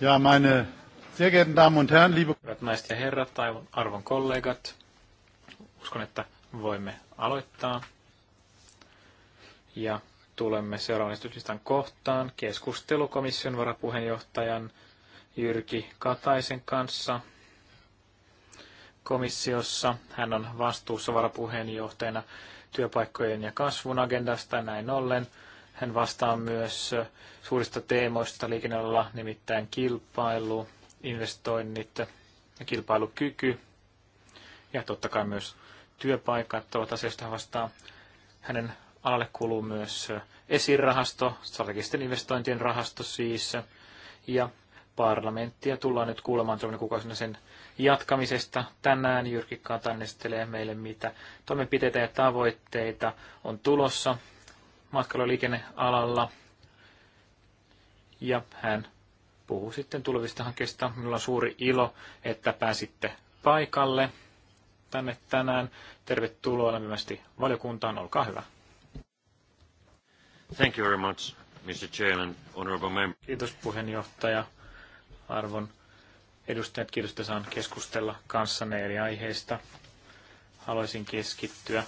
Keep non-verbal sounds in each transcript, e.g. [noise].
Ja meine sehr geehrten Damen und Herren, liebe... Hyvät naiset ja herrat, arvon kollegat, uskon, että voimme aloittaa. Ja tulemme seuraavan esityslistan kohtaan keskustelukomission varapuheenjohtajan Jyrki Kataisen kanssa komissiossa. Hän on vastuussa varapuheenjohtajana työpaikkojen ja kasvun agendasta näin ollen hän vastaa myös suurista teemoista liikennealalla, nimittäin kilpailu, investoinnit ja kilpailukyky. Ja totta kai myös työpaikat ovat asioista hän vastaa. Hänen alalle kuuluu myös esirahasto, strategisten investointien rahasto siis. Ja parlamenttia tullaan nyt kuulemaan tulevina kuukausina sen jatkamisesta. Tänään Jyrki Katainen meille, mitä toimenpiteitä ja tavoitteita on tulossa matkailuliikennealalla. Ja hän puhuu sitten tulevista hankkeista. Minulla on suuri ilo, että pääsitte paikalle tänne tänään. Tervetuloa lämpimästi valiokuntaan. Olkaa hyvä. Thank you very much, Mr. Chairman, honorable member. Kiitos puheenjohtaja, arvon edustajat. Kiitos, että saan keskustella kanssanne eri aiheista. Haluaisin keskittyä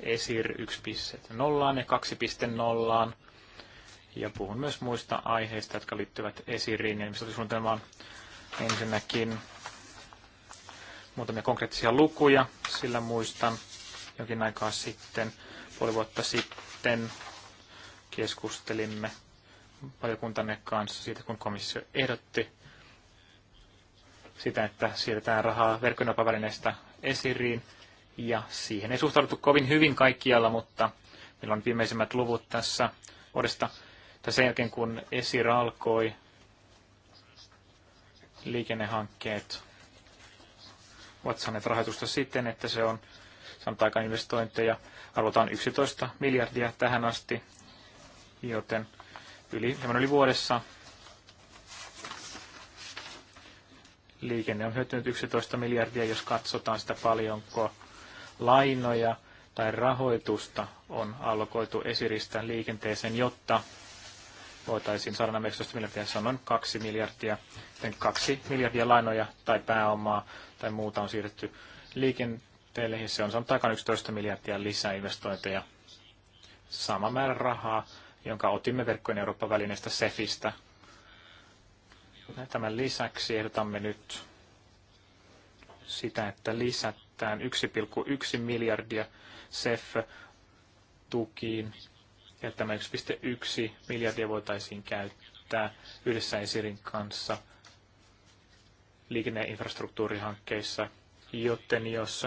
ESIR 1.0 ja 2.0. Ja puhun myös muista aiheista, jotka liittyvät ESIRiin ja suunnitelmaan ensinnäkin muutamia konkreettisia lukuja, sillä muistan jokin aikaa sitten, puoli vuotta sitten, keskustelimme valiokuntanne kanssa siitä, kun komissio ehdotti sitä, että siirretään rahaa verkkonopavälineestä esiriin ja siihen ei suhtauduttu kovin hyvin kaikkialla, mutta meillä on viimeisimmät luvut tässä vuodesta. Tai sen jälkeen, kun ESIR alkoi, liikennehankkeet ovat saaneet rahoitusta siten, että se on saanut aikaan investointeja. Arvotaan 11 miljardia tähän asti, joten yli, yli vuodessa liikenne on hyötynyt 11 miljardia, jos katsotaan sitä paljonko lainoja tai rahoitusta on alkoitu esiristään liikenteeseen, jotta voitaisiin saada nämä 11 miljardia, se on noin 2 miljardia, joten 2 miljardia lainoja tai pääomaa tai muuta on siirretty liikenteelle, ja se on saanut aikaan 11 miljardia lisää investointeja. Sama määrä rahaa, jonka otimme verkkojen Eurooppa-välineestä SEFistä. Tämän lisäksi ehdotamme nyt sitä, että lisätään 1,1 miljardia SEF-tukiin ja tämä 1,1 miljardia voitaisiin käyttää yhdessä Esirin kanssa liikenneinfrastruktuurihankkeissa, joten jos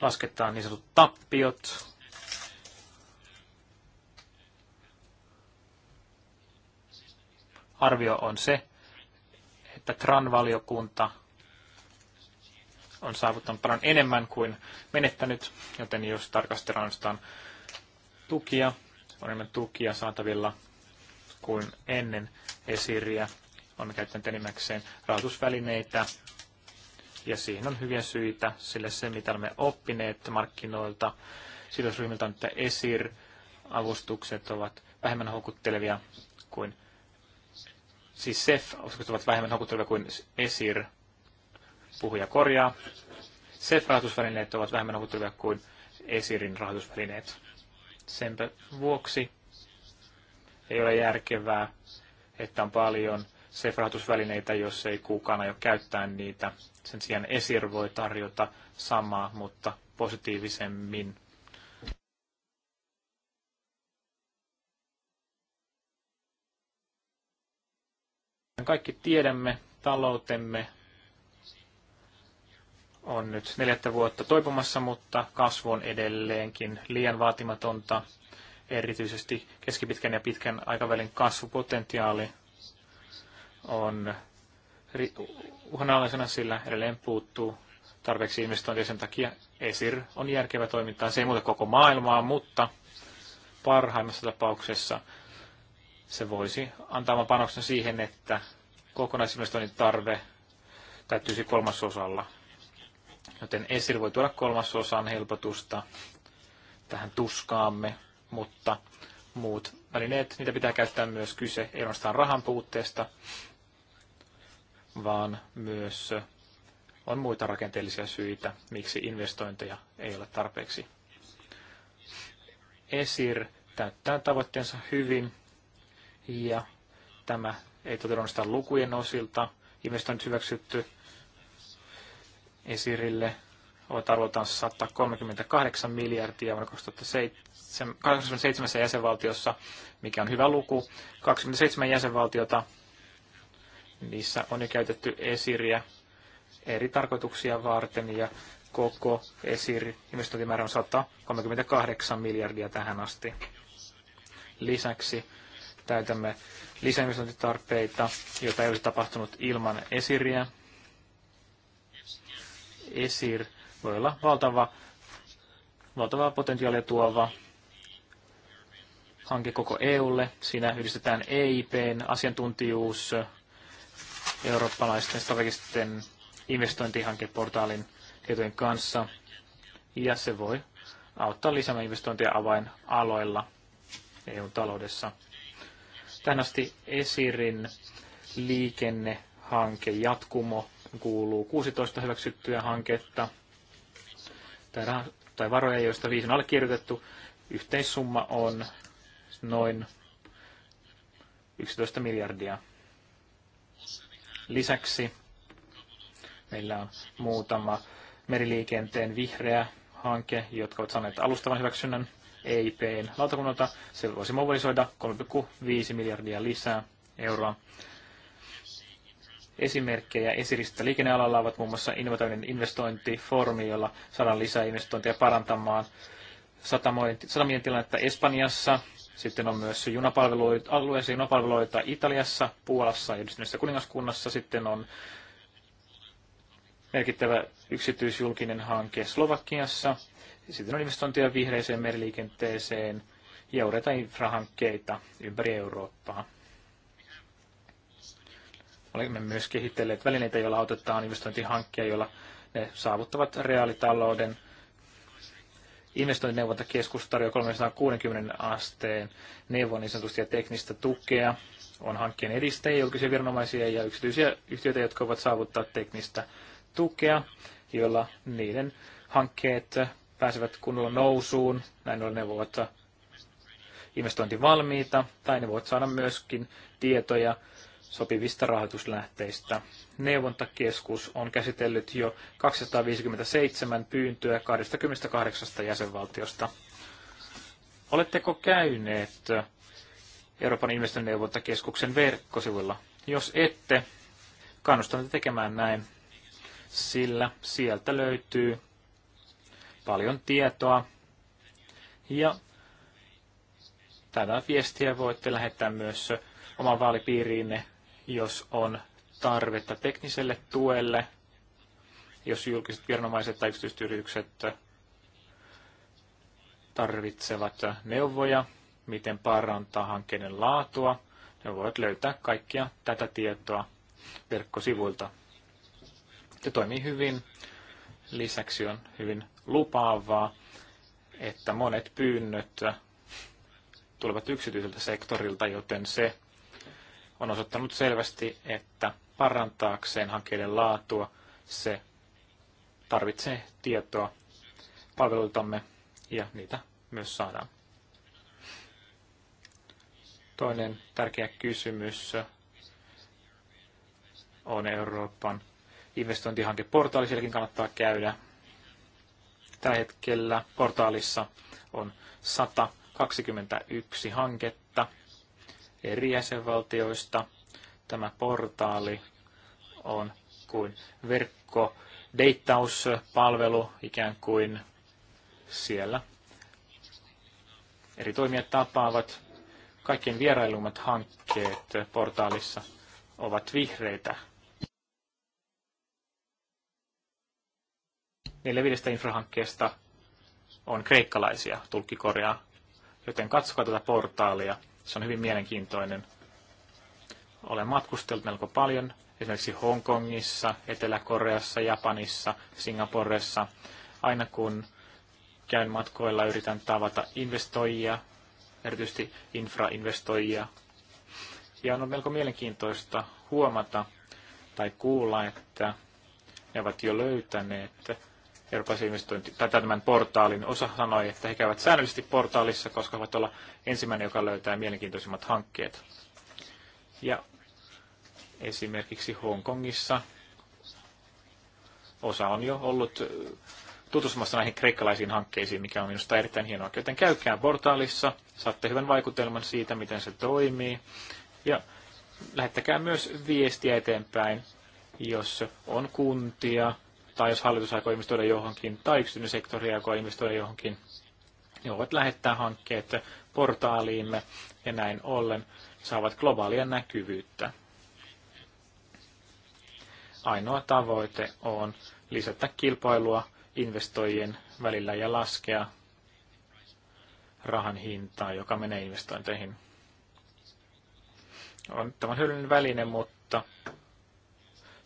lasketaan niin sanotut tappiot, arvio on se, että TRAN-valiokunta on saavuttanut paljon enemmän kuin menettänyt, joten jos tarkastellaan ainoastaan tukia, on enemmän tukia saatavilla kuin ennen esiriä. Olemme käyttäneet enimmäkseen rahoitusvälineitä ja siihen on hyviä syitä, sillä se mitä olemme oppineet markkinoilta sidosryhmiltä on, että esir-avustukset ovat vähemmän houkuttelevia kuin siis SEF-avustukset ovat vähemmän houkuttelevia kuin ESIR, Puhuja korjaa. SEF-rahoitusvälineet ovat vähemmän houkuttelevia kuin ESIRin rahoitusvälineet. Senpä vuoksi ei ole järkevää, että on paljon SEF-rahoitusvälineitä, jos ei kukaan aio käyttää niitä. Sen sijaan ESIR voi tarjota samaa, mutta positiivisemmin. Kaikki tiedämme taloutemme on nyt neljättä vuotta toipumassa, mutta kasvu on edelleenkin liian vaatimatonta. Erityisesti keskipitkän ja pitkän aikavälin kasvupotentiaali on uhanalaisena, sillä edelleen puuttuu tarpeeksi investointia. Sen takia ESIR on järkevä toiminta, Se ei muuta koko maailmaa, mutta parhaimmassa tapauksessa se voisi antaa panoksen siihen, että kokonaisinvestoinnin tarve täyttyisi kolmasosalla Joten esir voi tuoda kolmasosan helpotusta tähän tuskaamme, mutta muut välineet, niitä pitää käyttää myös kyse ei ainoastaan rahan puutteesta, vaan myös on muita rakenteellisia syitä, miksi investointeja ei ole tarpeeksi. ESIR täyttää tavoitteensa hyvin ja tämä ei toteudu lukujen osilta. Investoinnit hyväksytty Esirille ovat saattaa 138 miljardia vuonna 2007 jäsenvaltiossa, mikä on hyvä luku. 27 jäsenvaltiota, niissä on jo käytetty Esiriä eri tarkoituksia varten ja koko Esir investointimäärä on 138 miljardia tähän asti. Lisäksi täytämme lisäinvestointitarpeita, joita ei olisi tapahtunut ilman Esiriä ESIR voi olla valtava, valtavaa potentiaalia tuova hanke koko EUlle. Siinä yhdistetään EIPn asiantuntijuus eurooppalaisten strategisten investointihankeportaalin tietojen kanssa. Ja se voi auttaa lisäämään investointia avainaloilla EU-taloudessa. Tähän asti Esirin liikennehanke jatkumo kuuluu 16 hyväksyttyä hanketta tai, rah- tai varoja, joista viisi on allekirjoitettu. Yhteissumma on noin 11 miljardia. Lisäksi meillä on muutama meriliikenteen vihreä hanke, jotka ovat saaneet alustavan hyväksynnän EIPn lautakunnalta. Se voisi mobilisoida 3,5 miljardia lisää euroa esimerkkejä esiristä liikennealalla ovat muun muassa innovatiivinen investointifoorumi, jolla saadaan lisää investointeja parantamaan satamien tilannetta Espanjassa. Sitten on myös junapalveluita, alueellisia junapalveluita Italiassa, Puolassa ja yhdistyneessä kuningaskunnassa. Sitten on merkittävä yksityisjulkinen hanke Slovakiassa. Sitten on investointeja vihreiseen meriliikenteeseen ja ureita infrahankkeita ympäri Eurooppaa. Olemme myös kehitelleet välineitä, joilla autetaan investointihankkeja, joilla ne saavuttavat reaalitalouden. Investointineuvontakeskus tarjoaa 360 asteen neuvon niin sanotusti ja teknistä tukea. On hankkeen edistäjiä, julkisia viranomaisia ja yksityisiä yhtiöitä, jotka voivat saavuttaa teknistä tukea, joilla niiden hankkeet pääsevät kunnolla nousuun. Näin ollen ne voivat investointivalmiita, tai ne voivat saada myöskin tietoja sopivista rahoituslähteistä. Neuvontakeskus on käsitellyt jo 257 pyyntöä 28 jäsenvaltiosta. Oletteko käyneet Euroopan neuvontakeskuksen verkkosivuilla? Jos ette, kannustan te tekemään näin, sillä sieltä löytyy paljon tietoa ja tätä viestiä voitte lähettää myös oman vaalipiiriinne jos on tarvetta tekniselle tuelle, jos julkiset viranomaiset tai yksityiset yritykset tarvitsevat neuvoja, miten parantaa hankkeiden laatua, ne voivat löytää kaikkia tätä tietoa verkkosivuilta. Se toimii hyvin. Lisäksi on hyvin lupaavaa, että monet pyynnöt tulevat yksityiseltä sektorilta, joten se on osoittanut selvästi, että parantaakseen hankkeiden laatua se tarvitsee tietoa palveluiltamme ja niitä myös saadaan. Toinen tärkeä kysymys on Euroopan investointihankeportaali. Sielläkin kannattaa käydä. Tällä hetkellä portaalissa on 121 hanketta eri jäsenvaltioista. Tämä portaali on kuin verkko palvelu ikään kuin siellä. Eri toimijat tapaavat. Kaikkien vierailumat hankkeet portaalissa ovat vihreitä. Neljä viidestä infrahankkeesta on kreikkalaisia, tulkkikorjaa, joten katsokaa tätä portaalia. Se on hyvin mielenkiintoinen. Olen matkustellut melko paljon, esimerkiksi Hongkongissa, Etelä-Koreassa, Japanissa, Singaporessa. Aina kun käyn matkoilla, yritän tavata investoijia, erityisesti infrainvestoijia. Ja on melko mielenkiintoista huomata tai kuulla, että ne ovat jo löytäneet Euroopan investointi, tai tämän portaalin osa sanoi, että he käyvät säännöllisesti portaalissa, koska ovat olla ensimmäinen, joka löytää mielenkiintoisimmat hankkeet. Ja esimerkiksi Hongkongissa osa on jo ollut tutustumassa näihin kreikkalaisiin hankkeisiin, mikä on minusta erittäin hienoa. Joten käykää portaalissa, saatte hyvän vaikutelman siitä, miten se toimii. Ja lähettäkää myös viestiä eteenpäin, jos on kuntia, tai jos hallitus aikoo investoida johonkin tai yksityinen sektori aikoo investoida johonkin, niin voivat lähettää hankkeet portaaliimme ja näin ollen saavat globaalia näkyvyyttä. Ainoa tavoite on lisätä kilpailua investoijien välillä ja laskea rahan hintaa, joka menee investointeihin. On tämä hyödyllinen väline, mutta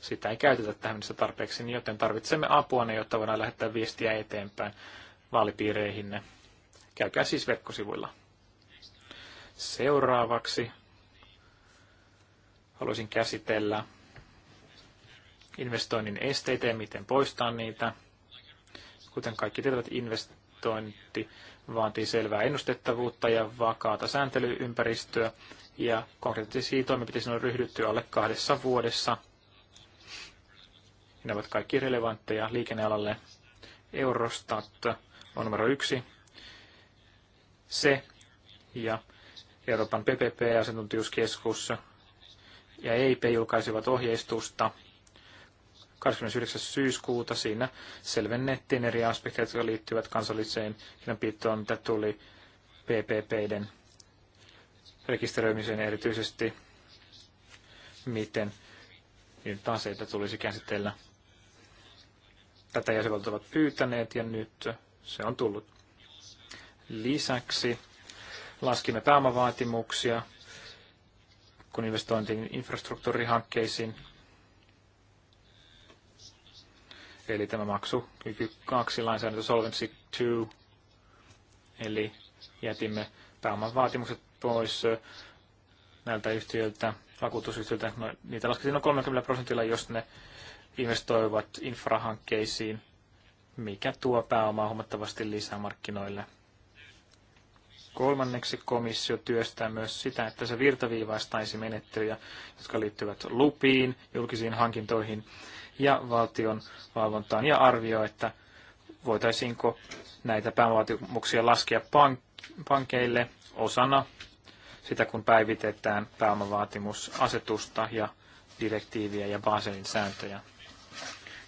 sitä ei käytetä tähän mennessä tarpeeksi, niin joten tarvitsemme apua, jotta voidaan lähettää viestiä eteenpäin vaalipiireihinne. Käykää siis verkkosivuilla. Seuraavaksi haluaisin käsitellä investoinnin esteitä ja miten poistaa niitä. Kuten kaikki tietävät, investointi vaatii selvää ennustettavuutta ja vakaata sääntelyympäristöä, ja konkreettisiin toimenpiteisiin on ryhdytty alle kahdessa vuodessa – ne ovat kaikki relevantteja liikennealalle. Eurostat on numero yksi. Se ja Euroopan PPP-asiantuntijuuskeskus ja EIP julkaisivat ohjeistusta 29. syyskuuta. Siinä selvennettiin eri aspekteja, jotka liittyvät kansalliseen kirjanpitoon, mitä tuli PPPiden rekisteröimiseen erityisesti, miten niitä aseita tulisi käsitellä tätä jäsenvaltiot ovat pyytäneet ja nyt se on tullut. Lisäksi laskimme pääomavaatimuksia, kun investointiin infrastruktuurihankkeisiin. Eli tämä maksu kyky 2 lainsäädäntö Solvency 2. Eli jätimme pääoman vaatimukset pois näiltä yhtiöiltä, vakuutusyhtiöiltä. No, niitä laskettiin noin 30 prosentilla, jos ne investoivat infrahankkeisiin, mikä tuo pääomaa huomattavasti lisää markkinoille. Kolmanneksi komissio työstää myös sitä, että se virtaviivaistaisi menettelyjä, jotka liittyvät lupiin, julkisiin hankintoihin ja valtion valvontaan ja arvioi, että voitaisiinko näitä pääomavaatimuksia laskea pank- pankeille osana sitä, kun päivitetään pääomavaatimusasetusta ja direktiiviä ja Baselin sääntöjä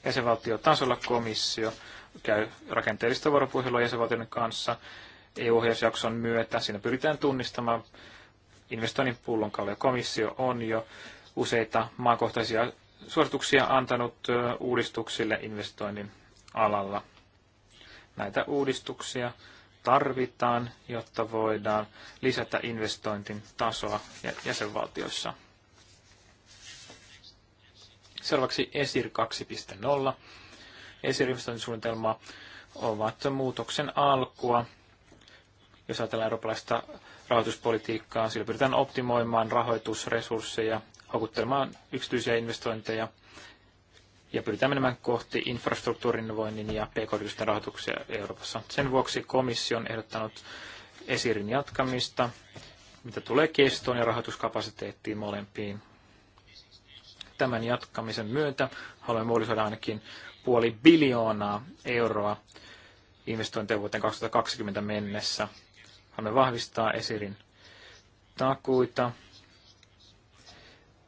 jäsenvaltiotasolla komissio käy rakenteellista vuoropuhelua jäsenvaltioiden kanssa EU-ohjausjakson myötä. Siinä pyritään tunnistamaan investoinnin pullonkauloja. Komissio on jo useita maakohtaisia suosituksia antanut uudistuksille investoinnin alalla. Näitä uudistuksia tarvitaan, jotta voidaan lisätä investointin tasoa jäsenvaltioissa. Seuraavaksi ESIR 2.0. ESIR-investointisuunnitelma ovat muutoksen alkua. Jos ajatellaan eurooppalaista rahoituspolitiikkaa, sillä pyritään optimoimaan rahoitusresursseja, houkuttelemaan yksityisiä investointeja ja pyritään menemään kohti infrastruktuurinnovoinnin ja pk rahoituksia Euroopassa. Sen vuoksi komissio on ehdottanut esirin jatkamista, mitä tulee kestoon ja rahoituskapasiteettiin molempiin Tämän jatkamisen myötä haluamme mobilisoida ainakin puoli biljoonaa euroa investointeja vuoteen 2020 mennessä. Haluamme vahvistaa Esirin takuita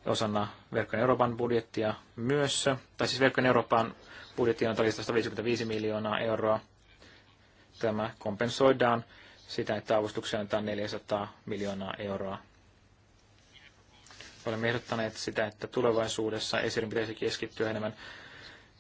osana Verkkojen Euroopan budjettia myös, tai siis Verkkojen Euroopan budjettia on 155 miljoonaa euroa. Tämä kompensoidaan sitä, että avustuksia annetaan 400 miljoonaa euroa olemme ehdottaneet sitä, että tulevaisuudessa ESIRin pitäisi keskittyä enemmän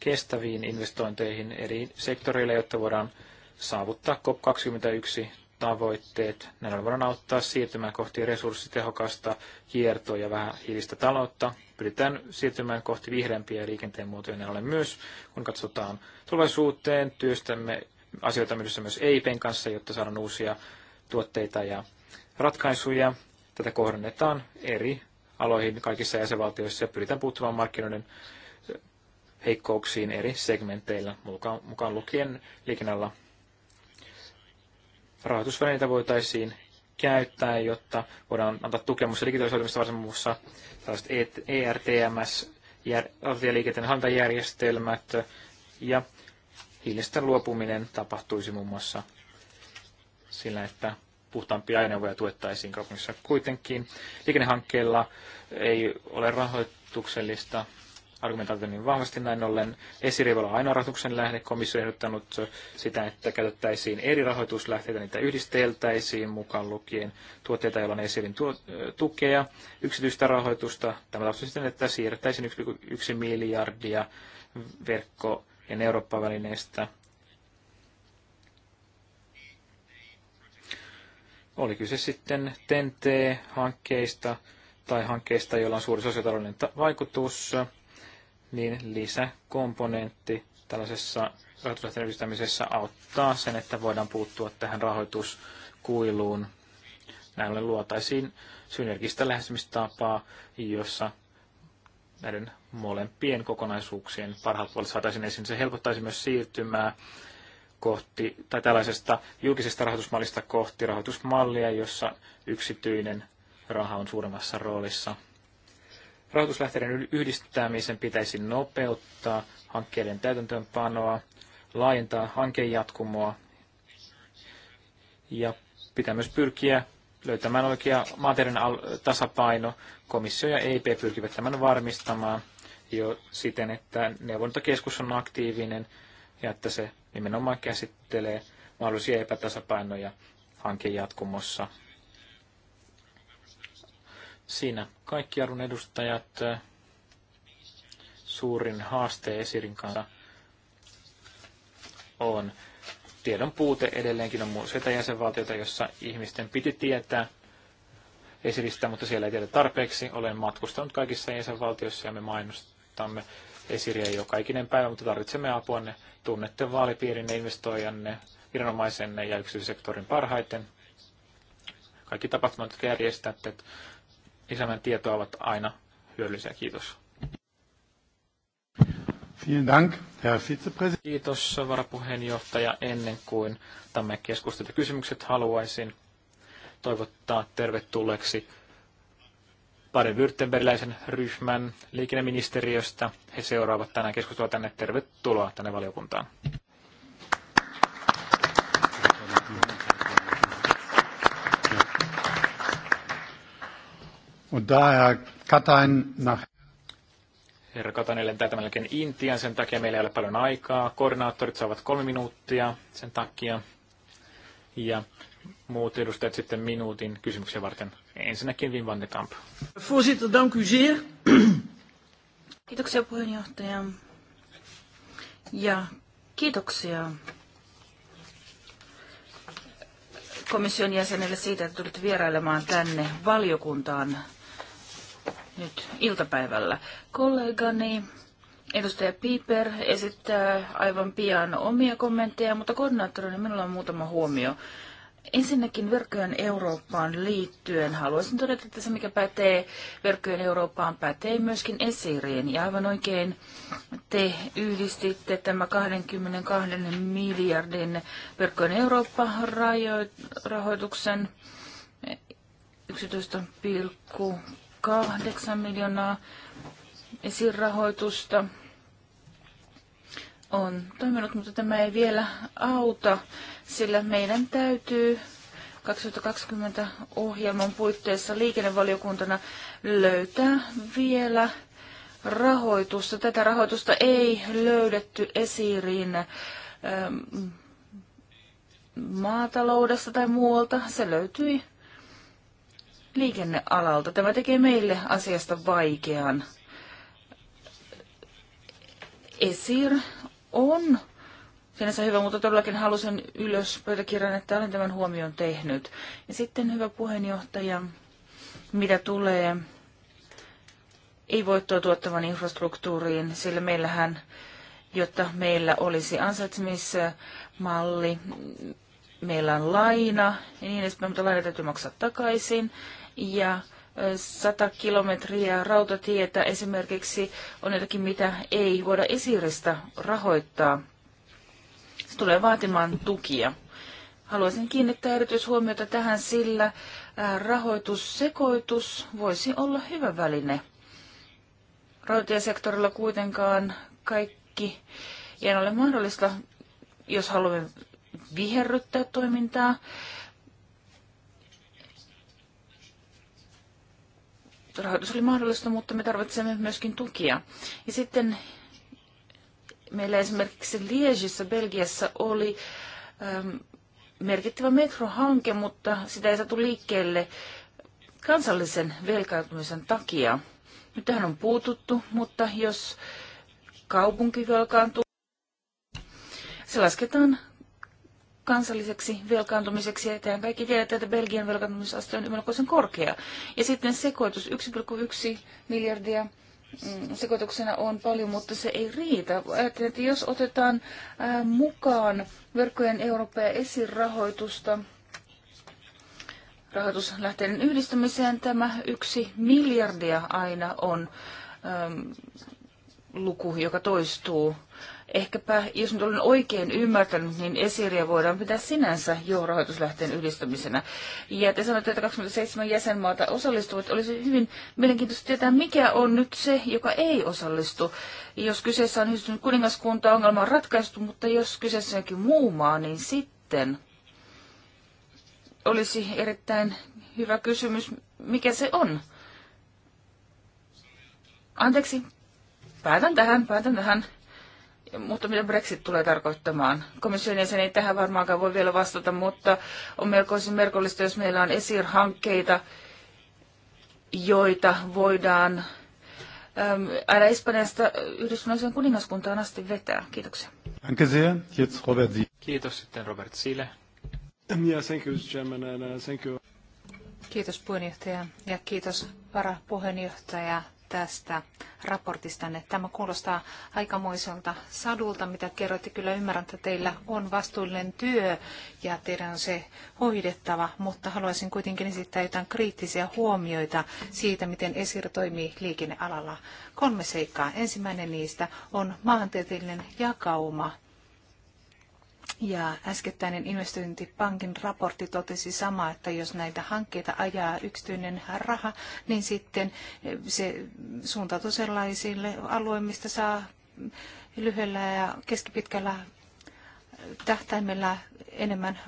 kestäviin investointeihin eri sektoreille, jotta voidaan saavuttaa COP21 tavoitteet. Näin voidaan auttaa siirtymään kohti resurssitehokasta kiertoa ja vähän hiilistä taloutta. Pyritään siirtymään kohti vihreämpiä liikenteen muotoja. ollen myös, kun katsotaan tulevaisuuteen, työstämme asioita myös, myös EIPen kanssa, jotta saadaan uusia tuotteita ja ratkaisuja. Tätä kohdennetaan eri aloihin kaikissa jäsenvaltioissa ja pyritään puuttumaan markkinoiden heikkouksiin eri segmenteillä, mukaan, mukaan lukien liikennalla. Rahoitusvälineitä voitaisiin käyttää, jotta voidaan antaa tukemusta digitalisoitumista varsin muussa tällaiset ERTMS, e rautatieliikenteen hallintajärjestelmät ja hiilestä luopuminen tapahtuisi muun muassa sillä, että puhtaampia ajoneuvoja tuettaisiin kaupungissa kuitenkin. Liikennehankkeilla ei ole rahoituksellista argumentaatio niin vahvasti näin ollen. Esirivalla on ainoa rahoituksen lähde. Komissio on ehdottanut sitä, että käytettäisiin eri rahoituslähteitä, niitä yhdisteltäisiin mukaan lukien tuotteita, joilla on esirin tukea, yksityistä rahoitusta. Tämä tapahtuu sitten, että siirrettäisiin 1,1 miljardia verkko- ja Eurooppa-välineestä Oli kyse sitten ten hankkeista tai hankkeista, joilla on suuri sosiaalitaloudellinen vaikutus, niin lisäkomponentti tällaisessa rahoituslähteen yhdistämisessä auttaa sen, että voidaan puuttua tähän rahoituskuiluun. Näin ollen luotaisiin synergistä lähestymistapaa, jossa näiden molempien kokonaisuuksien parhaat puolet saataisiin esiin. Se helpottaisi myös siirtymää kohti, tai tällaisesta julkisesta rahoitusmallista kohti rahoitusmallia, jossa yksityinen raha on suuremmassa roolissa. Rahoituslähteiden yhdistämisen pitäisi nopeuttaa hankkeiden täytäntöönpanoa, laajentaa hankejatkumoa ja pitää myös pyrkiä löytämään oikea materiaalinen tasapaino. Komissio ja EIP pyrkivät tämän varmistamaan jo siten, että neuvontakeskus on aktiivinen ja että se nimenomaan käsittelee mahdollisia epätasapainoja hankejatkumossa. Siinä kaikki arvon edustajat äh, suurin haaste Esirin kanssa on tiedon puute edelleenkin on muita jäsenvaltioita, jossa ihmisten piti tietää Esiristä, mutta siellä ei tiedä tarpeeksi. Olen matkustanut kaikissa jäsenvaltioissa ja me mainostamme ei joka kaikinen päivä, mutta tarvitsemme apuanne. Tunnette vaalipiirinne, investoijanne, viranomaisenne ja yksityissektorin parhaiten. Kaikki tapahtumat, jotka järjestätte, lisäämään tietoa ovat aina hyödyllisiä. Kiitos. Kiitos varapuheenjohtaja. Ennen kuin tämä kysymykset haluaisin toivottaa tervetulleeksi baden Württembergiläisen ryhmän liikenneministeriöstä. He seuraavat tänään keskustelua tänne. Tervetuloa tänne valiokuntaan. Katain Herra Katainen lentää tämän jälkeen Intian, sen takia meillä ei ole paljon aikaa. Koordinaattorit saavat kolme minuuttia sen takia. Ja muut edustajat sitten minuutin kysymyksiä varten. Ensinnäkin Wim van de Kamp. Voorzitter, dank u zeer. Kiitoksia puheenjohtaja. Ja kiitoksia komission jäsenelle siitä, että tulit vierailemaan tänne valiokuntaan nyt iltapäivällä. Kollegani edustaja Piper esittää aivan pian omia kommentteja, mutta koordinaattorina minulla on muutama huomio. Ensinnäkin verkkojen Eurooppaan liittyen haluaisin todeta, että se mikä pätee verkkojen Eurooppaan pätee myöskin esiriin. Ja aivan oikein te yhdistitte tämä 22 miljardin verkkojen Eurooppa-rahoituksen 11,8 miljoonaa esirahoitusta on toiminut, mutta tämä ei vielä auta, sillä meidän täytyy 2020 ohjelman puitteissa liikennevaliokuntana löytää vielä rahoitusta. Tätä rahoitusta ei löydetty esiriin ähm, maataloudesta tai muualta. Se löytyi liikennealalta. Tämä tekee meille asiasta vaikean. Esir on sinänsä hyvä, mutta todellakin halusin ylös pöytäkirjan, että olen tämän huomion tehnyt. Ja sitten hyvä puheenjohtaja, mitä tulee ei voittoa tuottavan infrastruktuuriin, sillä meillähän, jotta meillä olisi ansaitsemismalli, meillä on laina ja niin edespäin, mutta laina täytyy maksaa takaisin. Ja 100 kilometriä rautatietä esimerkiksi on jotakin, mitä ei voida esiristä rahoittaa. Se tulee vaatimaan tukia. Haluaisin kiinnittää erityishuomiota tähän, sillä rahoitussekoitus voisi olla hyvä väline. Rautatiesektorilla kuitenkaan kaikki ei ole mahdollista, jos haluamme viherryttää toimintaa. rahoitus oli mahdollista, mutta me tarvitsemme myöskin tukia. Ja sitten meillä esimerkiksi Liesissä, Belgiassa oli ähm, merkittävä metrohanke, mutta sitä ei saatu liikkeelle kansallisen velkautumisen takia. Nyt tähän on puututtu, mutta jos kaupunki velkaantuu, se lasketaan kansalliseksi velkaantumiseksi eteen. Kaikki tiedät, että Belgian velkaantumisaste on melkoisen korkea. Ja sitten sekoitus, 1,1 miljardia mm, sekoituksena on paljon, mutta se ei riitä. Ajattelin, että jos otetaan äh, mukaan verkkojen Eurooppa ja esirahoitusta, rahoituslähteiden yhdistämiseen tämä yksi miljardia aina on äm, luku, joka toistuu Ehkäpä, jos nyt olen oikein ymmärtänyt, niin esiriä voidaan pitää sinänsä jo rahoituslähteen yhdistämisenä. Ja te sanoitte, että 27 jäsenmaata osallistuvat. Olisi hyvin mielenkiintoista tietää, mikä on nyt se, joka ei osallistu. Jos kyseessä on yhdistynyt kuningaskunta, ongelma on ratkaistu, mutta jos kyseessä onkin muu maa, niin sitten olisi erittäin hyvä kysymys, mikä se on. Anteeksi, päätän tähän, päätän tähän mutta mitä Brexit tulee tarkoittamaan? Komission jäsen ei tähän varmaankaan voi vielä vastata, mutta on melkoisin merkollista, jos meillä on esir-hankkeita, joita voidaan aina ähm, Espanjasta yhdistyneen kuningaskuntaan asti vetää. Kiitoksia. Kiitos sitten Robert Sile. Uh, kiitos puheenjohtaja ja kiitos varapuheenjohtaja tästä raportistanne. Tämä kuulostaa aikamoiselta sadulta, mitä kerroitte. Kyllä ymmärrän, että teillä on vastuullinen työ ja teidän on se hoidettava, mutta haluaisin kuitenkin esittää jotain kriittisiä huomioita siitä, miten ESIR toimii liikennealalla. Kolme seikkaa. Ensimmäinen niistä on maantieteellinen jakauma ja äskettäinen investointipankin raportti totesi sama, että jos näitä hankkeita ajaa yksityinen raha, niin sitten se suuntautuu sellaisille alueille, mistä saa lyhyellä ja keskipitkällä tähtäimellä enemmän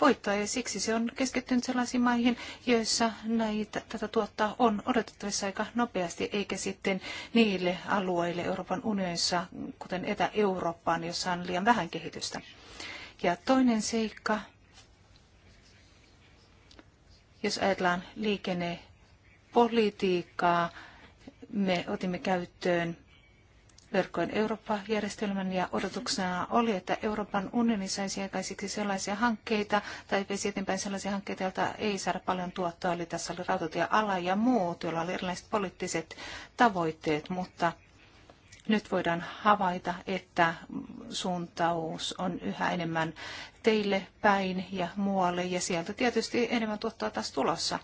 voittaa ja siksi se on keskittynyt sellaisiin maihin, joissa näitä, tätä tuottaa on odotettavissa aika nopeasti, eikä sitten niille alueille Euroopan unionissa, kuten Etä-Eurooppaan, jossa on liian vähän kehitystä. Ja toinen seikka, jos ajatellaan liikennepolitiikkaa, me otimme käyttöön verkkojen Eurooppa-järjestelmän ja odotuksena oli, että Euroopan unioni saisi aikaisiksi sellaisia hankkeita tai veisi eteenpäin sellaisia hankkeita, joilta ei saada paljon tuottoa. Eli tässä oli rautatieala ja muut, joilla oli erilaiset poliittiset tavoitteet, mutta nyt voidaan havaita, että suuntaus on yhä enemmän teille päin ja muualle ja sieltä tietysti enemmän tuottaa taas tulossa.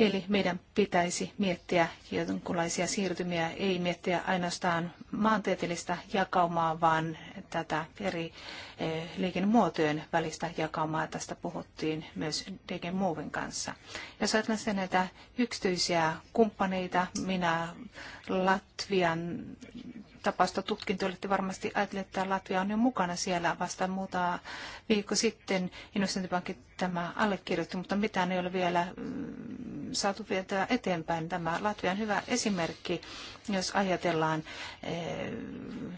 Eli meidän pitäisi miettiä jonkinlaisia siirtymiä, ei miettiä ainoastaan maantieteellistä jakaumaa, vaan tätä eri eh, liikennemuotojen välistä jakaumaa. Tästä puhuttiin myös DG Movin kanssa. Jos ajatellaan sen näitä yksityisiä kumppaneita, minä Latvian tapausta tutkin, te olette varmasti ajatelleet, että Latvia on jo mukana siellä vasta muuta viikko sitten. Investointipankki tämä allekirjoitti, mutta mitään ei ole vielä mm, saatu vietää eteenpäin. Tämä Latvian hyvä esimerkki, jos ajatellaan eh,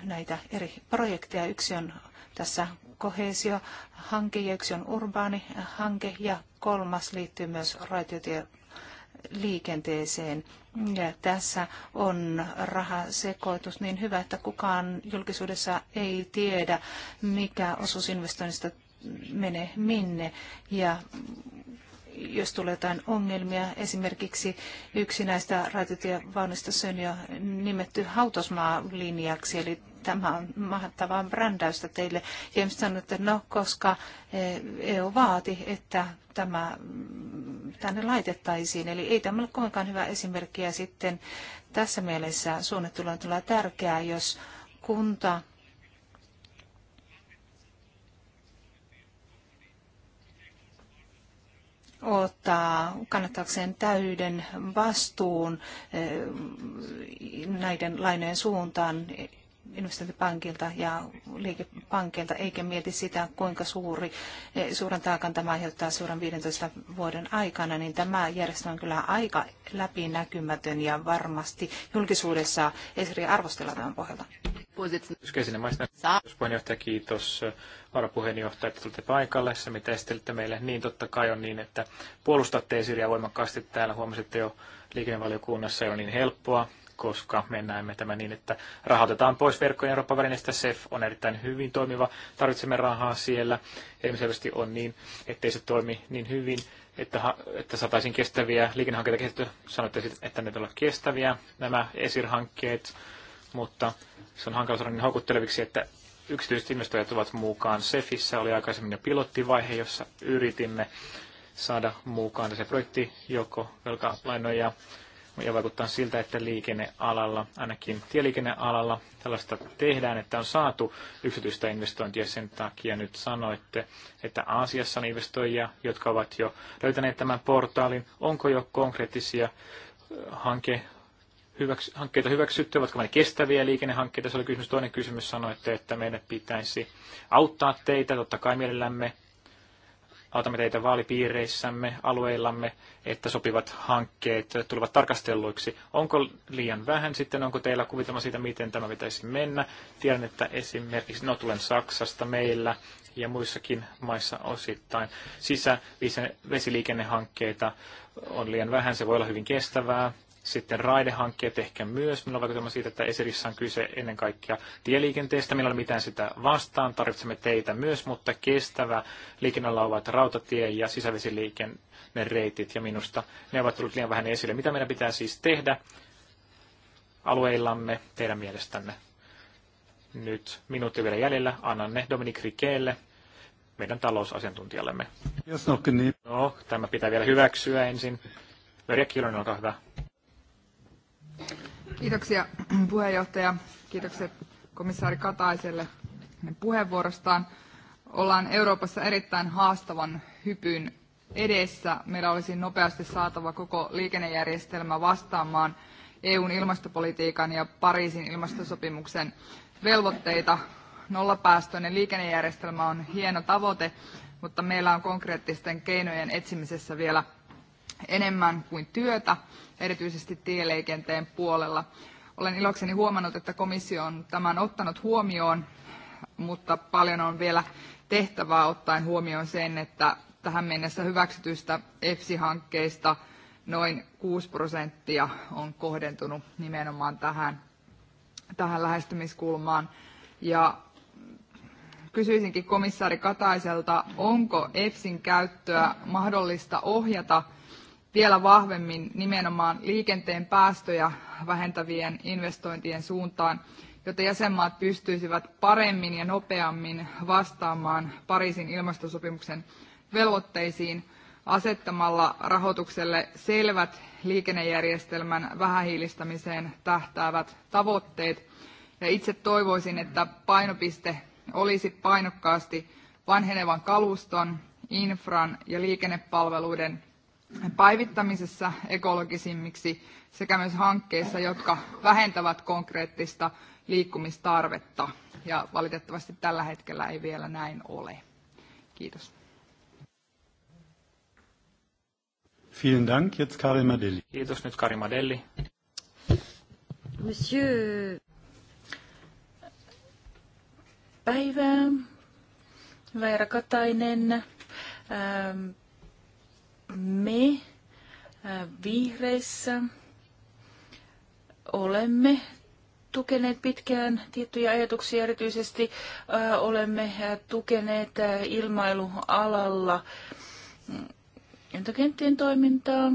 näitä eri projekteja. Yksi on tässä kohesiohanke ja yksi on urbaani hanke ja kolmas liittyy myös raitiotie liikenteeseen. Ja tässä on rahasekoitus niin hyvä, että kukaan julkisuudessa ei tiedä, mikä osuus investoinnista menee minne. Ja jos tulee jotain ongelmia. Esimerkiksi yksi näistä rautatievaunuista on jo nimetty hautosmaalinjaksi, eli tämä on mahtavaa brändäystä teille. James sanoi, että no, koska EU eh, e vaati, että tämä mm, tänne laitettaisiin. Eli ei tämä ole kovinkaan hyvä esimerkki. Ja sitten tässä mielessä suunnittelu on tärkeää, jos kunta ottaa kannattaakseen täyden vastuun eh, näiden lainojen suuntaan investointipankilta ja liikepankilta, eikä mieti sitä, kuinka suuri, eh, suuren taakan tämä aiheuttaa suuren 15 vuoden aikana, niin tämä järjestelmä on kyllä aika läpinäkymätön ja varmasti julkisuudessa Esri arvostella tämän pohjalta. Kiitos puheenjohtaja, kiitos äh, varapuheenjohtaja, että tulitte paikalle. Se, mitä esittelitte meille, niin totta kai on niin, että puolustatte esiriä voimakkaasti. Täällä huomasitte jo liikennevaliokunnassa ei ole niin helppoa, koska me näemme tämä niin, että rahoitetaan pois verkkojen Euroopan välineestä. SEF on erittäin hyvin toimiva, tarvitsemme rahaa siellä. Ilmiselvästi on niin, ettei se toimi niin hyvin, että, että saataisiin kestäviä liikennehankkeita kehitettyä. Sanoitte, että ne ovat kestäviä, nämä esirhankkeet mutta se on hankala saada niin houkutteleviksi, että yksityiset investoijat ovat mukaan. Sefissä oli aikaisemmin jo pilottivaihe, jossa yritimme saada mukaan se projekti joko velkalainoja ja vaikuttaa siltä, että liikennealalla, ainakin tieliikennealalla, tällaista tehdään, että on saatu yksityistä investointia sen takia. Nyt sanoitte, että Aasiassa on investoijia, jotka ovat jo löytäneet tämän portaalin. Onko jo konkreettisia hanke hyväks- hankkeita hyväksytty, ovatko ne kestäviä liikennehankkeita, se oli kysymys. Toinen kysymys sanoitte, että meidän pitäisi auttaa teitä, totta kai mielellämme autamme teitä vaalipiireissämme, alueillamme, että sopivat hankkeet tulevat tarkastelluiksi. Onko liian vähän sitten, onko teillä kuvitelma siitä, miten tämä pitäisi mennä? Tiedän, että esimerkiksi, no tulen Saksasta meillä ja muissakin maissa osittain, sisä vesiliikennehankkeita on liian vähän, se voi olla hyvin kestävää, sitten raidehankkeet ehkä myös. Meillä on vaikutelma siitä, että Esirissä on kyse ennen kaikkea tieliikenteestä. Meillä ei ole mitään sitä vastaan. Tarvitsemme teitä myös, mutta kestävä liikennellä ovat rautatie- ja reitit Ja minusta ne ovat tullut liian vähän esille. Mitä meidän pitää siis tehdä alueillamme teidän mielestänne? Nyt minuutti vielä jäljellä. Annan ne Dominik Rikeelle, meidän talousasiantuntijallemme. Jos niin. no, tämä pitää vielä hyväksyä ensin. Verja Kilonen, olkaa hyvä. Kiitoksia puheenjohtaja. Kiitokset komissaari Kataiselle hänen puheenvuorostaan. Ollaan Euroopassa erittäin haastavan hypyn edessä. Meillä olisi nopeasti saatava koko liikennejärjestelmä vastaamaan EUn ilmastopolitiikan ja Pariisin ilmastosopimuksen velvoitteita. Nollapäästöinen liikennejärjestelmä on hieno tavoite, mutta meillä on konkreettisten keinojen etsimisessä vielä enemmän kuin työtä erityisesti tieliikenteen puolella. Olen ilokseni huomannut, että komissio on tämän ottanut huomioon, mutta paljon on vielä tehtävää ottaen huomioon sen, että tähän mennessä hyväksytyistä EFSI-hankkeista noin 6 prosenttia on kohdentunut nimenomaan tähän, tähän lähestymiskulmaan. Ja kysyisinkin komissaari Kataiselta, onko EFSin käyttöä mahdollista ohjata – vielä vahvemmin nimenomaan liikenteen päästöjä vähentävien investointien suuntaan, jotta jäsenmaat pystyisivät paremmin ja nopeammin vastaamaan Pariisin ilmastosopimuksen velvoitteisiin asettamalla rahoitukselle selvät liikennejärjestelmän vähähiilistämiseen tähtäävät tavoitteet. Ja itse toivoisin, että painopiste olisi painokkaasti vanhenevan kaluston, infran ja liikennepalveluiden päivittämisessä ekologisimmiksi sekä myös hankkeissa, jotka vähentävät konkreettista liikkumistarvetta. Ja valitettavasti tällä hetkellä ei vielä näin ole. Kiitos. Vielen Dank. Jetzt Karin Madelli. Kiitos nyt Kari Madelli. Monsieur. Päivää. Väira Katainen. Ähm me vihreissä olemme tukeneet pitkään tiettyjä ajatuksia, erityisesti olemme tukeneet ilmailualalla mm, lentokenttien toimintaa.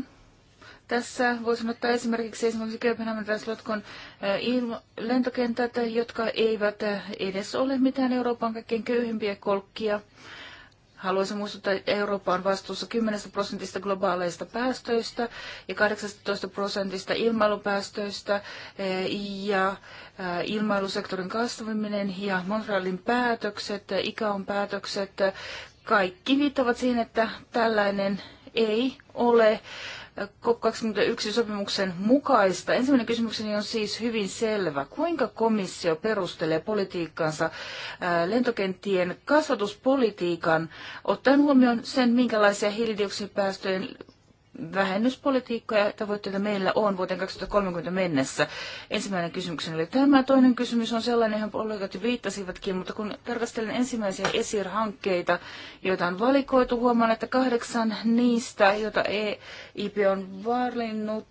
Tässä voisi ottaa esimerkiksi esimerkiksi Kööpenhaminan Slotkon lentokentät, jotka eivät edes ole mitään Euroopan kaikkein köyhimpiä kolkkia. Haluaisin muistuttaa, että Eurooppa on vastuussa 10 prosentista globaaleista päästöistä ja 18 prosentista ilmailupäästöistä eh, ja eh, ilmailusektorin kasvaminen ja Montrealin päätökset, eh, ICAOn päätökset, kaikki viittavat siihen, että tällainen ei ole COP21 sopimuksen mukaista. Ensimmäinen kysymykseni on siis hyvin selvä. Kuinka komissio perustelee politiikkaansa äh, lentokenttien kasvatuspolitiikan ottaen huomioon sen, minkälaisia hiilidioksidipäästöjen vähennyspolitiikkoja tavoitteita meillä on vuoteen 2030 mennessä. Ensimmäinen kysymys oli tämä. Toinen kysymys on sellainen, johon kollegat viittasivatkin, mutta kun tarkastelen ensimmäisiä ESIR-hankkeita, joita on valikoitu, huomaan, että kahdeksan niistä, joita EIP on varlinnut,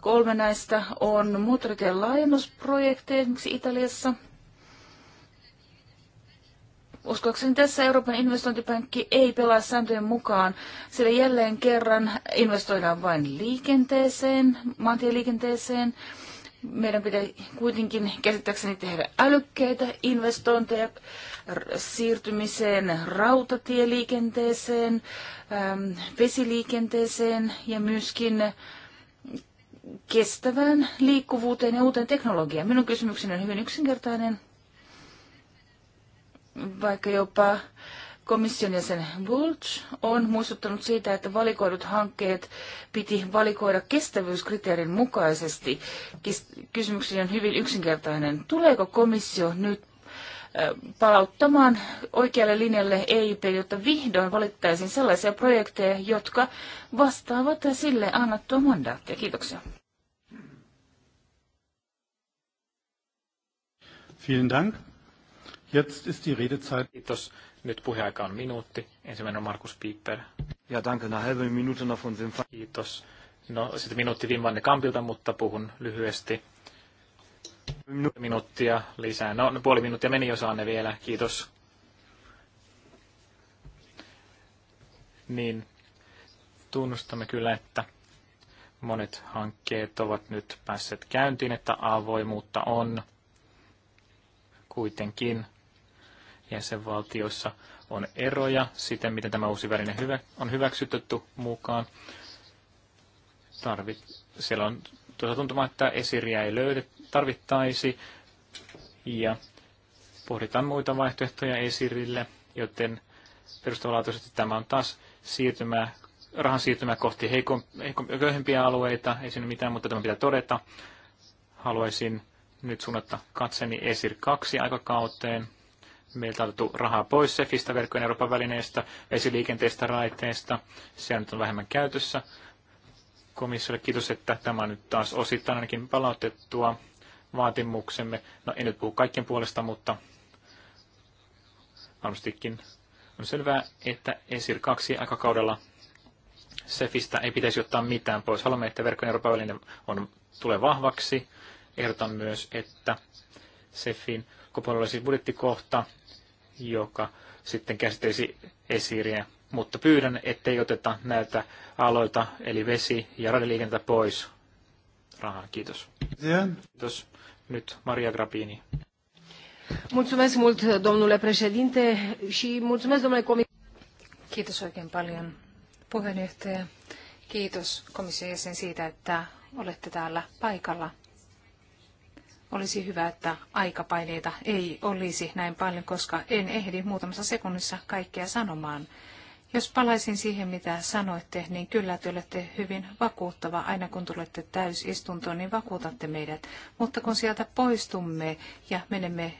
kolme näistä on moottoritien laajennusprojekteja esimerkiksi Italiassa – Uskoakseni tässä Euroopan investointipankki ei pelaa sääntöjen mukaan, sillä jälleen kerran investoidaan vain liikenteeseen, maantieliikenteeseen. Meidän pitää kuitenkin käsittääkseni tehdä älykkäitä investointeja siirtymiseen rautatieliikenteeseen, vesiliikenteeseen ja myöskin kestävään liikkuvuuteen ja uuteen teknologiaan. Minun kysymykseni on hyvin yksinkertainen vaikka jopa komission jäsen Bulch on muistuttanut siitä, että valikoidut hankkeet piti valikoida kestävyyskriteerin mukaisesti. Kysymykseni on hyvin yksinkertainen. Tuleeko komissio nyt palauttamaan oikealle linjalle EIP, jotta vihdoin valittaisiin sellaisia projekteja, jotka vastaavat sille annettua mandaattia. Kiitoksia. Vielen Dank. Jetzt ist die Redezeit. Kiitos. Nyt puheaika on minuutti. Ensimmäinen on Markus Piper. Ja danke, na halbe auf noch von Kiitos. No, sitten minuutti Wim Kampilta, mutta puhun lyhyesti. Minuuttia lisää. No, puoli minuuttia meni jo saanne vielä. Kiitos. Niin, tunnustamme kyllä, että monet hankkeet ovat nyt päässeet käyntiin, että avoimuutta on kuitenkin jäsenvaltioissa on eroja siten, miten tämä uusi väline hyvä, on hyväksytetty mukaan. Tarvit, siellä on tuota tuntumaa, että esiriä ei löydy, tarvittaisi ja pohditaan muita vaihtoehtoja esirille, joten perustavanlaatuisesti tämä on taas siirtymää, rahan siirtymä kohti heikon, heikon, köyhempiä alueita, ei siinä mitään, mutta tämä pitää todeta. Haluaisin nyt suunnata katseni ESIR 2 aikakauteen meiltä on otettu rahaa pois SEFistä, verkkojen Euroopan välineestä, vesiliikenteestä, raiteista. Se on nyt on vähemmän käytössä. Komissiolle kiitos, että tämä on nyt taas osittain ainakin palautettua vaatimuksemme. No en nyt puhu kaikkien puolesta, mutta varmastikin on selvää, että ESIR 2 aikakaudella SEFistä ei pitäisi ottaa mitään pois. Haluamme, että verkkojen Euroopan väline on, tulee vahvaksi. Ehdotan myös, että SEFin ulkopuolella olisi budjettikohta, joka sitten käsitteisi esiriä. Mutta pyydän, ettei oteta näitä aloita eli vesi- ja radiliikentä pois rahaa. Kiitos. Yeah. Kiitos. Nyt Maria Grapini. Mulțumesc mult, domnule președinte, și mulțumesc, domnule comis. Kiitos oikein paljon, puheenjohtaja. Kiitos komission jäsen siitä, että olette täällä paikalla. Olisi hyvä, että aikapaineita ei olisi näin paljon, koska en ehdi muutamassa sekunnissa kaikkea sanomaan. Jos palaisin siihen, mitä sanoitte, niin kyllä te olette hyvin vakuuttava. Aina kun tulette täysistuntoon, niin vakuutatte meidät. Mutta kun sieltä poistumme ja menemme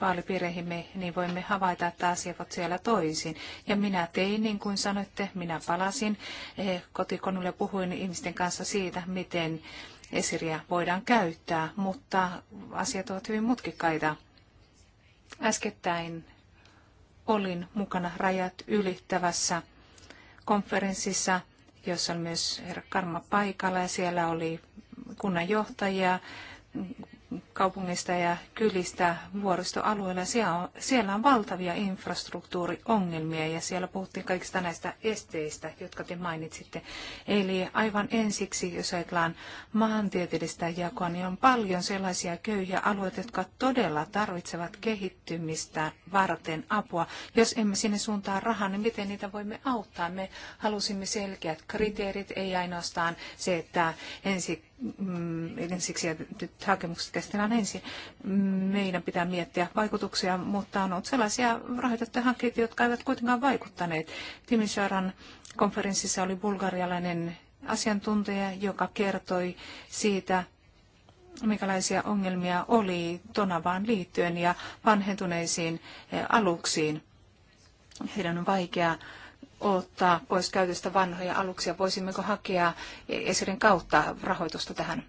vaalipiireihimme, niin voimme havaita, että asiat ovat siellä toisin. Ja minä tein, niin kuin sanoitte, minä palasin eh, kotikonnulle puhuin ihmisten kanssa siitä, miten esiriä voidaan käyttää, mutta asiat ovat hyvin mutkikkaita. Äskettäin olin mukana rajat ylittävässä konferenssissa, jossa oli myös herra Karma paikalla ja siellä oli kunnanjohtajia, kaupungeista ja kylistä vuoristoalueilla. Siellä on valtavia infrastruktuuriongelmia ja siellä puhuttiin kaikista näistä esteistä, jotka te mainitsitte. Eli aivan ensiksi, jos ajatellaan maantieteellistä jakoa, niin on paljon sellaisia köyhiä alueita, jotka todella tarvitsevat kehittymistä varten apua. Jos emme sinne suuntaa rahaa, niin miten niitä voimme auttaa? Me halusimme selkeät kriteerit, ei ainoastaan se, että ensi, mm, ensiksi hakemukset käsitellään ihan ensin. Meidän pitää miettiä vaikutuksia, mutta on ollut sellaisia rahoitettuja hankkeita, jotka eivät kuitenkaan vaikuttaneet. Timisharan konferenssissa oli bulgarialainen asiantuntija, joka kertoi siitä, minkälaisia ongelmia oli Tonavaan liittyen ja vanhentuneisiin eh, aluksiin. Heidän on vaikea ottaa pois käytöstä vanhoja aluksia? Voisimmeko hakea esirin kautta rahoitusta tähän?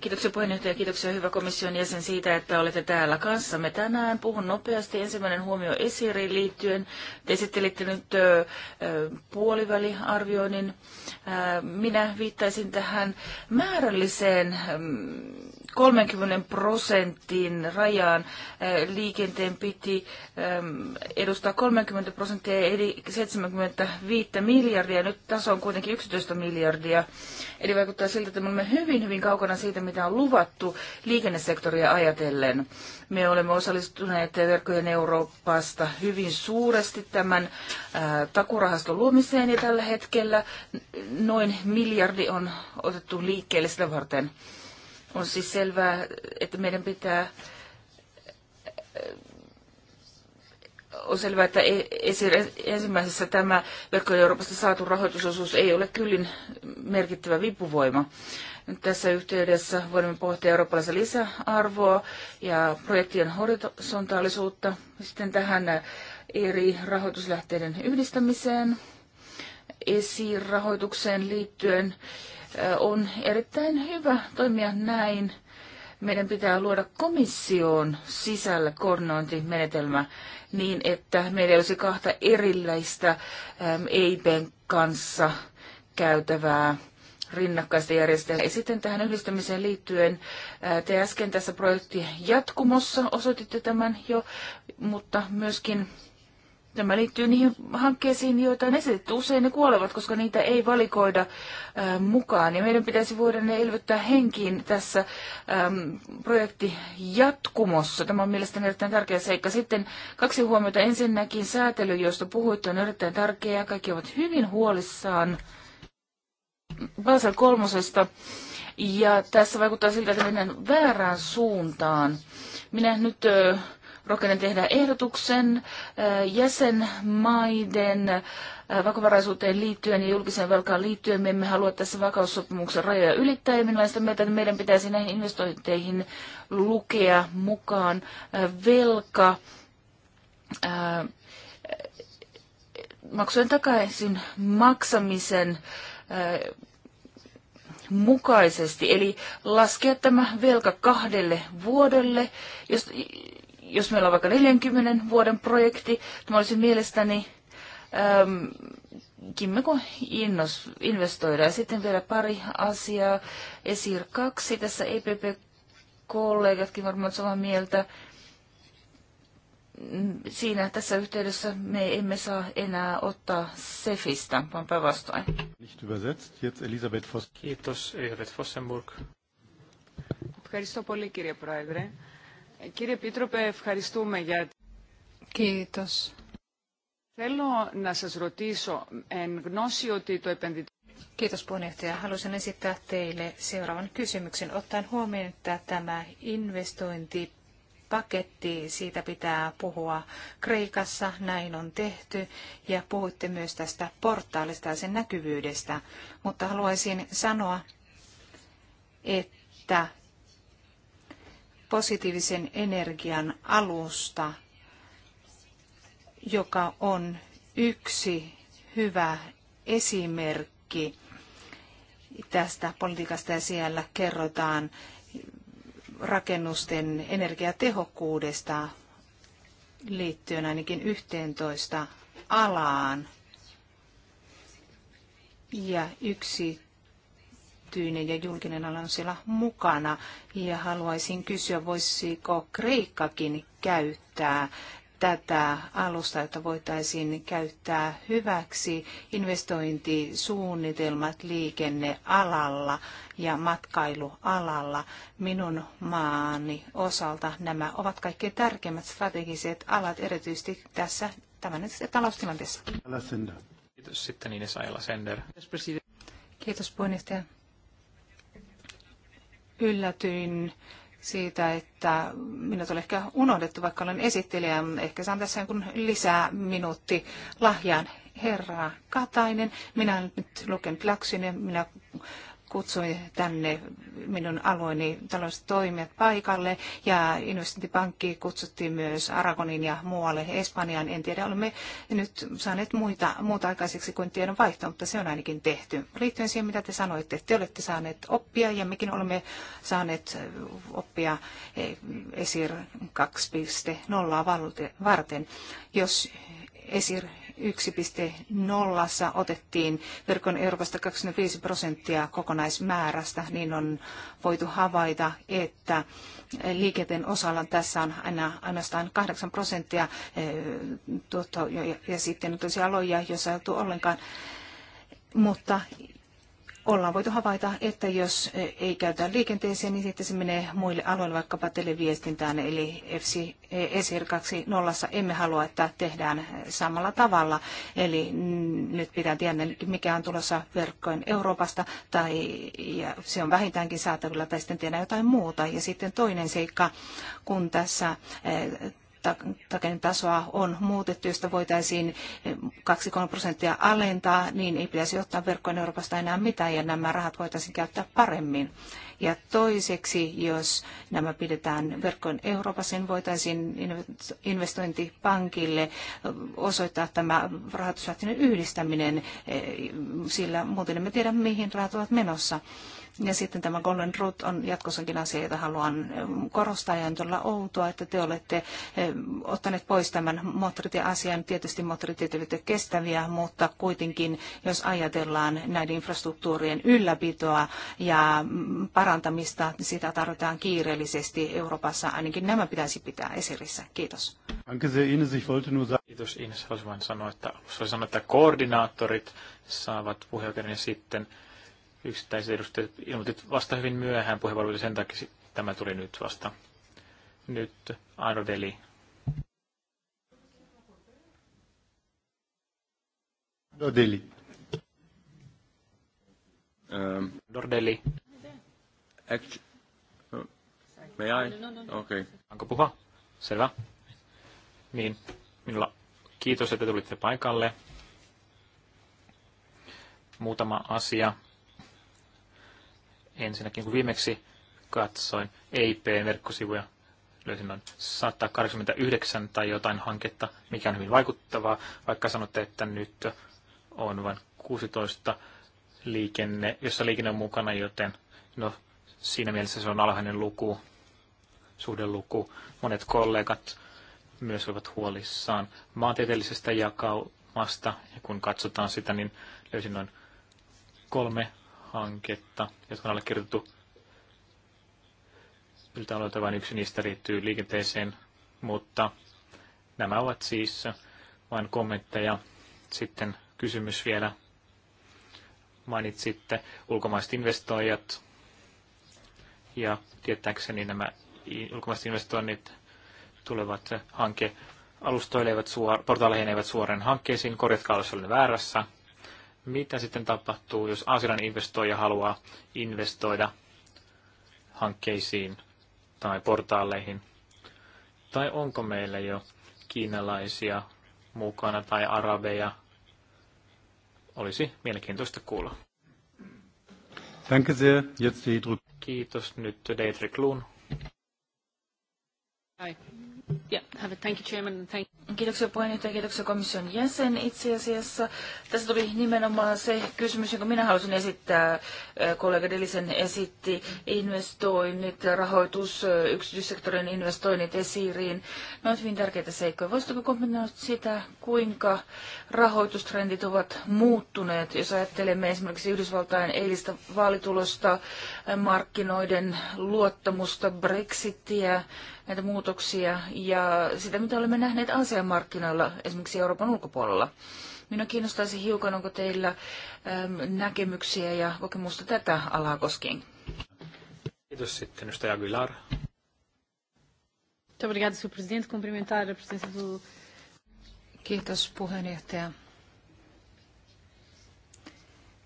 Kiitoksia puheenjohtaja, kiitoksia hyvä komission jäsen siitä, että olette täällä kanssamme tänään. Puhun nopeasti. Ensimmäinen huomio esiriin liittyen. Te esittelitte nyt puoliväliarvioinnin. Minä viittaisin tähän määrälliseen mm, 30 prosentin rajaan. Eh, liikenteen piti ehm, edustaa 30 prosenttia eli 75 miljardia. Nyt taso on kuitenkin 11 miljardia. Eli vaikuttaa siltä, että me olemme hyvin, hyvin kaukana siitä, mitä on luvattu liikennesektoria ajatellen. Me olemme osallistuneet verkkojen Euroopasta hyvin suuresti tämän eh, takurahaston luomiseen ja tällä hetkellä noin miljardi on otettu liikkeelle sitä varten. On siis selvää, että meidän pitää on selvää, että e- ensimmäisessä tämä verkko Euroopasta saatu rahoitusosuus ei ole kyllin merkittävä vipuvoima. Nyt tässä yhteydessä voimme pohtia eurooppalaisen lisäarvoa ja projektien horisontaalisuutta. Sitten tähän eri rahoituslähteiden yhdistämiseen, esirahoitukseen liittyen on erittäin hyvä toimia näin. Meidän pitää luoda komission sisällä koordinointimenetelmä niin, että meillä olisi kahta erilaista EIPn kanssa käytävää rinnakkaista järjestelmää. Ja sitten tähän yhdistämiseen liittyen, te äsken tässä projekti jatkumossa osoititte tämän jo, mutta myöskin Nämä liittyy niihin hankkeisiin, joita on esitetty. Usein ne kuolevat, koska niitä ei valikoida ä, ähm, mukaan. Ja meidän pitäisi voida ne elvyttää henkiin tässä ä, ähm, projekti jatkumossa. Tämä on mielestäni erittäin tärkeä seikka. Sitten kaksi huomiota. Ensinnäkin säätely, josta puhuitte, on erittäin tärkeää. Kaikki ovat hyvin huolissaan Basel kolmosesta. Ja tässä vaikuttaa siltä, että mennään väärään suuntaan. Minä nyt... Ä, äh, rohkenen tehdä ehdotuksen äh, jäsenmaiden äh, vakavaraisuuteen liittyen ja julkiseen velkaan liittyen. Me emme halua tässä vakaussopimuksen rajoja ylittää ja minä mieltä, että meidän pitäisi näihin investointeihin lukea mukaan äh, velka maksujen takaisin maksamisen mukaisesti, eli laskea tämä velka kahdelle vuodelle, jos jos meillä on vaikka 40 vuoden projekti, niin olisin mielestäni äm, kimmeko innos, investoida. Ja sitten vielä pari asiaa. Esir 2, tässä EPP-kollegatkin varmaan samaa mieltä. Siinä tässä yhteydessä me emme saa enää ottaa SEFistä, vaan päinvastoin. Kiitos, Elisabeth Fossenburg. Kiitos, Elisabeth Fossenburg. Κύριε Επίτροπε, ευχαριστούμε για... Kiitos. Θέλω να σας ρωτήσω, εν γνώση ότι το επενδυτικό... Kiitos puheenjohtaja. Haluaisin esittää teille seuraavan kysymyksen. Ottaen huomioon, että tämä investointipaketti, siitä pitää puhua Kreikassa, näin on tehty, ja puhutte myös tästä portaalista ja sen näkyvyydestä. Mutta haluaisin sanoa, että positiivisen energian alusta, joka on yksi hyvä esimerkki tästä politiikasta ja siellä kerrotaan rakennusten energiatehokkuudesta liittyen ainakin 11 alaan. Ja yksi yksityinen ja julkinen ala on siellä mukana. Ja haluaisin kysyä, voisiko Kreikkakin käyttää tätä alusta, että voitaisiin käyttää hyväksi investointisuunnitelmat liikennealalla ja matkailualalla. Minun maani osalta nämä ovat kaikkein tärkeimmät strategiset alat, erityisesti tässä tämän taloustilanteessa. Kiitos sitten Ines Aila Sender. Kiitos puheenjohtaja yllätyin siitä, että minut oli ehkä unohdettu, vaikka olen esittelijä. Ehkä saan tässä kun lisää minuutti lahjaan. Herra Katainen, minä olen nyt lukenut läksyn ja minä kutsui tänne minun alueeni taloudelliset toimijat paikalle ja investointipankki kutsuttiin myös Aragonin ja muualle Espanjaan. En tiedä, olemme nyt saaneet muita, muuta aikaiseksi kuin tiedon vaihtoa, mutta se on ainakin tehty. Liittyen siihen, mitä te sanoitte, te olette saaneet oppia ja mekin olemme saaneet oppia eh, ESIR 2.0 varten. Jos ESIR 1.0 otettiin verkon Euroopasta 25 prosenttia kokonaismäärästä, niin on voitu havaita, että liikenteen osalla tässä on aina ainoastaan 8 prosenttia eh, tuotto, ja, ja sitten on tosiaan aloja, joissa ei ollenkaan mutta ollaan voitu havaita, että jos e, ei käytä liikenteeseen, niin sitten se menee muille aloille, vaikkapa televiestintään, eli FC, ESIR 2.0 emme halua, että tehdään samalla tavalla. Eli nyt pitää tietää, mikä on tulossa verkkojen Euroopasta, tai ja se on vähintäänkin saatavilla, tai sitten tiedä jotain muuta. Ja sitten toinen seikka, kun tässä e, tasoa on muutettu, josta voitaisiin 2-3 prosenttia alentaa, niin ei pitäisi ottaa verkkojen Euroopasta enää mitään ja nämä rahat voitaisiin käyttää paremmin. Ja toiseksi, jos nämä pidetään verkkojen Euroopassa, niin voitaisiin investointipankille osoittaa tämä rahoituslähteiden yhdistäminen, eh, sillä muuten emme tiedä, mihin rahat ovat menossa. Ja sitten tämä Golden Root on jatkossakin asia, jota haluan ähm, korostaa ja on todella outoa, että te olette ähm, ottaneet pois tämän asian Tietysti moottoritiet ovat kestäviä, mutta kuitenkin jos ajatellaan näiden infrastruktuurien ylläpitoa ja mm, parantamista, niin sitä tarvitaan kiireellisesti Euroopassa. Ainakin nämä pitäisi pitää esirissä. Kiitos. Kiitos Ines. Haluaisin sanoa, että, sanoa, että koordinaattorit saavat puheenjohtajan sitten yksittäiset edustajat ilmoitit vasta hyvin myöhään puheenvuorolle, sen takia tämä tuli nyt vasta. Nyt Ardeli. Dordeli. Um, ähm. Dordeli. Act- uh, may I? No, no, no, okay. Anko puhua? Selvä. Niin, minulla kiitos, että tulitte paikalle. Muutama asia Ensinnäkin kun viimeksi katsoin EIP-verkkosivuja, löysin noin 189 tai jotain hanketta, mikä on hyvin vaikuttavaa, vaikka sanotte, että nyt on vain 16 liikenne, jossa liikenne on mukana, joten no, siinä mielessä se on alhainen luku, suhdeluku. Monet kollegat myös ovat huolissaan maantieteellisestä jakaumasta, ja kun katsotaan sitä, niin löysin noin kolme hanketta, jotka on allekirjoitettu. Miltä aloita vain yksi niistä liittyy liikenteeseen, mutta nämä ovat siis vain kommentteja. Sitten kysymys vielä. Mainitsitte ulkomaiset investoijat ja tietääkseni nämä ulkomaiset investoinnit tulevat hanke alustoille eivät suor, portaaleihin eivät suoraan hankkeisiin, korjatkaa jos olen väärässä, mitä sitten tapahtuu, jos Aasian investoija haluaa investoida hankkeisiin tai portaaleihin? Tai onko meillä jo kiinalaisia mukana tai arabeja? Olisi mielenkiintoista kuulla. Danke sehr. Jetzt Kiitos. Nyt Deidre Kluun. Hi. Yeah, have it. Thank you, Chairman. Thank you. Kiitoksia puheenjohtaja, kiitoksia komission jäsen. Itse asiassa tässä tuli nimenomaan se kysymys, jonka minä halusin esittää. Äh, kollega Delisen esitti investoinnit, rahoitus, äh, yksityissektorin investoinnit esiriin. Ne ovat hyvin tärkeitä seikkoja. Voisitko kommentoida sitä, kuinka rahoitustrendit ovat muuttuneet, jos ajattelemme esimerkiksi Yhdysvaltain eilistä vaalitulosta, äh, markkinoiden luottamusta, Brexitiä, näitä muutoksia ja sitä, mitä olemme nähneet Aasian markkinoilla, esimerkiksi Euroopan ulkopuolella. Minua kiinnostaisi hiukan, onko teillä ähm, näkemyksiä ja kokemusta tätä alaa koskien. Kiitos sitten, edustaja Aguilar. Kiitos puheenjohtaja.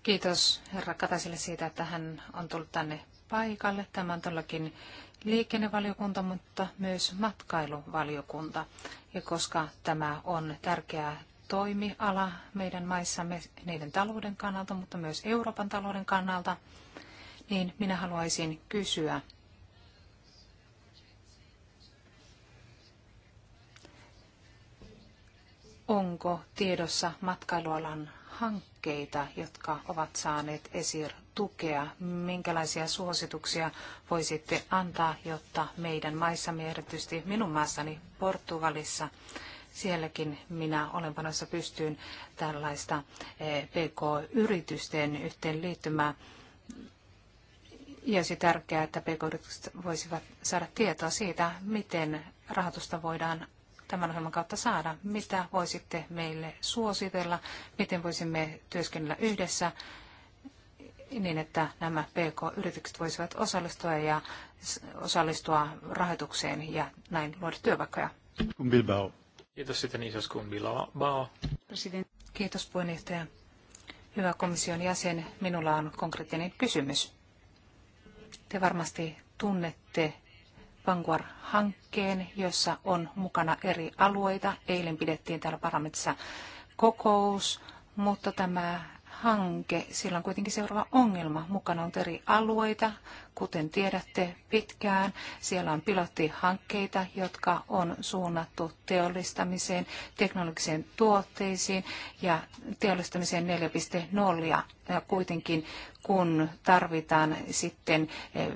Kiitos herra Katasille siitä, että hän on tullut tänne paikalle. Tämä on todellakin liikennevaliokunta, mutta myös matkailuvaliokunta. Ja koska tämä on tärkeä toimiala meidän maissamme niiden talouden kannalta, mutta myös Euroopan talouden kannalta, niin minä haluaisin kysyä onko tiedossa matkailualan hankkeita, jotka ovat saaneet esir tukea? Minkälaisia suosituksia voisitte antaa, jotta meidän maissamme, erityisesti minun maassani Portugalissa, sielläkin minä olen panossa pystyyn tällaista eh, PK-yritysten yhteenliittymää. Ja se tärkeää, että PK-yritykset voisivat saada tietoa siitä, miten rahoitusta voidaan tämän ohjelman kautta saada. Mitä voisitte meille suositella? Miten voisimme työskennellä yhdessä niin, että nämä PK-yritykset voisivat osallistua ja osallistua rahoitukseen ja näin luoda työpaikkoja. Kiitos sitten isos Kumbilbao. Kiitos puheenjohtaja. Hyvä komission jäsen, minulla on konkreettinen kysymys. Te varmasti tunnette Vanguard-hankkeen, jossa on mukana eri alueita. Eilen pidettiin täällä parlamentissa kokous, mutta tämä hanke, sillä on kuitenkin seuraava ongelma. Mukana on eri alueita, kuten tiedätte pitkään. Siellä on pilottihankkeita, jotka on suunnattu teollistamiseen, teknologiseen tuotteisiin ja teollistamiseen 4.0. Ja kuitenkin kun tarvitaan sitten eh,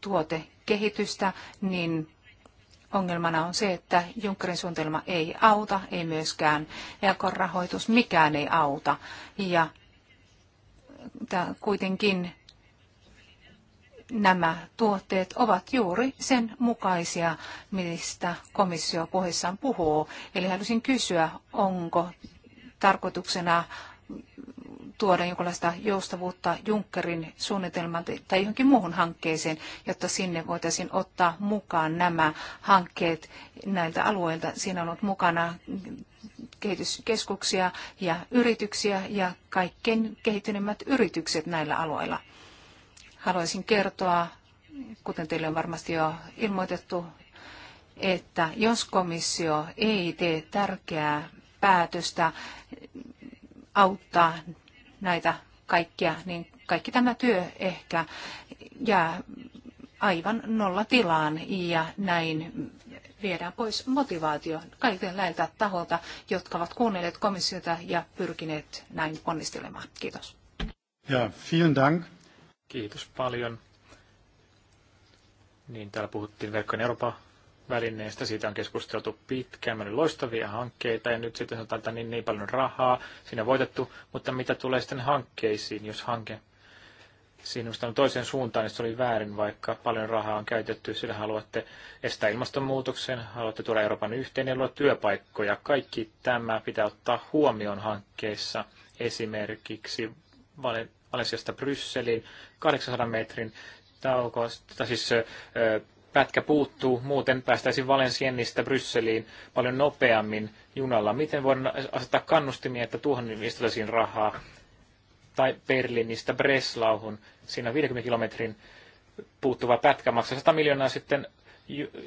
tuotekehitystä, niin Ongelmana on se, että Junckerin suunnitelma ei auta, ei myöskään EAKon rahoitus, mikään ei auta. Ja että kuitenkin nämä tuotteet ovat juuri sen mukaisia, mistä komissio puheessaan puhuu. Eli halusin kysyä, onko tarkoituksena tuoda jonkinlaista joustavuutta Junckerin suunnitelmaan tai johonkin muuhun hankkeeseen, jotta sinne voitaisiin ottaa mukaan nämä hankkeet näiltä alueilta. Siinä on ollut mukana kehityskeskuksia ja yrityksiä ja kaikkein kehittyneimmät yritykset näillä alueilla. Haluaisin kertoa, kuten teille on varmasti jo ilmoitettu, että jos komissio ei tee tärkeää päätöstä auttaa näitä kaikkia, niin kaikki tämä työ ehkä jää aivan nolla tilaan ja näin viedään pois motivaatio kaikilta näiltä taholta, jotka ovat kuunnelleet komissiota ja pyrkineet näin onnistelemaan. Kiitos. Ja, vielen dank. Kiitos paljon. Niin, täällä puhuttiin verkkojen Euroopan välineestä. Siitä on keskusteltu pitkään, meillä loistavia hankkeita ja nyt sitten sanotaan, että niin, niin paljon rahaa, siinä on voitettu, mutta mitä tulee sitten hankkeisiin, jos hanke sinusta on toiseen suuntaan, niin se oli väärin, vaikka paljon rahaa on käytetty, sillä haluatte estää ilmastonmuutoksen, haluatte tuoda Euroopan yhteen ja luoda työpaikkoja. Kaikki tämä pitää ottaa huomioon hankkeissa, esimerkiksi Valensiasta Brysseliin 800 metrin tauko, tai siis pätkä puuttuu, muuten päästäisiin Valensiennistä Brysseliin paljon nopeammin junalla. Miten voidaan asettaa kannustimia, että tuohon investoitaisiin rahaa? Tai Berliinistä Breslauhun, siinä 50 kilometrin puuttuva pätkä maksaa 100 miljoonaa sitten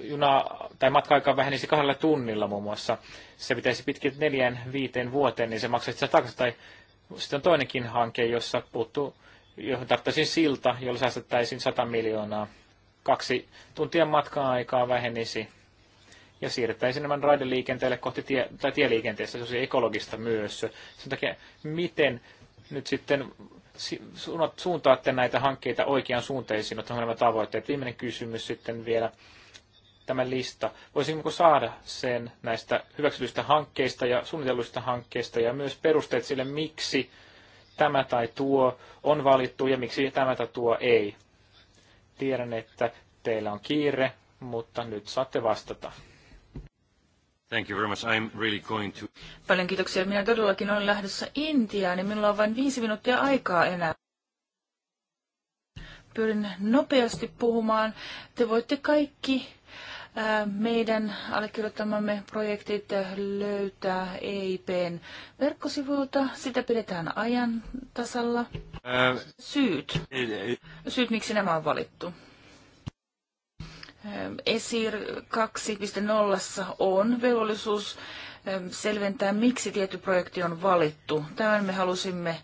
juna tai matka-aika vähenisi kahdella tunnilla muun muassa. Se pitäisi pitkin neljään viiteen vuoteen, niin se maksaisi sitä takaisin. Tai sitten on toinenkin hanke, jossa puuttuu, johon tarvittaisiin silta, jolla säästettäisiin 100 miljoonaa kaksi tuntia matkaa aikaa vähenisi ja siirrettäisiin nämä raideliikenteelle kohti tie, tai tieliikenteessä, se olisi ekologista myös. Sen takia, miten nyt sitten suuntaatte näitä hankkeita oikeaan suunteisiin, että nämä tavoitteet. Viimeinen kysymys sitten vielä tämä lista. Voisimmeko saada sen näistä hyväksytyistä hankkeista ja suunnitelluista hankkeista ja myös perusteet sille, miksi tämä tai tuo on valittu ja miksi tämä tai tuo ei. Tiedän, että teillä on kiire, mutta nyt saatte vastata. Thank you very much. I'm really going to... Paljon kiitoksia. Minä todellakin olen lähdössä Intiaan ja niin minulla on vain viisi minuuttia aikaa enää. Pyrin nopeasti puhumaan. Te voitte kaikki meidän allekirjoittamamme projektit löytää EIPn verkkosivuilta. Sitä pidetään ajan tasalla. Äh. Syyt. Syyt, miksi nämä on valittu. Ähm, ESIR 2.0 on velvollisuus ähm, selventää, miksi tietty projekti on valittu. Tämän me halusimme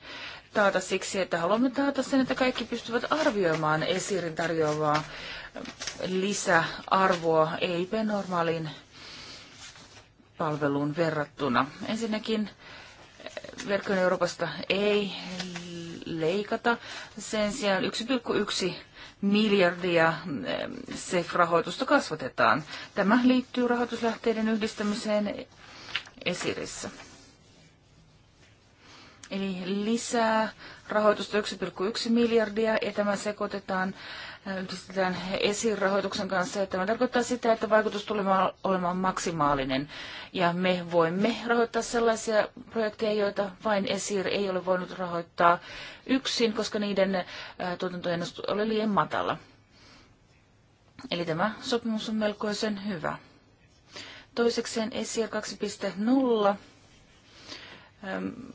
taata siksi, että haluamme taata sen, että kaikki pystyvät arvioimaan esirin tarjoavaa lisäarvoa EIP-normaalin palveluun verrattuna. Ensinnäkin eh, verkkojen Euroopasta ei leikata. Sen sijaan 1,1 miljardia eh, SEF-rahoitusta kasvatetaan. Tämä liittyy rahoituslähteiden yhdistämiseen esirissä. Eli lisää rahoitusta 1,1 miljardia ja tämä sekoitetaan yhdistetään esirahoituksen kanssa. Ja tämä tarkoittaa sitä, että vaikutus tulee olemaan maksimaalinen. Ja me voimme rahoittaa sellaisia projekteja, joita vain esir ei ole voinut rahoittaa yksin, koska niiden tuotantoennustus oli liian matala. Eli tämä sopimus on melkoisen hyvä. Toisekseen ESIR 2.0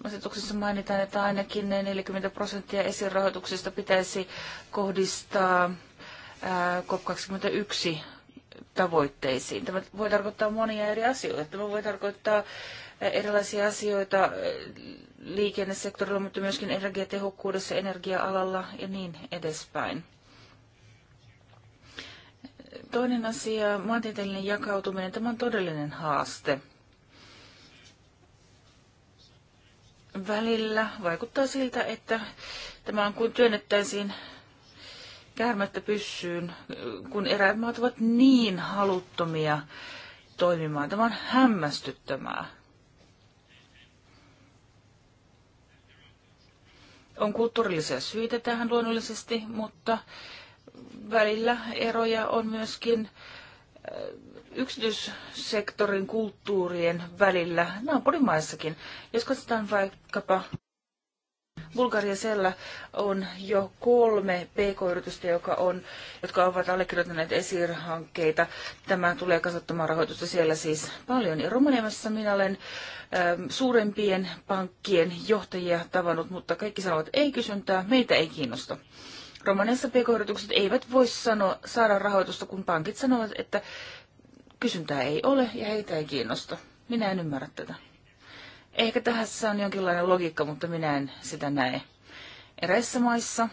asetuksessa mainitaan, että ainakin 40 prosenttia esirahoituksesta pitäisi kohdistaa COP21 tavoitteisiin. Tämä voi tarkoittaa monia eri asioita. Tämä voi tarkoittaa erilaisia asioita liikennesektorilla, mutta myöskin energiatehokkuudessa, energia-alalla ja niin edespäin. Toinen asia, maantieteellinen jakautuminen, tämä on todellinen haaste. välillä vaikuttaa siltä, että tämä on kuin työnnettäisiin käärmättä pyssyyn, kun eräät maat ovat niin haluttomia toimimaan. Tämä on hämmästyttämää. On kulttuurillisia syitä tähän luonnollisesti, mutta välillä eroja on myöskin yksityissektorin kulttuurien välillä naapurimaissakin. Jos katsotaan vaikkapa Bulgaria siellä on jo kolme pk-yritystä, joka on, jotka ovat allekirjoittaneet esirhankkeita. Tämä tulee kasvattamaan rahoitusta siellä siis paljon. Ja Romaniassa minä olen ä, ähm, suurempien pankkien johtajia tavannut, mutta kaikki sanovat että ei kysyntää, meitä ei kiinnosta. Romaniassa pk-yritykset eivät voi sanoa, saada rahoitusta, kun pankit sanovat, että Kysyntää ei ole ja heitä ei kiinnosta. Minä en ymmärrä tätä. Ehkä tässä on jonkinlainen logiikka, mutta minä en sitä näe. Eräissä maissa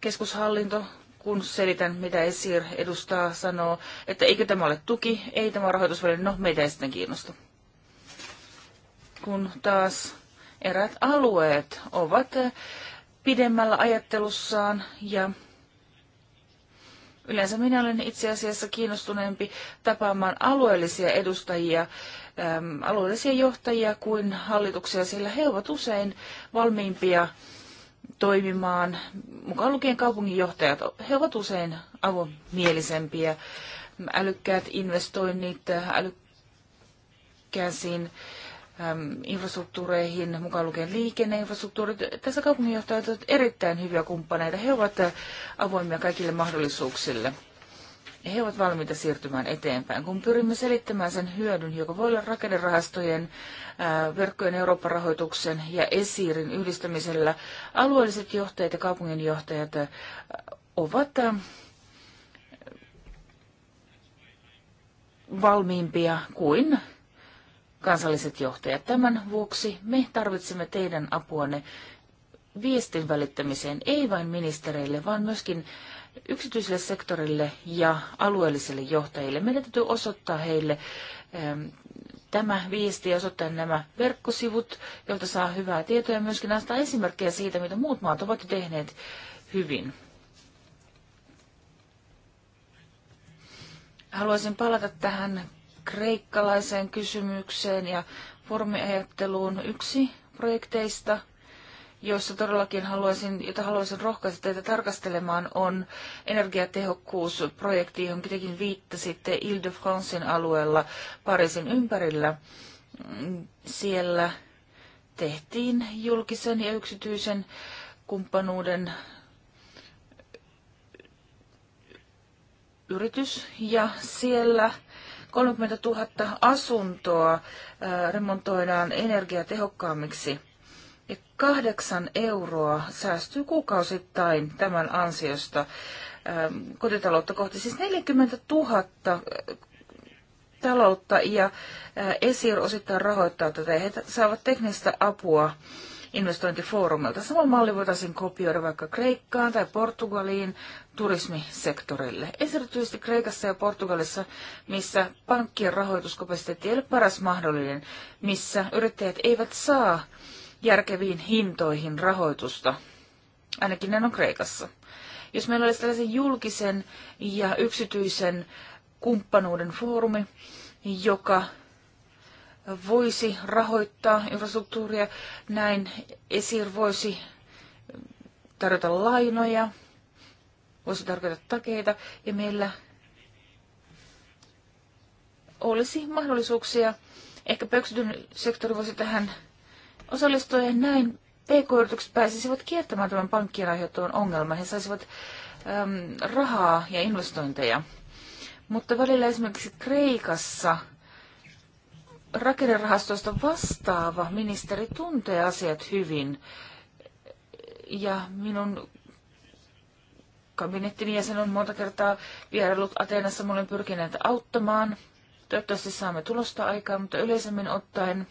keskushallinto, kun selitän mitä ESIR edustaa, sanoo, että eikö tämä ole tuki, ei tämä rahoitusväline, no meitä ei sitten kiinnosta. Kun taas erät alueet ovat pidemmällä ajattelussaan ja Yleensä minä olen itse asiassa kiinnostuneempi tapaamaan alueellisia edustajia, äm, alueellisia johtajia kuin hallituksia, sillä he ovat usein valmiimpia toimimaan, mukaan lukien kaupunginjohtajat, he ovat usein avomielisempiä. Älykkäät investoinnit, älykkäisiin Ähm, infrastruktuureihin, mukaan lukien liikenneinfrastruktuurit. Tässä kaupunginjohtajat ovat erittäin hyviä kumppaneita. He ovat äh, avoimia kaikille mahdollisuuksille. He ovat valmiita siirtymään eteenpäin. Kun pyrimme selittämään sen hyödyn, joka voi olla rakennerahastojen, äh, verkkojen Eurooppa-rahoituksen ja esiirin yhdistämisellä, alueelliset johtajat ja kaupunginjohtajat äh, ovat valmiimpia kuin kansalliset johtajat. Tämän vuoksi me tarvitsemme teidän apuanne viestin välittämiseen, ei vain ministereille, vaan myöskin yksityiselle sektorille ja alueellisille johtajille. Meidän täytyy osoittaa heille ähm, tämä viesti ja osoittaa nämä verkkosivut, joilta saa hyvää tietoa ja myöskin antaa esimerkkejä siitä, mitä muut maat ovat tehneet hyvin. Haluaisin palata tähän kreikkalaiseen kysymykseen ja formiajatteluun yksi projekteista, joissa todellakin haluaisin, jota haluaisin rohkaista teitä tarkastelemaan, on energiatehokkuusprojekti, johon kuitenkin viittasitte Ile-de-Francein alueella Pariisin ympärillä. Siellä tehtiin julkisen ja yksityisen kumppanuuden yritys ja siellä 30 000 asuntoa äh, remontoidaan energiatehokkaammiksi ja kahdeksan euroa säästyy kuukausittain tämän ansiosta ähm, kotitaloutta kohti. Siis 40 000 äh, taloutta ja äh, Esir osittain rahoittaa tätä ja he saavat teknistä apua investointifoorumilta. Sama malli voitaisiin kopioida vaikka Kreikkaan tai Portugaliin turismisektorille. Esityisesti Kreikassa ja Portugalissa, missä pankkien rahoituskapasiteetti ei ole paras mahdollinen, missä yrittäjät eivät saa järkeviin hintoihin rahoitusta. Ainakin ne on Kreikassa. Jos meillä olisi tällaisen julkisen ja yksityisen kumppanuuden foorumi, joka voisi rahoittaa infrastruktuuria. Näin Esir voisi tarjota lainoja, voisi tarjota takeita ja meillä olisi mahdollisuuksia. Ehkä pöksytyn sektori voisi tähän osallistua ja näin PK-yritykset pääsisivät kiertämään tämän pankkien aiheuttavan ongelman. He saisivat äm, rahaa ja investointeja. Mutta välillä esimerkiksi Kreikassa – rakennerahastoista vastaava ministeri tuntee asiat hyvin. Ja minun kabinettini jäsen on monta kertaa vierailut Ateenassa. Me olemme auttamaan. Toivottavasti saamme tulosta aikaa, mutta yleisemmin ottaen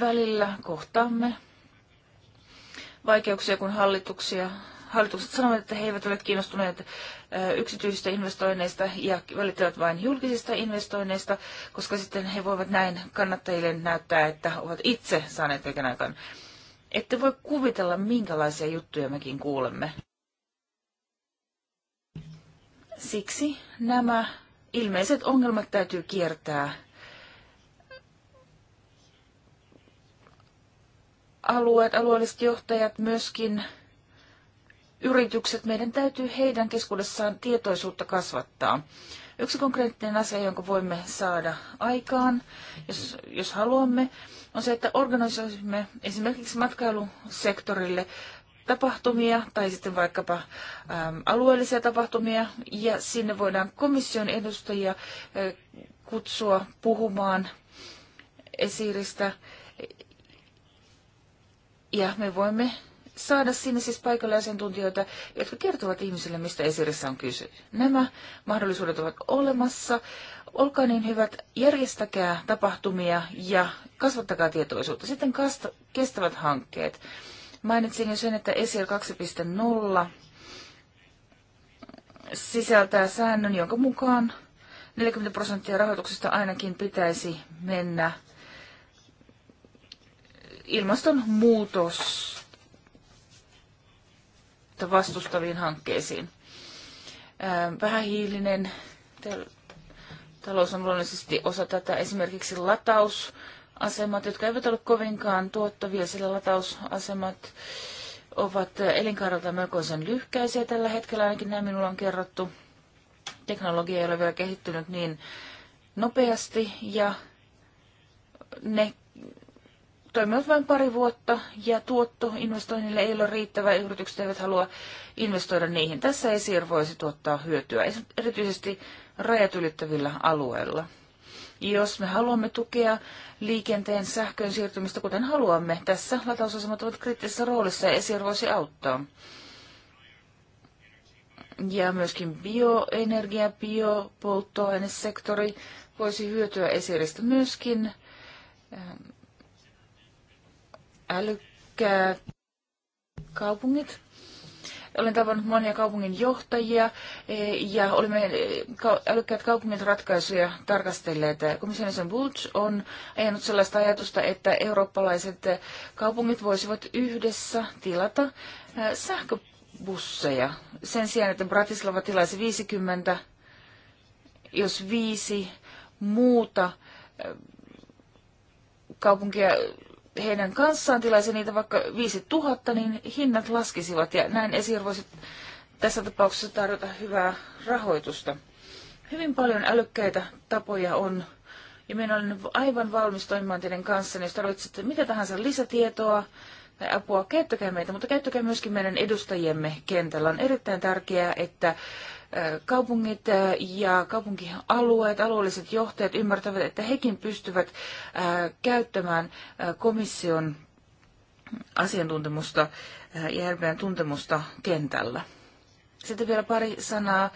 välillä kohtaamme vaikeuksia, kun hallituksia Hallitukset sanovat, että he eivät ole kiinnostuneet yksityisistä investoinneista ja välittävät vain julkisista investoinneista, koska sitten he voivat näin kannattajille näyttää, että ovat itse saaneet kaiken aikaan. Ette voi kuvitella, minkälaisia juttuja mekin kuulemme. Siksi nämä ilmeiset ongelmat täytyy kiertää alueet, alueelliset johtajat myöskin yritykset, meidän täytyy heidän keskuudessaan tietoisuutta kasvattaa. Yksi konkreettinen asia, jonka voimme saada aikaan, jos, jos haluamme, on se, että organisoisimme esimerkiksi matkailusektorille tapahtumia tai sitten vaikkapa äm, alueellisia tapahtumia ja sinne voidaan komission edustajia ä, äh, kutsua puhumaan esiiristä ja me voimme saada sinne siis paikalle asiantuntijoita, jotka kertovat ihmisille, mistä esirissä on kyse. Nämä mahdollisuudet ovat olemassa. Olkaa niin hyvät, järjestäkää tapahtumia ja kasvattakaa tietoisuutta. Sitten kestävät hankkeet. Mainitsin jo sen, että ESIR 2.0 sisältää säännön, jonka mukaan 40 prosenttia rahoituksesta ainakin pitäisi mennä ilmastonmuutos vastustaviin hankkeisiin. Vähähiilinen talous on luonnollisesti osa tätä. Esimerkiksi latausasemat, jotka eivät ole kovinkaan tuottavia, sillä latausasemat ovat elinkaarelta melkoisen lyhkäisiä tällä hetkellä, ainakin näin minulla on kerrottu. Teknologia ei ole vielä kehittynyt niin nopeasti ja ne toimivat vain pari vuotta ja tuotto investoinnille ei ole riittävä. Yritykset eivät halua investoida niihin. Tässä ESIR voisi tuottaa hyötyä, erityisesti rajat ylittävillä alueilla. Jos me haluamme tukea liikenteen sähkön siirtymistä, kuten haluamme, tässä latausasemat ovat kriittisessä roolissa ja ESIR voisi auttaa. Ja myöskin bioenergia, biopolttoainesektori voisi hyötyä esiristä myöskin älykkäät kaupungit. Olen tavannut monia kaupungin johtajia e, ja olimme e, älykkäät kaupungit ratkaisuja tarkastelleet. Komissionisen Bulge on ajanut sellaista ajatusta, että eurooppalaiset kaupungit voisivat yhdessä tilata e, sähköbusseja sen sijaan, että Bratislava tilaisi 50, jos viisi muuta kaupunkia heidän kanssaan tilaisi niitä vaikka 5000, niin hinnat laskisivat ja näin Esir voisi tässä tapauksessa tarjota hyvää rahoitusta. Hyvin paljon älykkäitä tapoja on ja minä olen aivan valmis toimimaan teidän kanssa, niin jos tarvitsette mitä tahansa lisätietoa tai apua, käyttäkää meitä, mutta käyttäkää myöskin meidän edustajiemme kentällä. On erittäin tärkeää, että kaupungit ja kaupunkialueet, alueelliset johtajat ymmärtävät, että hekin pystyvät käyttämään komission asiantuntemusta ja järpeän tuntemusta kentällä. Sitten vielä pari sanaa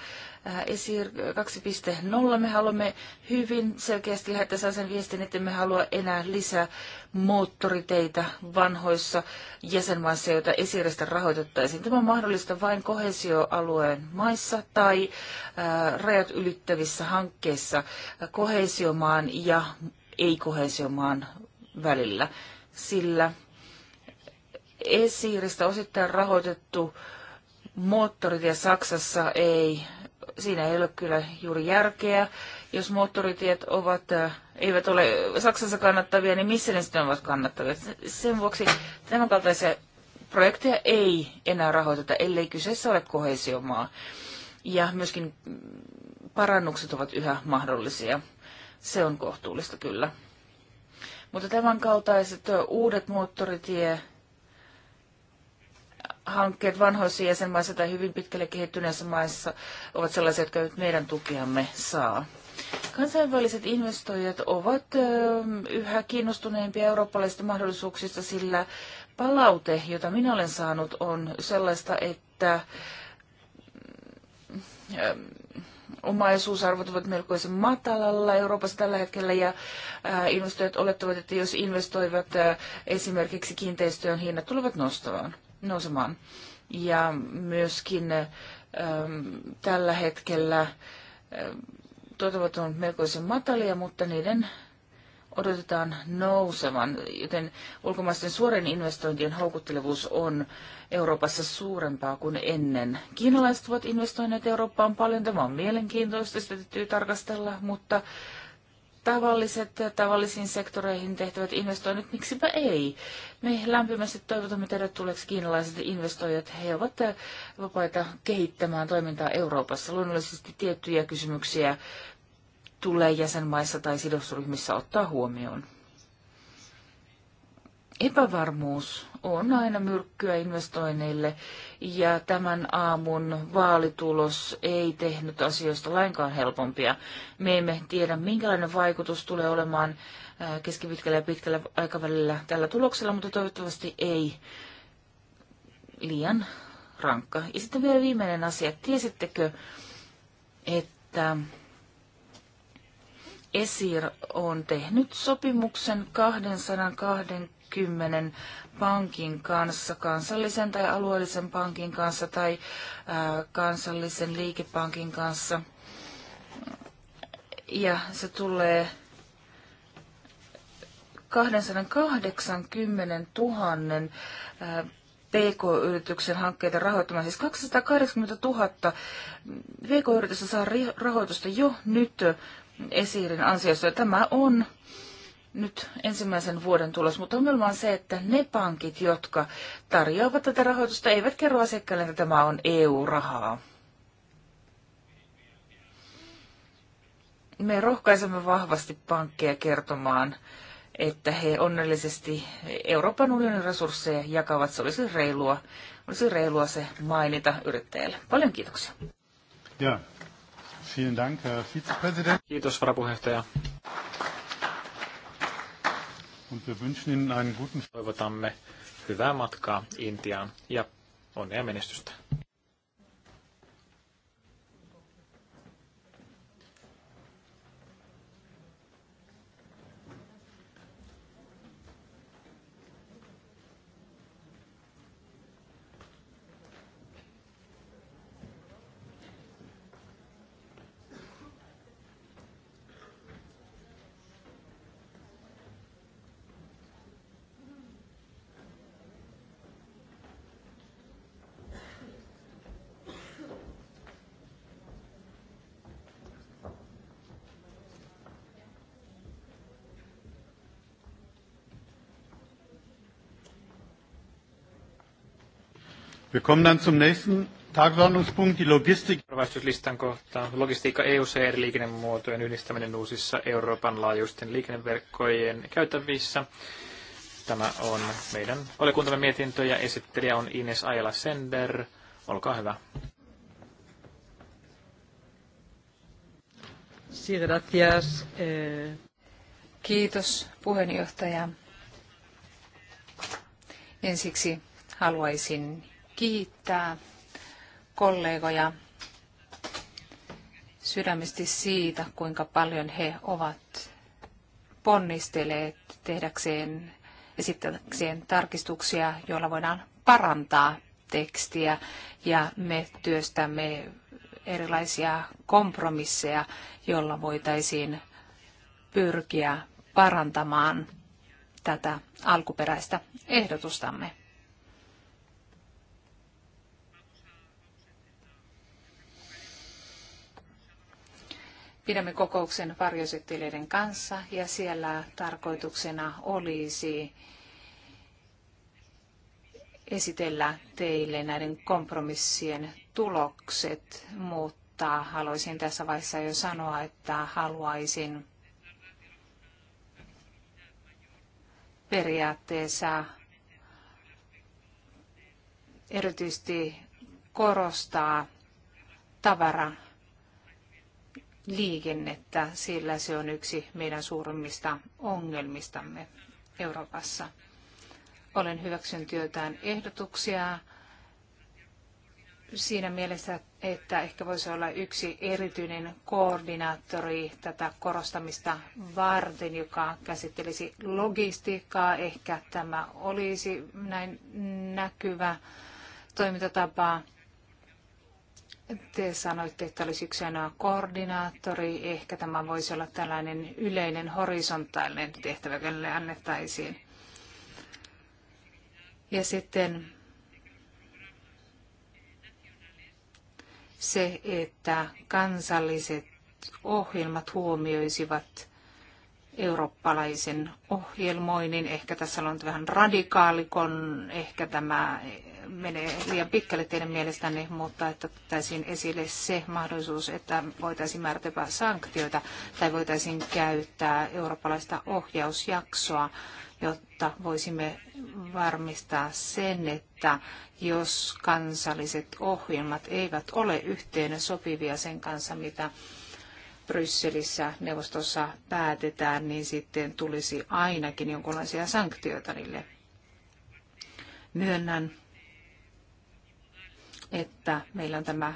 Äh, ESIR 2.0. Me haluamme hyvin selkeästi lähettää sellaisen viestin, että me halua enää lisää moottoriteitä vanhoissa jäsenmaissa, joita esiristä rahoitettaisiin. Tämä on mahdollista vain kohesioalueen maissa tai äh, rajat ylittävissä hankkeissa kohesiomaan ja ei-kohesiomaan välillä, sillä esiiristä osittain rahoitettu moottoritie Saksassa ei siinä ei ole kyllä juuri järkeä. Jos moottoritiet ovat, äh, eivät ole Saksassa kannattavia, niin missä ne sitten ovat kannattavia? Sen vuoksi tämän kaltaisia projekteja ei enää rahoiteta, ellei kyseessä ole kohesiomaa. Ja myöskin parannukset ovat yhä mahdollisia. Se on kohtuullista kyllä. Mutta tämän kaltaiset uudet moottoritie hankkeet vanhoissa jäsenmaissa tai hyvin pitkälle kehittyneissä maissa ovat sellaisia, jotka nyt meidän tukiamme saa. Kansainväliset investoijat ovat yhä kiinnostuneempia eurooppalaisista mahdollisuuksista, sillä palaute, jota minä olen saanut, on sellaista, että omaisuusarvot ovat melkoisen matalalla Euroopassa tällä hetkellä ja investoijat olettavat, että jos investoivat esimerkiksi kiinteistöön, hinnat tulevat nostamaan nousemaan. Ja myöskin äm, tällä hetkellä äm, äh, tuotavat on melkoisen matalia, mutta niiden odotetaan nousevan, joten ulkomaisten suorien investointien houkuttelevuus on Euroopassa suurempaa kuin ennen. Kiinalaiset ovat investoineet Eurooppaan paljon, tämä on mielenkiintoista, sitä täytyy tarkastella, mutta tavalliset tavallisiin sektoreihin tehtävät investoinnit, miksipä ei. Me lämpimästi toivotamme tervetulleeksi kiinalaiset investoijat. He ovat vapaita kehittämään toimintaa Euroopassa. Luonnollisesti tiettyjä kysymyksiä tulee jäsenmaissa tai sidosryhmissä ottaa huomioon. Epävarmuus on aina myrkkyä investoinneille ja tämän aamun vaalitulos ei tehnyt asioista lainkaan helpompia. Me emme tiedä, minkälainen vaikutus tulee olemaan äh, keskipitkällä ja pitkällä aikavälillä tällä tuloksella, mutta toivottavasti ei liian rankka. Ja sitten vielä viimeinen asia. Tiesittekö, että Esir on tehnyt sopimuksen 220 kymmenen pankin kanssa, kansallisen tai alueellisen pankin kanssa tai kansallisen liikepankin kanssa. Ja se tulee 280 000 PK-yrityksen hankkeita rahoittamaan. Siis 280 000 PK-yritystä saa rahoitusta jo nyt esiirin ansiosta. Tämä on nyt ensimmäisen vuoden tulos, mutta ongelma on se, että ne pankit, jotka tarjoavat tätä rahoitusta, eivät kerro asiakkaille, että tämä on EU-rahaa. Me rohkaisemme vahvasti pankkeja kertomaan, että he onnellisesti Euroopan unionin resursseja jakavat. Se olisi reilua, olisi reilua se mainita yrittäjälle. Paljon kiitoksia. Ja. Vielen Dank, Herr Kiitos, varapuheenjohtaja. Toivotamme hyvää matkaa Intiaan ja onnea menestystä. Wir kommen dann zum nächsten Tagesordnungspunkt, die Logistik. logistiikka eu eri liikennemuotojen yhdistäminen uusissa Euroopan laajuisten liikenneverkkojen käytävissä. Tämä on meidän valiokuntamme mietintö ja esittelijä on Ines Ajala Sender. Olkaa hyvä. Sí, gracias. Eh. Kiitos puheenjohtaja. Ensiksi haluaisin kiittää kollegoja sydämesti siitä, kuinka paljon he ovat ponnistelleet tehdäkseen esittäkseen tarkistuksia, joilla voidaan parantaa tekstiä ja me työstämme erilaisia kompromisseja, joilla voitaisiin pyrkiä parantamaan tätä alkuperäistä ehdotustamme. pidämme kokouksen varjoesittelijöiden kanssa ja siellä tarkoituksena olisi esitellä teille näiden kompromissien tulokset, mutta haluaisin tässä vaiheessa jo sanoa, että haluaisin periaatteessa erityisesti korostaa tavara liikennettä, sillä se on yksi meidän suurimmista ongelmistamme Euroopassa. Olen hyväksynyt työtään ehdotuksia siinä mielessä, että ehkä voisi olla yksi erityinen koordinaattori tätä korostamista varten, joka käsittelisi logistiikkaa. Ehkä tämä olisi näin näkyvä toimintatapa te sanoitte, että olisi yksi ainoa koordinaattori. Ehkä tämä voisi olla tällainen yleinen horisontaalinen tehtävä, kenelle annettaisiin. Ja sitten se, että kansalliset ohjelmat huomioisivat eurooppalaisen ohjelmoinnin. Ehkä tässä on vähän radikaalikon, ehkä tämä menee liian pitkälle teidän mielestänne, mutta että ottaisiin esille se mahdollisuus, että voitaisiin määrätäpä sanktioita tai voitaisiin käyttää eurooppalaista ohjausjaksoa, jotta voisimme varmistaa sen, että jos kansalliset ohjelmat eivät ole yhteen sopivia sen kanssa, mitä Brysselissä neuvostossa päätetään, niin sitten tulisi ainakin jonkinlaisia sanktioita niille. Myönnän, että meillä on tämä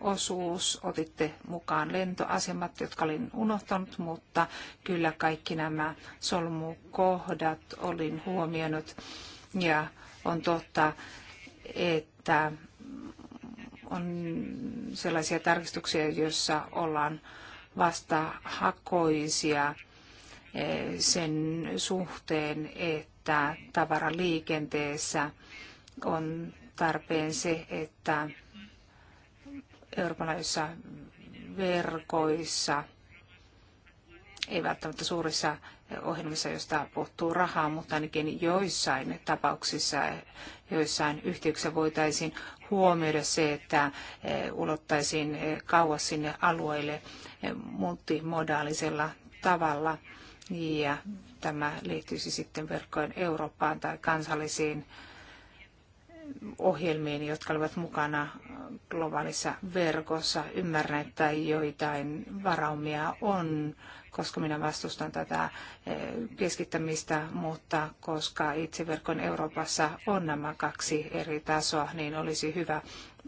osuus Otitte mukaan lentoasemat, jotka olin unohtanut, mutta kyllä kaikki nämä solmukohdat olin huomioinut. Ja on totta, että on sellaisia tarkistuksia, joissa ollaan vasta hakoisia eh, sen suhteen, että tavaraliikenteessä on tarpeen se, että Euroopan verkoissa, ei välttämättä suurissa ohjelmissa, joista puuttuu rahaa, mutta ainakin joissain tapauksissa, joissain yhteyksissä voitaisiin huomioida se, että eh, ulottaisiin eh, kauas sinne alueille eh, multimodaalisella tavalla. Ja tämä liittyisi sitten verkkojen Eurooppaan tai kansallisiin ohjelmiin, jotka olivat mukana globaalissa verkossa. Ymmärrän, että joitain varaumia on, koska minä vastustan tätä eh, keskittämistä, mutta koska itse verkon Euroopassa on nämä kaksi eri tasoa, niin olisi hyvä,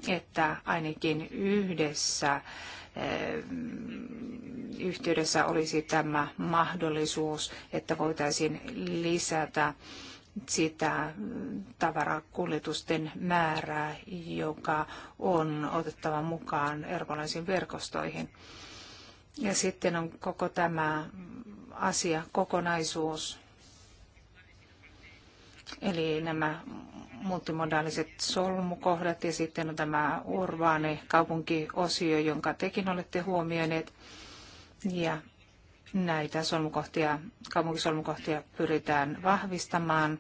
että ainakin yhdessä eh, yhteydessä olisi tämä mahdollisuus, että voitaisiin lisätä sitä mm, tavarakuljetusten määrää, joka on otettava mukaan eurooppalaisiin verkostoihin. Ja sitten on koko tämä asia, kokonaisuus, eli nämä multimodaaliset solmukohdat ja sitten on tämä urbaani kaupunkiosio, jonka tekin olette huomioineet. Ja näitä solmukohtia, kaupunkisolmukohtia pyritään vahvistamaan.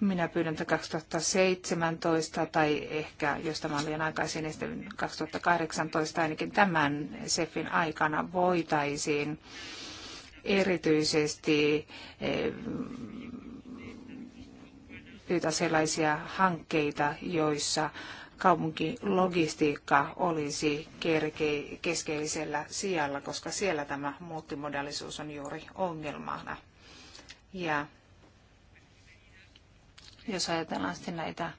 Minä pyydän, että 2017 tai ehkä, jos tämä on liian aikaisin, niin 2018 ainakin tämän SEFin aikana voitaisiin erityisesti eh, pyytää sellaisia hankkeita, joissa kaupunkilogistiikka olisi kerke- keskeisellä sijalla, koska siellä tämä multimodaalisuus on juuri ongelmana. Ja jos ajatellaan sitten näitä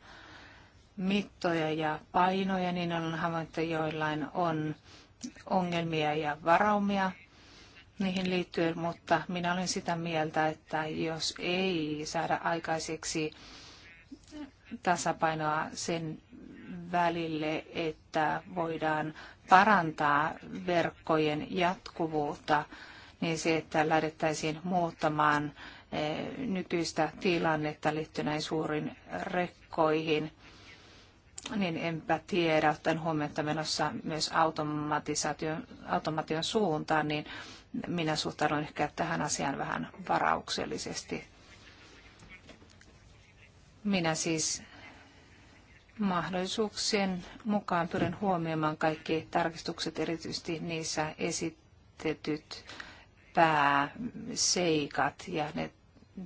mittoja ja painoja, niin on havaittu, joillain on ongelmia ja varaumia niihin liittyen, mutta minä olen sitä mieltä, että jos ei saada aikaiseksi tasapainoa sen välille, että voidaan parantaa verkkojen jatkuvuutta, niin se, että lähdettäisiin muuttamaan eh, nykyistä tilannetta liittyen näin suurin rekkoihin, niin enpä tiedä, ottaen huomioon, että menossa myös automatisaation, automaation suuntaan, niin minä suhtaudun ehkä tähän asiaan vähän varauksellisesti. Minä siis mahdollisuuksien mukaan pyrin huomioimaan kaikki tarkistukset, erityisesti niissä esitetyt pääseikat ja ne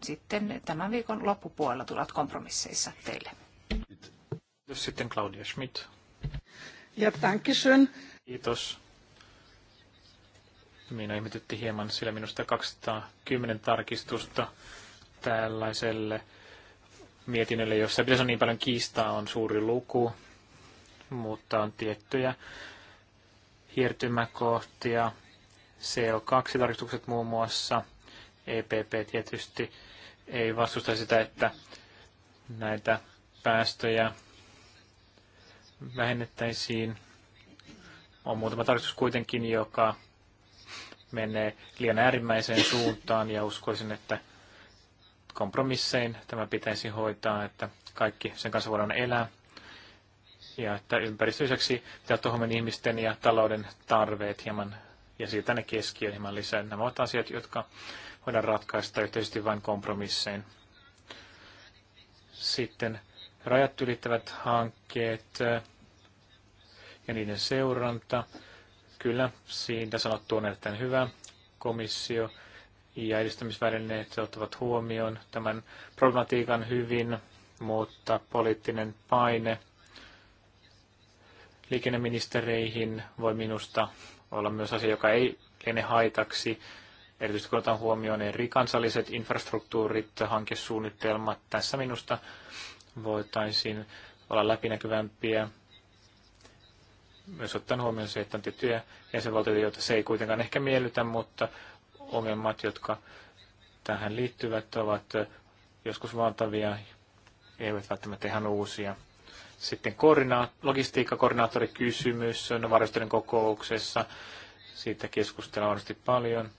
sitten tämän viikon loppupuolella tulevat kompromisseissa teille. Kiitos sitten Claudia Schmidt. Ja Dankeschön. Kiitos. Minä ihmetytti hieman, sillä minusta 210 tarkistusta tällaiselle mietinnölle, jossa pitäisi on niin paljon kiistaa, on suuri luku, mutta on tiettyjä hiertymäkohtia, CO2-tarkistukset muun muassa, EPP tietysti ei vastusta sitä, että näitä päästöjä vähennettäisiin. On muutama tarkistus kuitenkin, joka menee liian äärimmäiseen suuntaan ja uskoisin, että kompromissein tämä pitäisi hoitaa, että kaikki sen kanssa voidaan elää. Ja että ympäristöiseksi pitää tuohon ihmisten ja talouden tarveet hieman ja siitä ne keskiö hieman lisää. Nämä ovat asiat, jotka voidaan ratkaista yhteisesti vain kompromissein. Sitten rajat ylittävät hankkeet äh, ja niiden seuranta. Kyllä, siitä sanottu on erittäin hyvä komissio ja edistämisvälineet ottavat huomioon tämän problematiikan hyvin, mutta poliittinen paine liikenneministereihin voi minusta olla myös asia, joka ei liene haitaksi. Erityisesti kun otan huomioon eri kansalliset infrastruktuurit, hankesuunnitelmat, tässä minusta voitaisiin olla läpinäkyvämpiä. Myös ottaen huomioon se, että on tiettyjä jäsenvaltioita, joita se ei kuitenkaan ehkä miellytä, mutta ongelmat, jotka tähän liittyvät, ovat joskus valtavia, eivät välttämättä ihan uusia. Sitten logistiikkakoordinaattorikysymys on varastojen kokouksessa. Siitä keskustellaan varmasti paljon.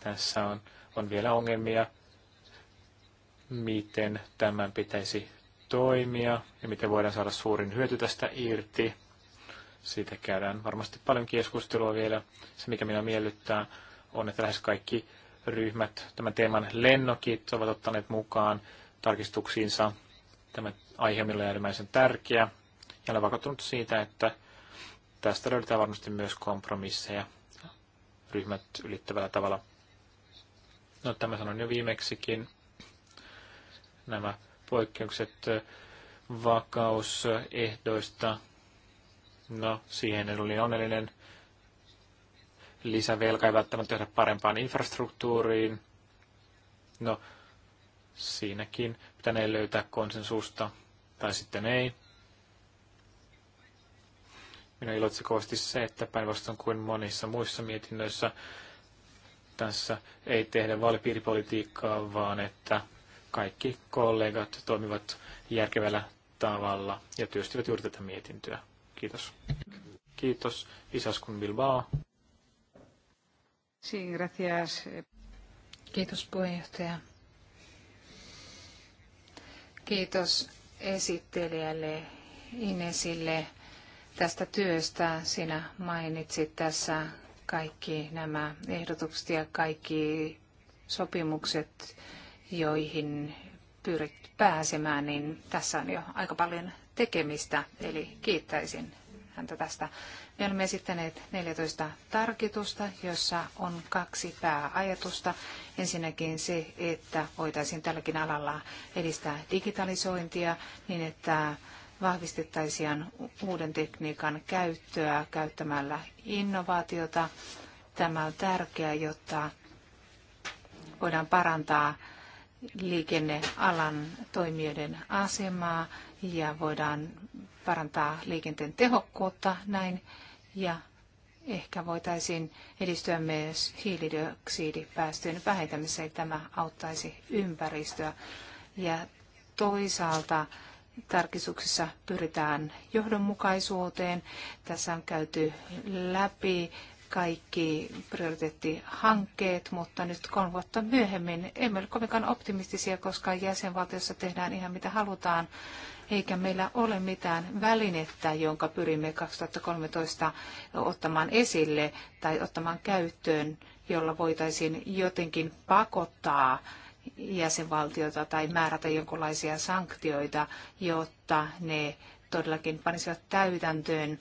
Tässä on, on vielä ongelmia, miten tämän pitäisi toimia ja miten voidaan saada suurin hyöty tästä irti. Siitä käydään varmasti paljon keskustelua vielä. Se, mikä minä miellyttää, on, että lähes kaikki ryhmät tämän teeman lennokit ovat ottaneet mukaan tarkistuksiinsa. Tämä aihe on äärimmäisen tärkeä ja olen vakautunut siitä, että tästä löydetään varmasti myös kompromisseja ryhmät ylittävällä tavalla. No tämä sanoin jo viimeksikin. Nämä poikkeukset vakausehdoista. No, siihen en oli onnellinen lisävelka ei välttämättä johda parempaan infrastruktuuriin. No, siinäkin pitänee löytää konsensusta, tai sitten ei. Minä iloitsen kovasti se, että päinvastoin kuin monissa muissa mietinnöissä tässä ei tehdä vaalipiiripolitiikkaa, vaan että kaikki kollegat toimivat järkevällä tavalla ja työstivät juuri tätä mietintöä. Kiitos. Kiitos Isaskun Bilbao. Kiitos puheenjohtaja. Kiitos esittelijälle Inesille tästä työstä. Sinä mainitsit tässä kaikki nämä ehdotukset ja kaikki sopimukset, joihin pyrit pääsemään, niin tässä on jo aika paljon tekemistä, eli kiittäisin häntä tästä. Me olemme esittäneet 14 tarkitusta, jossa on kaksi pääajatusta. Ensinnäkin se, että voitaisiin tälläkin alalla edistää digitalisointia niin, että vahvistettaisiin uuden tekniikan käyttöä käyttämällä innovaatiota. Tämä on tärkeää, jotta voidaan parantaa liikennealan toimijoiden asemaa ja voidaan parantaa liikenteen tehokkuutta näin ja ehkä voitaisiin edistyä myös hiilidioksidipäästöjen vähentämiseen. Tämä auttaisi ympäristöä. Ja toisaalta tarkistuksissa pyritään johdonmukaisuuteen. Tässä on käyty läpi kaikki prioriteettihankkeet, mutta nyt kolme vuotta myöhemmin emme ole kovinkaan optimistisia, koska jäsenvaltiossa tehdään ihan mitä halutaan eikä meillä ole mitään välinettä, jonka pyrimme 2013 ottamaan esille tai ottamaan käyttöön, jolla voitaisiin jotenkin pakottaa jäsenvaltiota tai määrätä jonkinlaisia sanktioita, jotta ne todellakin panisivat täytäntöön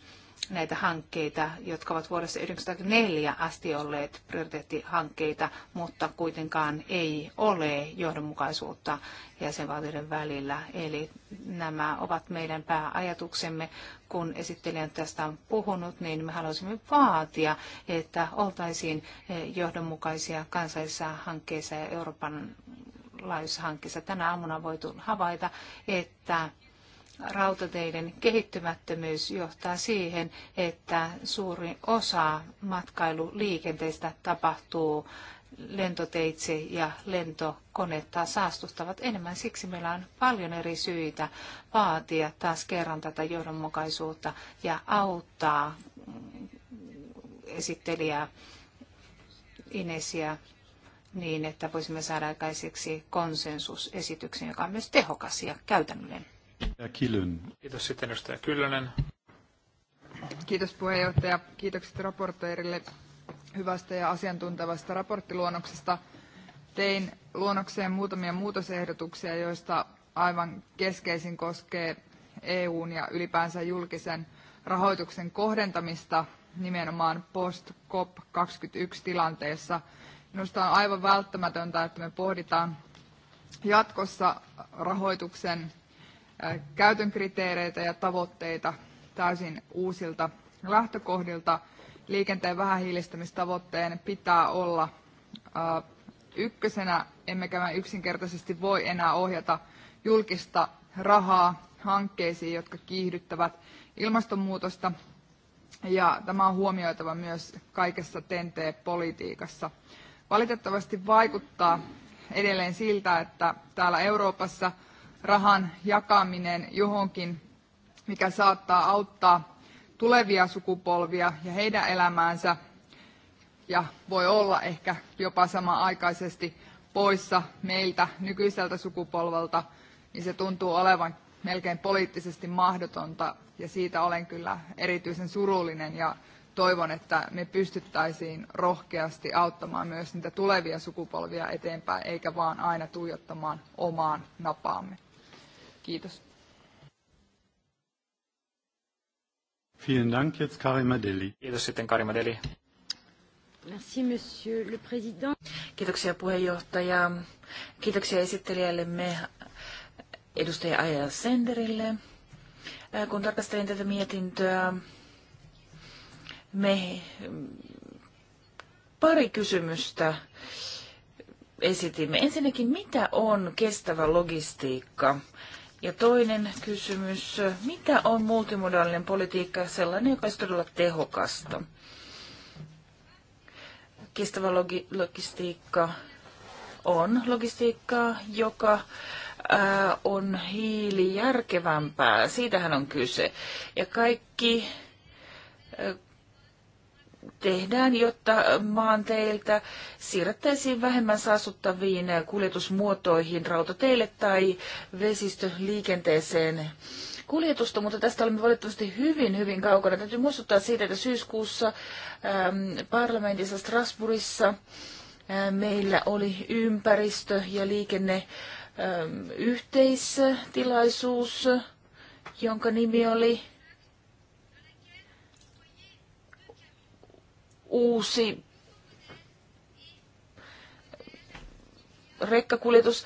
näitä hankkeita, jotka ovat vuodesta 1994 asti olleet prioriteettihankkeita, mutta kuitenkaan ei ole johdonmukaisuutta jäsenvaltioiden välillä. Eli nämä ovat meidän pääajatuksemme. Kun esittelijä tästä on puhunut, niin me haluaisimme vaatia, että oltaisiin eh, johdonmukaisia kansallisissa hankkeissa ja Euroopan laajuisissa hankkeissa. Tänä aamuna on voitu havaita, että rautateiden kehittymättömyys johtaa siihen, että suuri osa matkailuliikenteestä tapahtuu lentoteitse ja lentokonetta saastuttavat enemmän. Siksi meillä on paljon eri syitä vaatia taas kerran tätä johdonmukaisuutta ja auttaa esittelijää Inesia niin, että voisimme saada aikaiseksi konsensusesityksen, joka on myös tehokas ja käytännöllinen. Ja Kilyn. Kiitos sitten edustaja Kyllönen. Kiitos puheenjohtaja. Kiitokset raportoirille hyvästä ja asiantuntevasta raporttiluonnoksesta. Tein luonnokseen muutamia muutosehdotuksia, joista aivan keskeisin koskee EUn ja ylipäänsä julkisen rahoituksen kohdentamista nimenomaan post-COP21 tilanteessa. Minusta on aivan välttämätöntä, että me pohditaan jatkossa rahoituksen käytön kriteereitä ja tavoitteita täysin uusilta lähtökohdilta. Liikenteen vähähiilistämistavoitteen pitää olla ykkösenä, emmekä me yksinkertaisesti voi enää ohjata julkista rahaa hankkeisiin, jotka kiihdyttävät ilmastonmuutosta. Ja tämä on huomioitava myös kaikessa TNT-politiikassa. Valitettavasti vaikuttaa edelleen siltä, että täällä Euroopassa – rahan jakaminen johonkin, mikä saattaa auttaa tulevia sukupolvia ja heidän elämäänsä ja voi olla ehkä jopa samanaikaisesti poissa meiltä nykyiseltä sukupolvelta, niin se tuntuu olevan melkein poliittisesti mahdotonta ja siitä olen kyllä erityisen surullinen ja toivon, että me pystyttäisiin rohkeasti auttamaan myös niitä tulevia sukupolvia eteenpäin, eikä vaan aina tuijottamaan omaan napaamme. Kiitos. Vielen Dank, jetzt Karima Deli. Kiitos sitten Karima Deli. Merci, monsieur le président. Kiitoksia puheenjohtaja. Kiitoksia esittelijällemme edustaja Aja Senderille. Kun tarkastelin tätä mietintöä, me mm, pari kysymystä esitimme. Ensinnäkin, mitä on kestävä logistiikka? Ja toinen kysymys, mitä on multimodaalinen politiikka sellainen, joka olisi todella tehokasta? Kestävä logi- logistiikka on logistiikkaa, joka ää, äh, on hiilijärkevämpää. Siitähän on kyse. Ja kaikki äh, tehdään, jotta maanteiltä siirrettäisiin vähemmän saastuttaviin kuljetusmuotoihin rautateille tai vesistöliikenteeseen kuljetusta, mutta tästä olemme valitettavasti hyvin, hyvin kaukana. Täytyy muistuttaa siitä, että syyskuussa parlamentissa Strasbourgissa meillä oli ympäristö- ja liikenne yhteistilaisuus, jonka nimi oli uusi rekkakuljetus.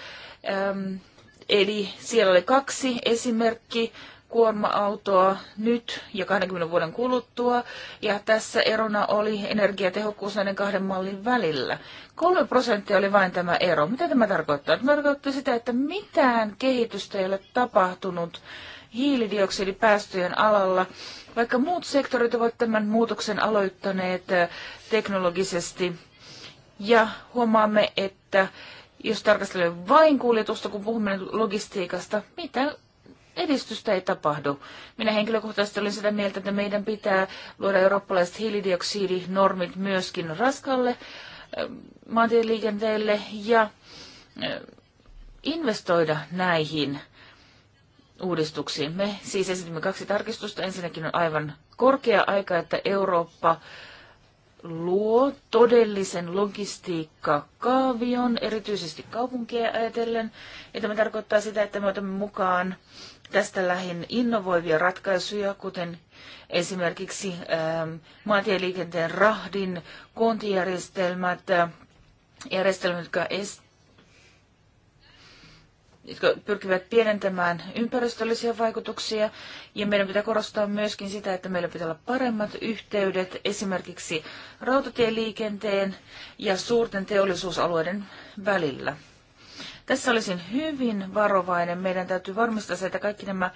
Eli siellä oli kaksi esimerkki kuorma-autoa nyt ja 20 vuoden kuluttua, ja tässä erona oli energiatehokkuus näiden kahden mallin välillä. Kolme prosenttia oli vain tämä ero. Mitä tämä tarkoittaa? Tämä tarkoittaa sitä, että mitään kehitystä ei ole tapahtunut hiilidioksidipäästöjen alalla. Vaikka muut sektorit ovat tämän muutoksen aloittaneet eh, teknologisesti ja huomaamme, että jos tarkastelemme vain kuljetusta, kun puhumme logistiikasta, mitä edistystä ei tapahdu. Minä henkilökohtaisesti olin sitä mieltä, että meidän pitää luoda eurooppalaiset hiilidioksidinormit myöskin raskalle eh, maantieliikenteelle ja eh, investoida näihin uudistuksiin. Me siis esitimme kaksi tarkistusta. Ensinnäkin on aivan korkea aika, että Eurooppa luo todellisen logistiikkakaavion, erityisesti kaupunkia ajatellen. Ja tämä tarkoittaa sitä, että me otamme mukaan tästä lähin innovoivia ratkaisuja, kuten esimerkiksi ähm, maantieliikenteen rahdin koontijärjestelmät, äh, järjestelmät, jotka estävät jotka pyrkivät pienentämään ympäristöllisiä vaikutuksia. Ja meidän pitää korostaa myöskin sitä, että meillä pitää olla paremmat yhteydet esimerkiksi rautatieliikenteen ja suurten teollisuusalueiden välillä. Tässä olisin hyvin varovainen. Meidän täytyy varmistaa se, että kaikki nämä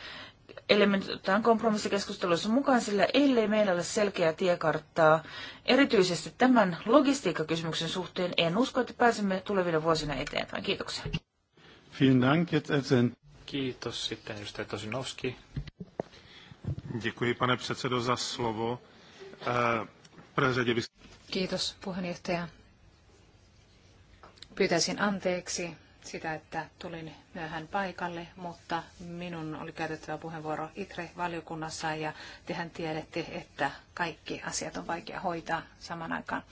elementit otetaan kompromissikeskusteluissa mukaan, sillä ellei meillä ole selkeää tiekarttaa, erityisesti tämän logistiikkakysymyksen suhteen, en usko, että pääsemme tulevina vuosina eteenpäin. Kiitoksia. Vielen Dank, jetzt Kiitos sitten edustaja Tosinovski. Děkuji, pane předsedo, za slovo. Eh, Kiitos puheenjohtaja. Pyytäisin anteeksi sitä, että tulin myöhään paikalle, mutta minun oli käytettävä puheenvuoro ITRE-valiokunnassa ja tehän tiedätte, että kaikki asiat on vaikea hoitaa saman aikaan.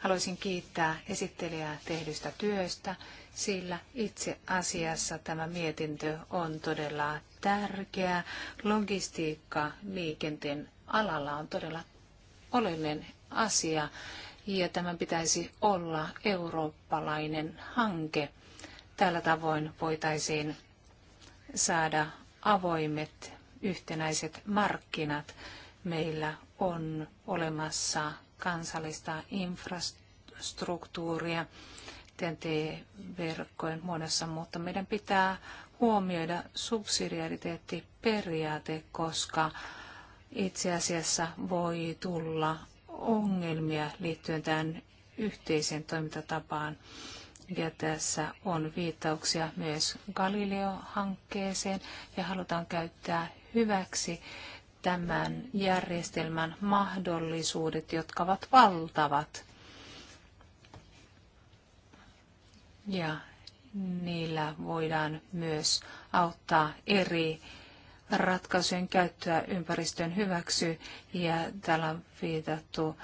Haluaisin kiittää esittelijää tehdystä työstä, sillä itse asiassa tämä mietintö on todella tärkeä. Logistiikka liikenteen alalla on todella oleellinen asia ja tämän pitäisi olla eurooppalainen hanke. Tällä tavoin voitaisiin saada avoimet yhtenäiset markkinat. Meillä on olemassa kansallista infrastruktuuria TNT-verkkojen muodossa, mutta meidän pitää huomioida subsidiariteettiperiaate, koska itse asiassa voi tulla ongelmia liittyen tähän yhteiseen toimintatapaan. Ja tässä on viittauksia myös Galileo-hankkeeseen ja halutaan käyttää hyväksi tämän järjestelmän mahdollisuudet, jotka ovat valtavat. Ja niillä voidaan myös auttaa eri ratkaisujen käyttöä ympäristön hyväksy ja täällä on viitattu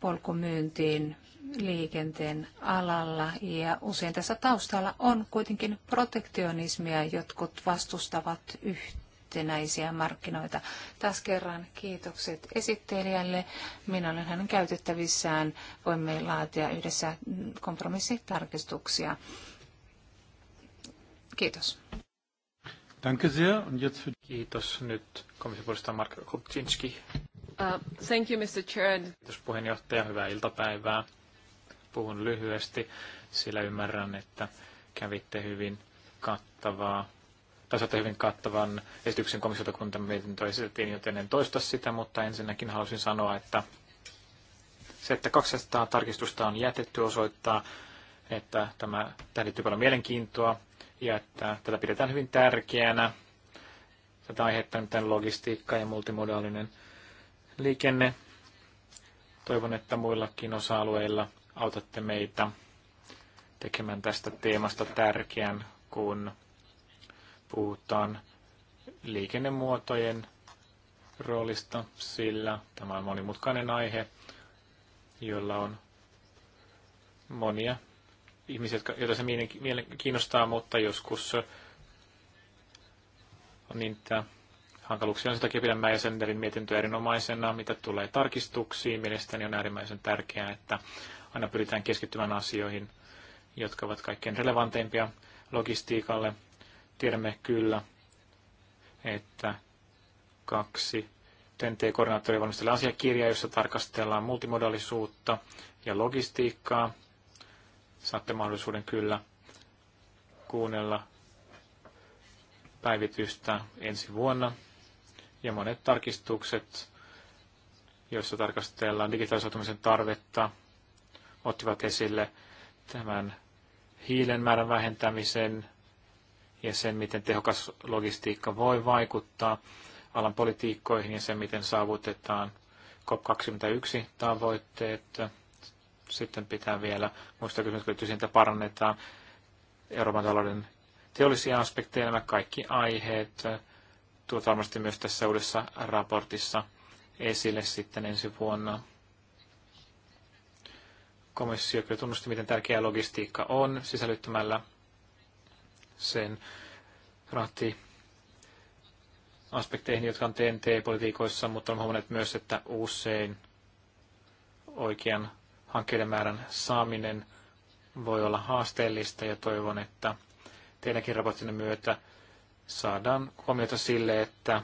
polkumyyntiin liikenteen alalla ja usein tässä taustalla on kuitenkin protektionismia. Jotkut vastustavat yhteyttä yhtenäisiä markkinoita. Taas kerran kiitokset esittelijälle. Minä olen hänen käytettävissään. Voimme laatia yhdessä kompromissitarkistuksia. Kiitos. Danke sehr. Und jetzt für... Kiitos. Nyt komission puolesta Mark Kupczynski. Uh, thank you, Mr. Chair. Kiitos puheenjohtaja. Hyvää iltapäivää. Puhun lyhyesti, sillä ymmärrän, että kävitte hyvin kattavaa tasolta hyvin kattavan esityksen komissiota, kun tämä mietintö esitettiin, joten en toista sitä, mutta ensinnäkin halusin sanoa, että se, että 200 tarkistusta on jätetty, osoittaa, että tämä, tähdittyy paljon mielenkiintoa ja että tätä pidetään hyvin tärkeänä. Tätä aihetta tämän logistiikka ja multimodaalinen liikenne. Toivon, että muillakin osa-alueilla autatte meitä tekemään tästä teemasta tärkeän, kun puhutaan liikennemuotojen roolista, sillä tämä on monimutkainen aihe, jolla on monia ihmisiä, jotka, joita se kiinnostaa, mutta joskus on niin että hankaluuksia. On sitä takia ja Mäisenderin mietintöä erinomaisena, mitä tulee tarkistuksiin. Mielestäni on äärimmäisen tärkeää, että aina pyritään keskittymään asioihin, jotka ovat kaikkein relevanteimpia logistiikalle – Tiedämme kyllä, että kaksi TNT-koordinaattoria valmistella asiakirjaa, jossa tarkastellaan multimodaalisuutta ja logistiikkaa. Saatte mahdollisuuden kyllä kuunnella päivitystä ensi vuonna. Ja monet tarkistukset, joissa tarkastellaan digitalisoitumisen tarvetta, ottivat esille tämän hiilen määrän vähentämisen, ja sen, miten tehokas logistiikka voi vaikuttaa alan politiikkoihin ja sen, miten saavutetaan COP21 tavoitteet. Sitten pitää vielä muistaa kysymys, että siitä parannetaan Euroopan talouden teollisia aspekteja, nämä kaikki aiheet tuot varmasti myös tässä uudessa raportissa esille sitten ensi vuonna. Komissio kyllä tunnusti, miten tärkeää logistiikka on sisällyttämällä sen rahti aspekteihin, jotka on TNT-politiikoissa, mutta olemme huomanneet myös, että usein oikean hankkeiden määrän saaminen voi olla haasteellista ja toivon, että teidänkin raportin myötä saadaan huomiota sille, että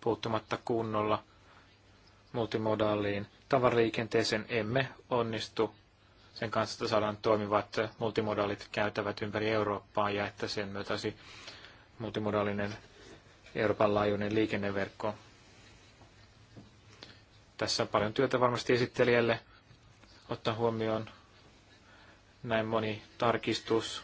puuttumatta kunnolla multimodaaliin tavaraliikenteeseen emme onnistu sen kanssa, että saadaan toimivat multimodaalit käytävät ympäri Eurooppaa ja että sen myötäsi multimodaalinen Euroopan laajuinen liikenneverkko. Tässä on paljon työtä varmasti esittelijälle ottaa huomioon näin moni tarkistus,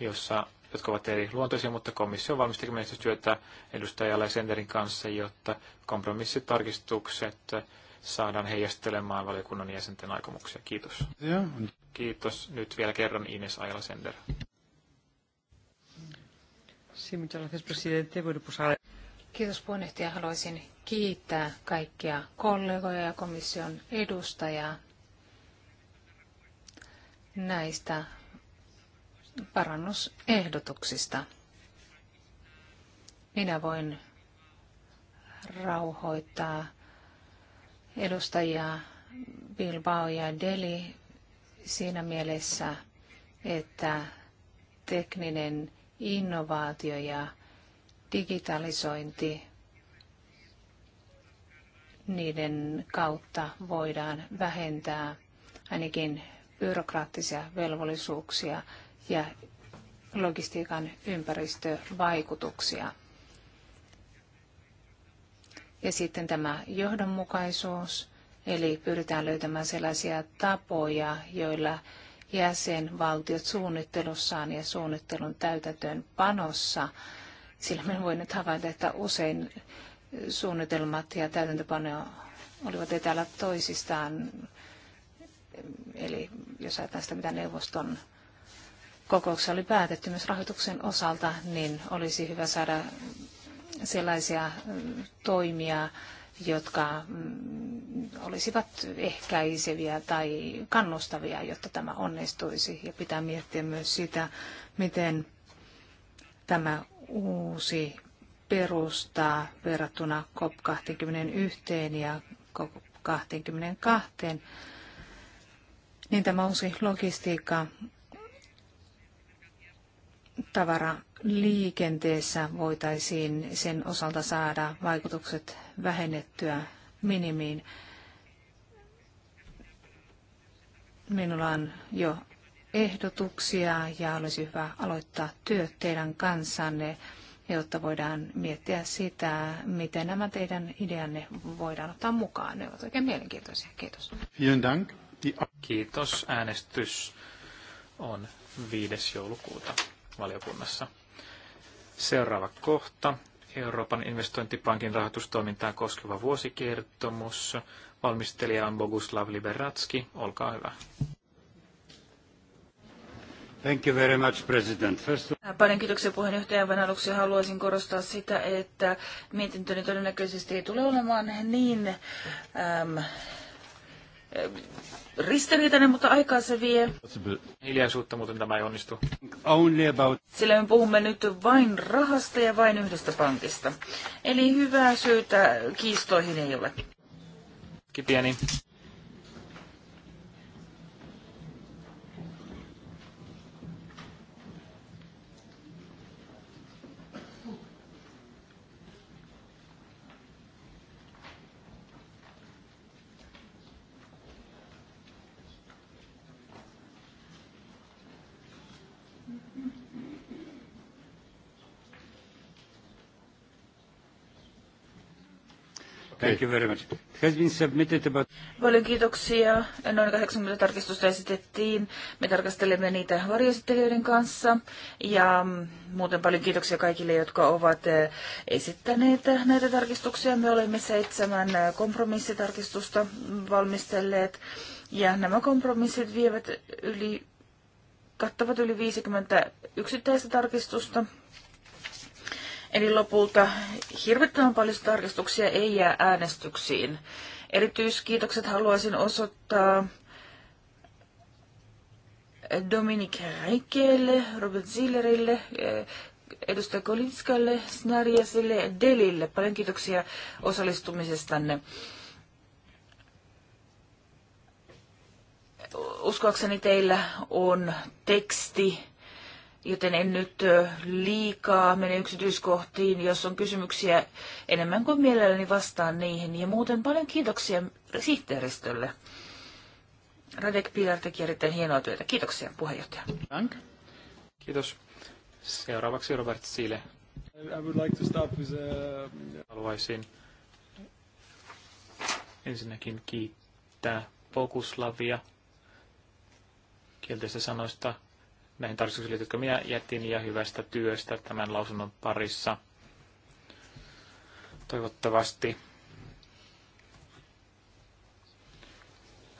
jossa, jotka ovat eri luontoisia, mutta komissio on valmis tekemään työtä edustajalla Senderin kanssa, jotta kompromissitarkistukset saadaan heijastelemaan valiokunnan jäsenten aikomuksia. Kiitos. Yeah. Kiitos. Nyt vielä kerran Ines Ailasender. Sí, muchas gracias, presidente. Bueno, pues Kiitos puheenjohtaja. Haluaisin kiittää kaikkia kollegoja ja komission edustajaa näistä parannusehdotuksista. Minä voin rauhoittaa edustajia Bilbao ja Deli siinä mielessä, että tekninen innovaatio ja digitalisointi niiden kautta voidaan vähentää ainakin byrokraattisia velvollisuuksia ja logistiikan ympäristövaikutuksia. Ja sitten tämä johdonmukaisuus, eli pyritään löytämään sellaisia tapoja, joilla jäsenvaltiot suunnittelussaan ja suunnittelun täytäntöön panossa, sillä me voin nyt havaita, että usein suunnitelmat ja täytäntöpano olivat etäällä toisistaan. Eli jos ajatellaan sitä, mitä neuvoston kokouksessa oli päätetty myös rahoituksen osalta, niin olisi hyvä saada sellaisia mm, toimia, jotka mm, olisivat ehkäiseviä tai kannustavia, jotta tämä onnistuisi. Ja pitää miettiä myös sitä, miten tämä uusi perustaa verrattuna COP21 ja COP22, niin tämä uusi logistiikka, tavara liikenteessä voitaisiin sen osalta saada vaikutukset vähennettyä minimiin. Minulla on jo ehdotuksia ja olisi hyvä aloittaa työ teidän kanssanne, jotta voidaan miettiä sitä, miten nämä teidän ideanne voidaan ottaa mukaan. Ne ovat oikein mielenkiintoisia. Kiitos. Kiitos. Äänestys on 5. joulukuuta valiokunnassa. Seuraava kohta. Euroopan investointipankin rahoitustoimintaa koskeva vuosikertomus. Valmistelija on Boguslav Liberatski. Olkaa hyvä. Thank you very much, President. First... Paljon kiitoksia puheenjohtajan. Vain aluksi haluaisin korostaa sitä, että mietintöni todennäköisesti ei tule olemaan niin äm, ristiriitainen, mutta aikaa se vie. Hiljaisuutta muuten tämä ei onnistu. Only about... Sillä me puhumme nyt vain rahasta ja vain yhdestä pankista. Eli hyvää syytä kiistoihin ei ole. Kipieni. Thank you very much. It has been submitted about... Paljon kiitoksia. Noin 80 tarkistusta esitettiin. Me tarkastelemme niitä varjoesittelijöiden kanssa. Ja mm, muuten paljon kiitoksia kaikille, jotka ovat eh, esittäneet näitä tarkistuksia. Me olemme seitsemän eh, kompromissitarkistusta valmistelleet. Ja nämä kompromissit vievät yli, kattavat yli 50 yksittäistä tarkistusta. Eli lopulta hirvittävän paljon tarkistuksia ei jää äänestyksiin. Erityiskiitokset haluaisin osoittaa Dominik Reikeelle, Robert Zillerille, edustaja Kolinskalle, Snarjasille ja Delille. Paljon kiitoksia osallistumisestanne. Uskoakseni teillä on teksti joten en nyt liikaa mene yksityiskohtiin. Jos on kysymyksiä enemmän kuin mielelläni vastaan niihin. Ja muuten paljon kiitoksia sihteeristölle. Radek Pilar teki erittäin hienoa työtä. Kiitoksia puheenjohtaja. Dank. Kiitos. Seuraavaksi Robert Sile. I would like to start with, uh... Haluaisin ensinnäkin kiittää Pokuslavia kielteistä sanoista näihin tarkistuksiin, jotka minä jätin, ja hyvästä työstä tämän lausunnon parissa. Toivottavasti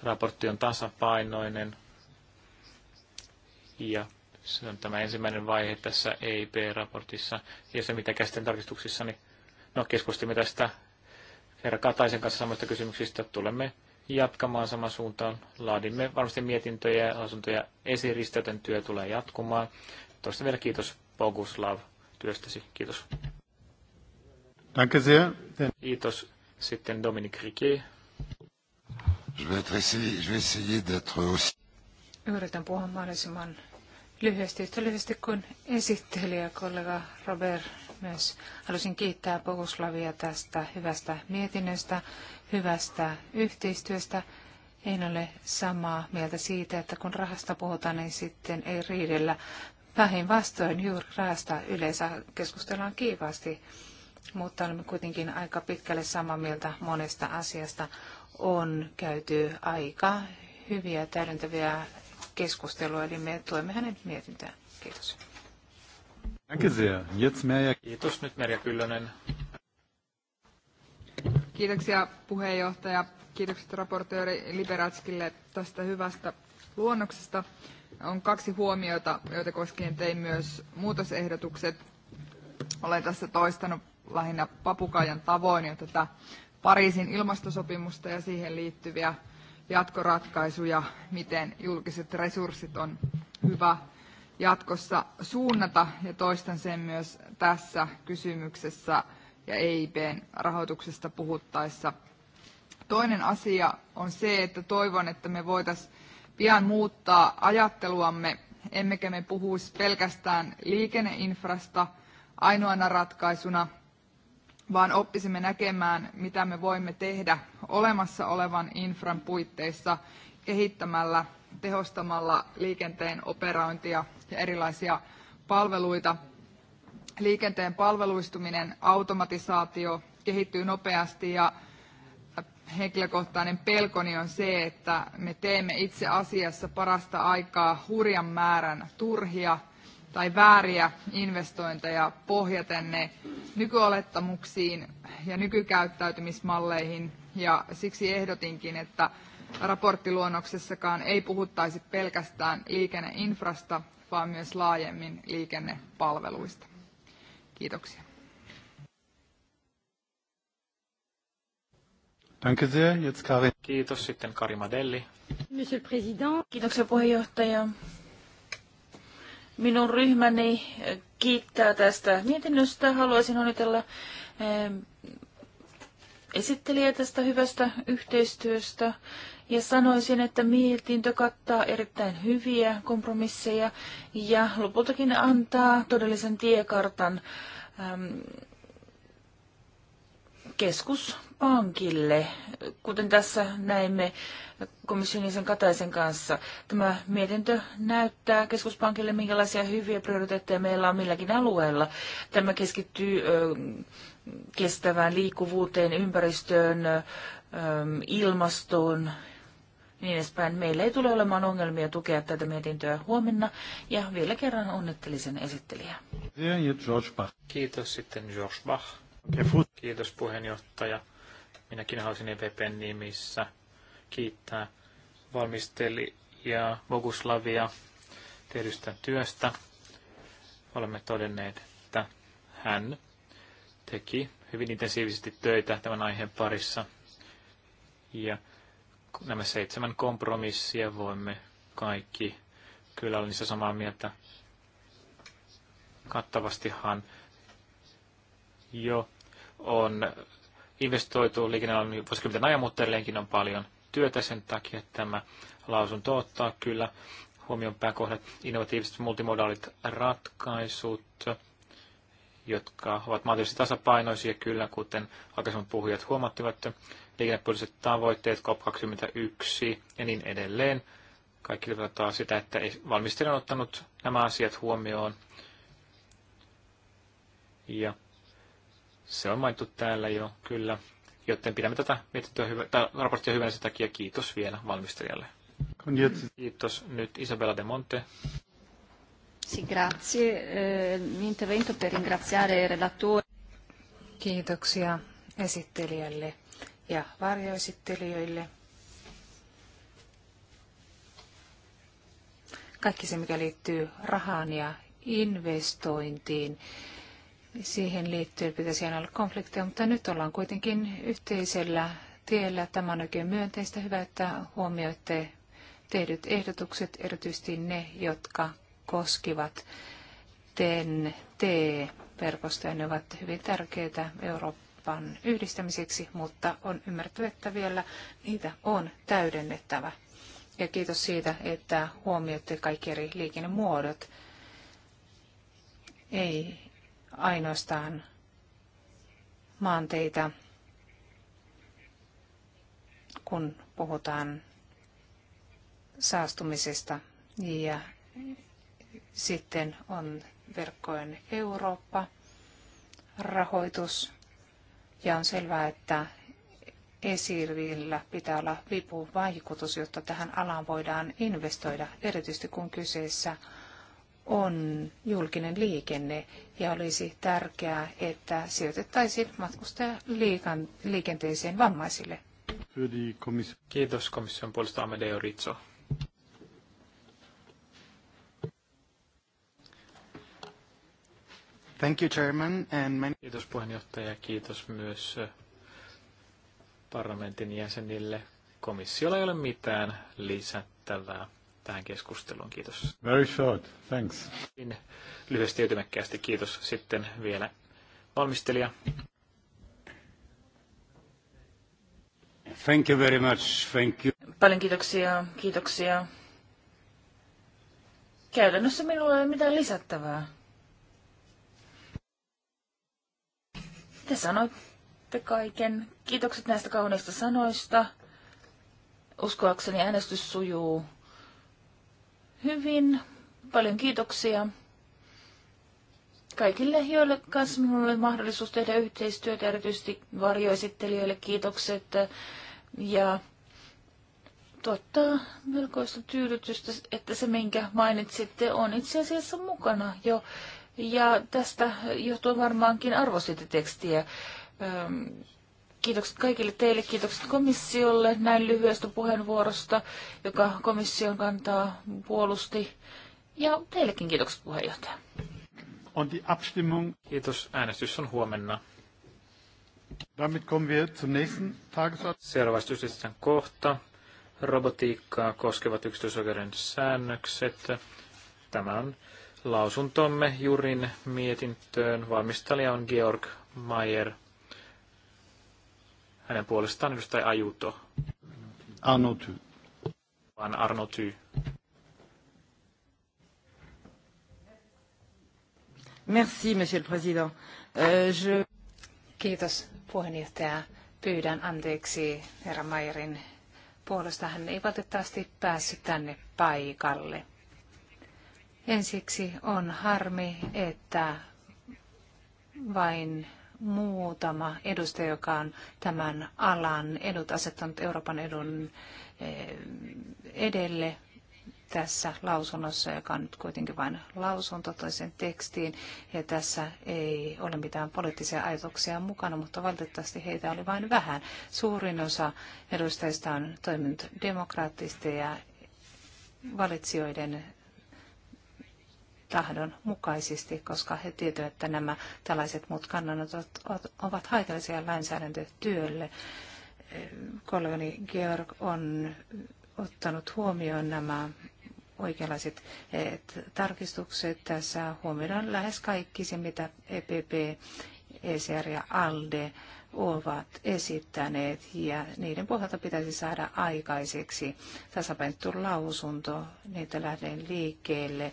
raportti on tasapainoinen ja se on tämä ensimmäinen vaihe tässä EIP-raportissa. Ja se, mitä käsitän tarkistuksissa, niin no keskustimme tästä herra Kataisen kanssa samoista kysymyksistä. Tulemme jatkamaan samaan suuntaan. Laadimme varmasti mietintöjä ja asuntoja esiristä, työ tulee jatkumaan. Toista vielä kiitos Boguslav työstäsi. Kiitos. Kiitos. Sitten Dominik Riki. Je vais essayer, je vais essayer d'être aussi... Yritän puhua mahdollisimman lyhyesti, yhtä lyhyesti kuin esittelijä kollega Robert myös halusin kiittää Boguslavia tästä hyvästä mietinnöstä, hyvästä yhteistyöstä. En ole samaa mieltä siitä, että kun rahasta puhutaan, niin sitten ei riidellä. Päinvastoin juuri rahasta yleensä keskustellaan kiivaasti, mutta olemme kuitenkin aika pitkälle samaa mieltä monesta asiasta. On käyty aika hyviä täydentäviä keskustelua, eli me tuemme hänen mietintään. Kiitos. Merja. Kiitos nyt Merja Kyllönen. Kiitoksia puheenjohtaja. Kiitokset raportööri Liberatskille tästä hyvästä luonnoksesta. On kaksi huomiota, joita koskien tein myös muutosehdotukset. Olen tässä toistanut lähinnä papukaijan tavoin jo tätä Pariisin ilmastosopimusta ja siihen liittyviä jatkoratkaisuja, miten julkiset resurssit on hyvä jatkossa suunnata, ja toistan sen myös tässä kysymyksessä ja EIPn rahoituksesta puhuttaessa. Toinen asia on se, että toivon, että me voitaisiin pian muuttaa ajatteluamme, emmekä me puhuisi pelkästään liikenneinfrasta ainoana ratkaisuna, vaan oppisimme näkemään, mitä me voimme tehdä olemassa olevan infran puitteissa kehittämällä tehostamalla liikenteen operointia ja erilaisia palveluita. Liikenteen palveluistuminen, automatisaatio kehittyy nopeasti ja henkilökohtainen pelkoni on se, että me teemme itse asiassa parasta aikaa hurjan määrän turhia tai vääriä investointeja pohjaten ne nykyolettamuksiin ja nykykäyttäytymismalleihin. Ja siksi ehdotinkin, että raporttiluonnoksessakaan ei puhuttaisi pelkästään liikenneinfrasta, vaan myös laajemmin liikennepalveluista. Kiitoksia. Kiitos sitten Kari Monsieur le Président. Kiitoksia puheenjohtaja. Minun ryhmäni kiittää tästä mietinnöstä. Haluaisin onnitella eh, esittelijä tästä hyvästä yhteistyöstä. Ja sanoisin, että mietintö kattaa erittäin hyviä kompromisseja ja lopultakin antaa todellisen tiekartan äm, keskuspankille, kuten tässä näimme komission jäsen Kataisen kanssa. Tämä mietintö näyttää keskuspankille, minkälaisia hyviä prioriteetteja meillä on milläkin alueella. Tämä keskittyy ö, kestävään liikkuvuuteen, ympäristöön, ilmastoon niin edespäin. Meillä ei tule olemaan ongelmia tukea tätä mietintöä huomenna. Ja vielä kerran onnettelisen esittelijä. Kiitos sitten George Bach. Kiitos puheenjohtaja. Minäkin haluaisin EPPn nimissä kiittää valmistelija Boguslavia tehdystä työstä. Olemme todenneet, että hän teki hyvin intensiivisesti töitä tämän aiheen parissa. Ja nämä seitsemän kompromissia voimme kaikki kyllä olla niissä samaa mieltä. Kattavastihan jo on investoitu liikennealan vuosikymmenten ajan, mutta edelleenkin on paljon työtä sen takia, että tämä lausunto ottaa kyllä huomioon pääkohdat innovatiiviset multimodaalit ratkaisut, jotka ovat mahdollisesti tasapainoisia kyllä, kuten aikaisemmat puhujat huomattivat liikennepoliittiset tavoitteet, COP21 ja niin edelleen. Kaikki tarkoittaa sitä, että valmistelija on ottanut nämä asiat huomioon. Ja se on mainittu täällä jo, kyllä. Joten pidämme tätä mietintöä hyvä, tai raporttia hyvänä sen takia. Kiitos vielä valmistelijalle. Kiitos nyt Isabella De Monte. Sì, grazie. Eh, L'intervento per ringraziare il relatore. Kiitoksia esittelijälle ja varjoesittelijöille. Kaikki se, mikä liittyy rahaan ja investointiin, siihen liittyen pitäisi aina olla konflikteja, mutta nyt ollaan kuitenkin yhteisellä tiellä. Tämä on oikein myönteistä. Hyvä, että huomioitte tehdyt ehdotukset, erityisesti ne, jotka koskivat TEN-T-verkostoja. Ne ovat hyvin tärkeitä Euroopan Euroopan yhdistämiseksi, mutta on ymmärrettävä, että vielä niitä on täydennettävä. Ja kiitos siitä, että huomioitte kaikki eri liikennemuodot. Ei ainoastaan maanteita, kun puhutaan saastumisesta. Ja sitten on verkkojen Eurooppa, rahoitus ja on selvää, että esirillä pitää olla vipuvaikutus, jotta tähän alaan voidaan investoida, erityisesti kun kyseessä on julkinen liikenne ja olisi tärkeää, että sijoitettaisiin matkustaja liikenteeseen vammaisille. Kiitos komission puolesta Amedeo Rizzo. Thank you, Chairman, and many... Kiitos puheenjohtaja ja kiitos myös eh, parlamentin jäsenille. Komissiolla ei ole mitään lisättävää tähän keskusteluun. Kiitos. Very short. Thanks. Niin, lyhyesti ja ytimekkäästi kiitos sitten vielä valmistelija. Thank you very much. Thank you. Paljon kiitoksia. Kiitoksia. Käytännössä minulla ei ole mitään lisättävää. Te sanoitte kaiken. Kiitokset näistä kauniista sanoista. Uskoakseni äänestys sujuu hyvin. Paljon kiitoksia kaikille, joille kanssa minulla oli mahdollisuus tehdä yhteistyötä, erityisesti varjoesittelijöille kiitokset ja tuottaa melkoista tyydytystä, että se minkä mainitsitte on itse asiassa mukana jo ja tästä johtuu varmaankin arvositte tekstiä. Kiitokset kaikille teille, kiitokset komissiolle näin lyhyestä puheenvuorosta, joka komission kantaa puolusti. Ja teillekin kiitokset puheenjohtaja. On die Abstimmung. Kiitos. Äänestys on huomenna. Damit kommen wir zum nächsten Tagesordnungspunkt. kohta. Robotiikkaa koskevat yksityisoikeuden säännökset. Tämä on lausuntomme Jurin mietintöön. Valmistelija on Georg Mayer. Hänen puolestaan edustaja Ajuto. Arno Ty. Vaan Arno Ty. Merci, monsieur le président. Euh, je... Kiitos puheenjohtaja. Pyydän anteeksi herra Mayerin puolesta. Hän ei valitettavasti päässyt tänne paikalle. Ensiksi on harmi, että vain muutama edustaja, joka on tämän alan edut asettanut Euroopan edun eh, edelle tässä lausunnossa, joka on nyt kuitenkin vain lausunto toiseen tekstiin. Ja tässä ei ole mitään poliittisia ajatuksia mukana, mutta valitettavasti heitä oli vain vähän. Suurin osa edustajista on toiminut demokraattisesti ja valitsijoiden tahdon mukaisesti, koska he tietävät, että nämä tällaiset muut kannanotot ovat haitallisia lainsäädäntötyölle. Kollegani Georg on ottanut huomioon nämä oikeanlaiset eh, tarkistukset. Tässä huomioidaan lähes kaikki se, mitä EPP, ECR ja ALDE ovat esittäneet ja niiden pohjalta pitäisi saada aikaiseksi tasapainottu lausunto. Niitä lähden liikkeelle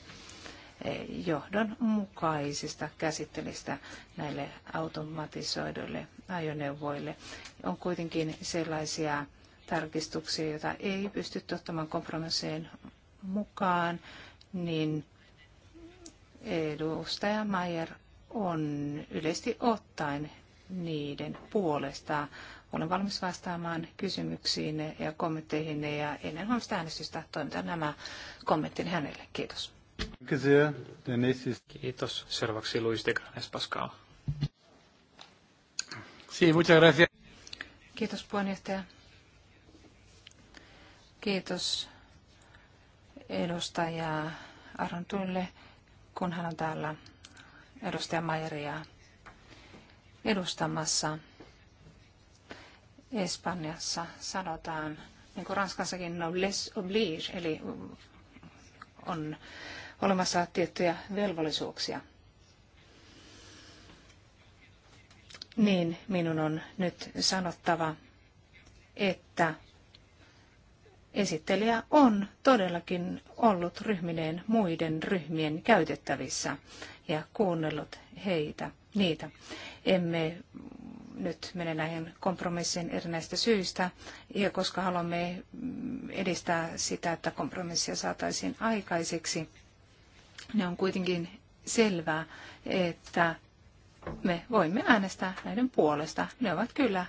mukaisista käsittelystä näille automatisoiduille ajoneuvoille. On kuitenkin sellaisia tarkistuksia, joita ei pysty ottamaan kompromisseen mukaan, niin edustaja Mayer on yleisesti ottaen niiden puolesta. Olen valmis vastaamaan kysymyksiin ja kommentteihin ja ennen huomista äänestystä toimitan nämä kommentin hänelle. Kiitos. Kiitos. Seuraavaksi Luis de Granes Pascal. Sí, muchas gracias. Kiitos puheenjohtaja. Kiitos edustaja Aron Tulle, kun hän on täällä edustaja Maieria edustamassa. Espanjassa sanotaan, niin kuin Ranskassakin noblesse oblige, eli on olemassa tiettyjä velvollisuuksia. Niin minun on nyt sanottava, että esittelijä on todellakin ollut ryhmineen muiden ryhmien käytettävissä ja kuunnellut heitä, niitä. Emme nyt mene näihin kompromissien erinäistä syistä, ja koska haluamme edistää sitä, että kompromissia saataisiin aikaiseksi, ne on kuitenkin selvää, että me voimme äänestää näiden puolesta. Ne ovat kyllä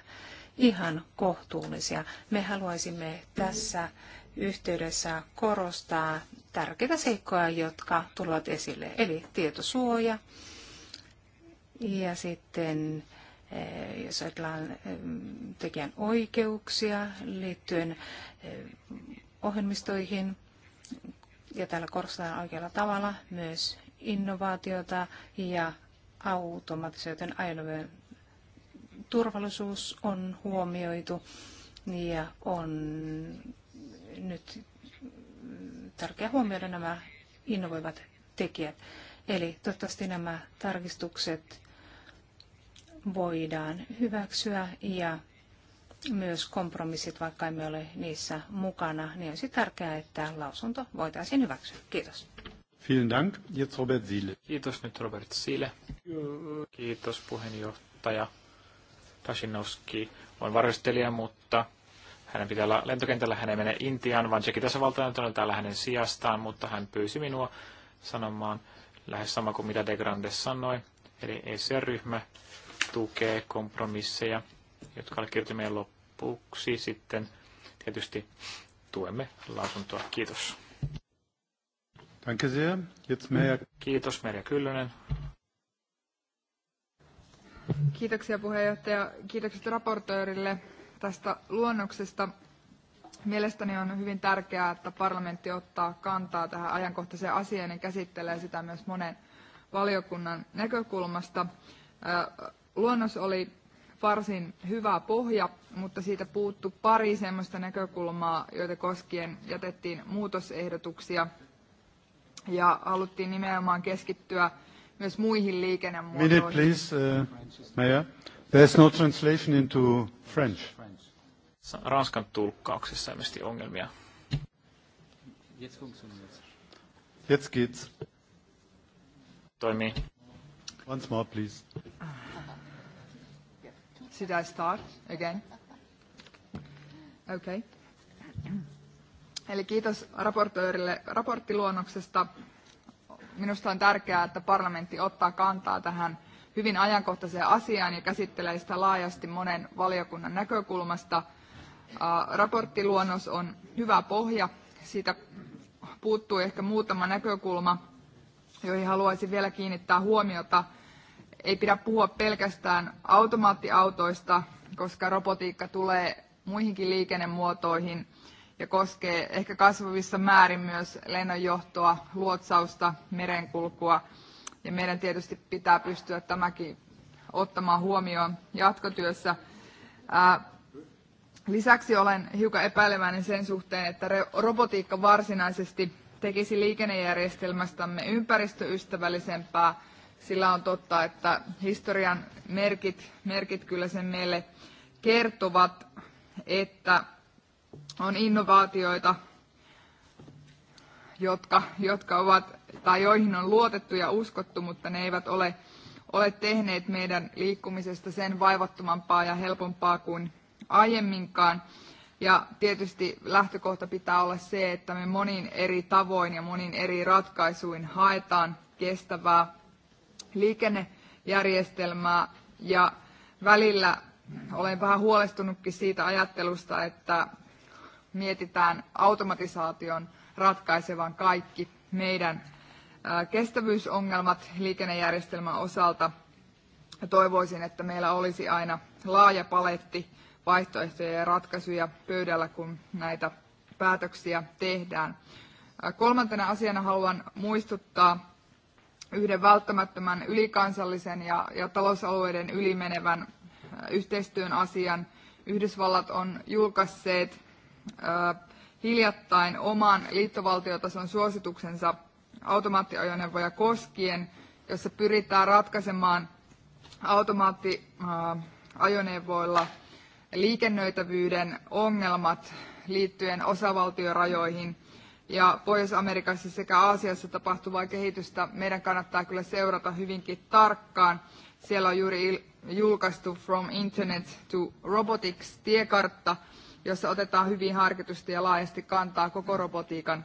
ihan kohtuullisia. Me haluaisimme tässä yhteydessä korostaa tärkeitä seikkoja, jotka tulevat esille, eli tietosuoja ja sitten eh, jos ajatellaan eh, tekijän oikeuksia liittyen eh, ohjelmistoihin, ja täällä korostetaan oikealla tavalla myös innovaatiota ja automatisoiden ajoneuvojen turvallisuus on huomioitu ja on nyt tärkeää huomioida nämä innovoivat tekijät. Eli toivottavasti nämä tarkistukset voidaan hyväksyä ja myös kompromissit, vaikka emme ole niissä mukana, niin olisi tärkeää, että lausunto voitaisiin hyväksyä. Kiitos. Vielen Dank. Jetzt Robert Siele. Kiitos nyt Robert Sile. Kiitos puheenjohtaja. Tashinowski on varustelija, mutta hänen pitää olla lentokentällä. Hän ei mene Intiaan, vaan Tsekin tasavaltaan on täällä hänen sijastaan, mutta hän pyysi minua sanomaan lähes sama kuin mitä De Grande sanoi. Eli ECR-ryhmä tukee kompromisseja jotka meidän lopuksi sitten tietysti tuemme lausuntoa. Kiitos. Danke sehr. Jetzt Merja. Kiitos Merja Kyllönen. Kiitoksia puheenjohtaja. Kiitokset raportöörille tästä luonnoksesta. Mielestäni on hyvin tärkeää, että parlamentti ottaa kantaa tähän ajankohtaiseen asiaan ja käsittelee sitä myös monen valiokunnan näkökulmasta. Luonnos oli varsin hyvä pohja, mutta siitä puuttu pari semmoista näkökulmaa, joita koskien jätettiin muutosehdotuksia. Ja haluttiin nimenomaan keskittyä myös muihin liikennemuotoihin. Minute, please, uh, Mayor. There's no translation into French. Ranskan tulkkauksessa ilmeisesti ongelmia. Jetzt geht's. Toimii. Once more, please. Should I start again? Okay. Eli kiitos raportöörille raporttiluonnoksesta. Minusta on tärkeää, että parlamentti ottaa kantaa tähän hyvin ajankohtaiseen asiaan ja käsittelee sitä laajasti monen valiokunnan näkökulmasta. Raporttiluonnos on hyvä pohja. Siitä puuttuu ehkä muutama näkökulma, joihin haluaisin vielä kiinnittää huomiota – ei pidä puhua pelkästään automaattiautoista, koska robotiikka tulee muihinkin liikennemuotoihin ja koskee ehkä kasvavissa määrin myös lennonjohtoa, luotsausta, merenkulkua. Ja meidän tietysti pitää pystyä tämäkin ottamaan huomioon jatkotyössä. Lisäksi olen hiukan epäileväinen sen suhteen, että robotiikka varsinaisesti tekisi liikennejärjestelmästämme ympäristöystävällisempää, sillä on totta, että historian merkit, merkit kyllä sen meille kertovat, että on innovaatioita, jotka, jotka ovat, tai joihin on luotettu ja uskottu, mutta ne eivät ole, ole tehneet meidän liikkumisesta sen vaivattomampaa ja helpompaa kuin aiemminkaan. Ja tietysti lähtökohta pitää olla se, että me monin eri tavoin ja monin eri ratkaisuin haetaan kestävää liikennejärjestelmää ja välillä olen vähän huolestunutkin siitä ajattelusta, että mietitään automatisaation ratkaisevan kaikki meidän kestävyysongelmat liikennejärjestelmän osalta. Toivoisin, että meillä olisi aina laaja paletti vaihtoehtoja ja ratkaisuja pöydällä, kun näitä päätöksiä tehdään. Kolmantena asiana haluan muistuttaa yhden välttämättömän ylikansallisen ja, ja talousalueiden ylimenevän äh, yhteistyön asian. Yhdysvallat on julkaisseet äh, hiljattain oman liittovaltiotason suosituksensa automaattiajoneuvoja koskien, jossa pyritään ratkaisemaan automaattiajoneuvoilla liikennöitävyyden ongelmat liittyen osavaltiorajoihin ja Pohjois-Amerikassa sekä Aasiassa tapahtuvaa kehitystä meidän kannattaa kyllä seurata hyvinkin tarkkaan. Siellä on juuri julkaistu From Internet to Robotics tiekartta, jossa otetaan hyvin harkitusti ja laajasti kantaa koko robotiikan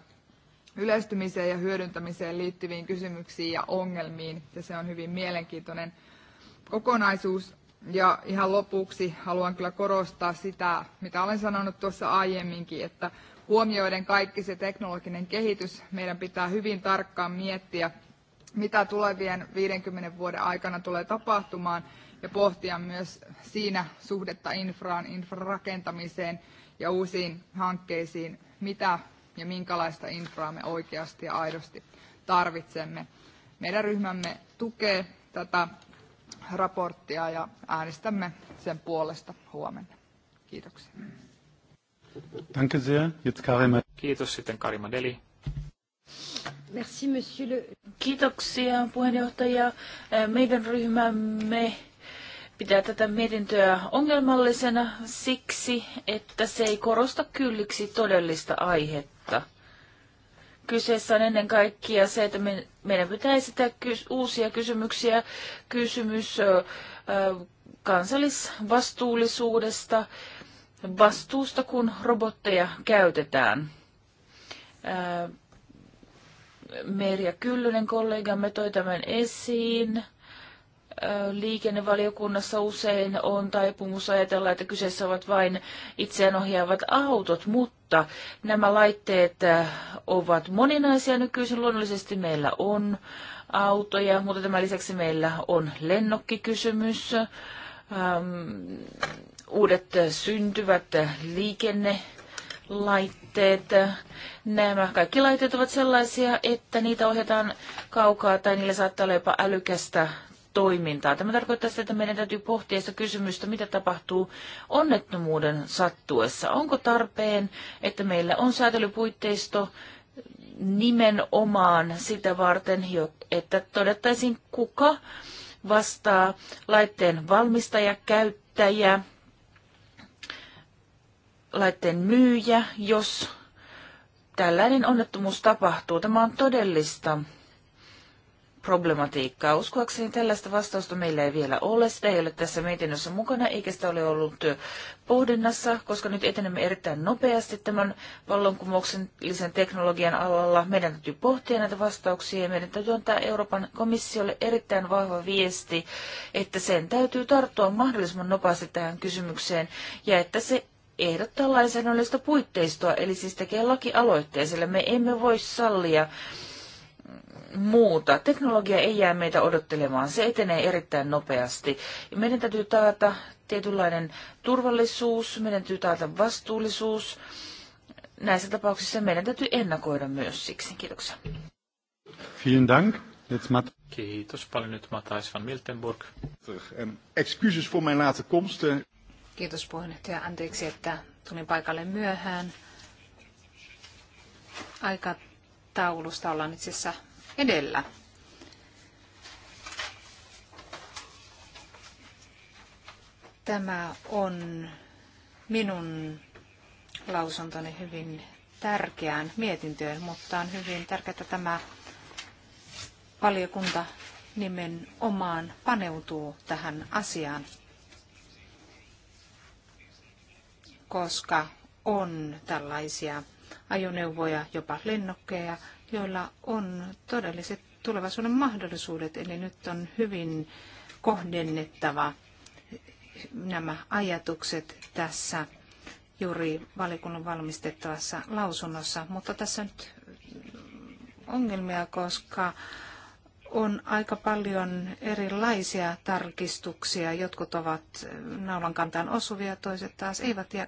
yleistymiseen ja hyödyntämiseen liittyviin kysymyksiin ja ongelmiin. Ja se on hyvin mielenkiintoinen kokonaisuus. Ja ihan lopuksi haluan kyllä korostaa sitä, mitä olen sanonut tuossa aiemminkin, että huomioiden kaikki se teknologinen kehitys meidän pitää hyvin tarkkaan miettiä, mitä tulevien 50 vuoden aikana tulee tapahtumaan ja pohtia myös siinä suhdetta infraan, infran rakentamiseen ja uusiin hankkeisiin, mitä ja minkälaista infraa me oikeasti ja aidosti tarvitsemme. Meidän ryhmämme tukee tätä raporttia ja äänestämme sen puolesta huomenna. Kiitoksia. Danke sehr. Jetzt Karima. Kiitos sitten Karima Deli. Merci, monsieur le... Kiitoksia puheenjohtaja. Meidän ryhmämme pitää tätä mietintöä ongelmallisena siksi, että se ei korosta kylliksi todellista aihetta. Kyseessä on ennen kaikkea se, että me, meidän pitää esittää kys, uusia kysymyksiä. Kysymys ö, kansallisvastuullisuudesta, vastuusta, kun robotteja käytetään. Merja Kyllönen kollegamme toi tämän esiin. Liikennevaliokunnassa usein on taipumus ajatella, että kyseessä ovat vain itseään ohjaavat autot, mutta nämä laitteet ovat moninaisia nykyisin. Luonnollisesti meillä on autoja, mutta tämän lisäksi meillä on lennokkikysymys. Ähm, uudet syntyvät liikennelaitteet. Nämä kaikki laitteet ovat sellaisia, että niitä ohjataan kaukaa tai niillä saattaa olla jopa älykästä toimintaa. Tämä tarkoittaa sitä, että meidän täytyy pohtia sitä kysymystä, mitä tapahtuu onnettomuuden sattuessa. Onko tarpeen, että meillä on säätelypuitteisto nimenomaan sitä varten, että todettaisiin kuka vastaa laitteen valmistaja, käyttäjä, laitteen myyjä, jos tällainen onnettomuus tapahtuu. Tämä on todellista problematiikkaa. Uskoakseni tällaista vastausta meillä ei vielä ole. Sitä ei ole tässä mietinnössä mukana, eikä sitä ole ollut pohdinnassa, koska nyt etenemme erittäin nopeasti tämän vallankumouksellisen teknologian alalla. Meidän täytyy pohtia näitä vastauksia ja meidän täytyy antaa Euroopan komissiolle erittäin vahva viesti, että sen täytyy tarttua mahdollisimman nopeasti tähän kysymykseen ja että se ehdottaa lainsäädännöllistä puitteistoa, eli siis tekee lakialoitteen, sillä me emme voi sallia muuta. Teknologia ei jää meitä odottelemaan, se etenee erittäin nopeasti. meidän täytyy taata tietynlainen turvallisuus, meidän täytyy taata vastuullisuus. Näissä tapauksissa meidän täytyy ennakoida myös siksi. Kiitoksia. Vielen Dank. Kiitos paljon nyt Matthijs van Miltenburg. Um, excuses voor mijn late komst. Kiitos puheenjohtaja. Anteeksi, että tulin paikalle myöhään. Aikataulusta ollaan itse asiassa edellä. Tämä on minun lausuntoni hyvin tärkeään mietintöön, mutta on hyvin tärkeää, että tämä valiokunta nimenomaan paneutuu tähän asiaan koska on tällaisia ajoneuvoja, jopa lennokkeja, joilla on todelliset tulevaisuuden mahdollisuudet. Eli nyt on hyvin kohdennettava nämä ajatukset tässä juuri valikunnan valmistettavassa lausunnossa. Mutta tässä on nyt ongelmia, koska on aika paljon erilaisia tarkistuksia. Jotkut ovat naulan kantaan osuvia, toiset taas eivät. Ja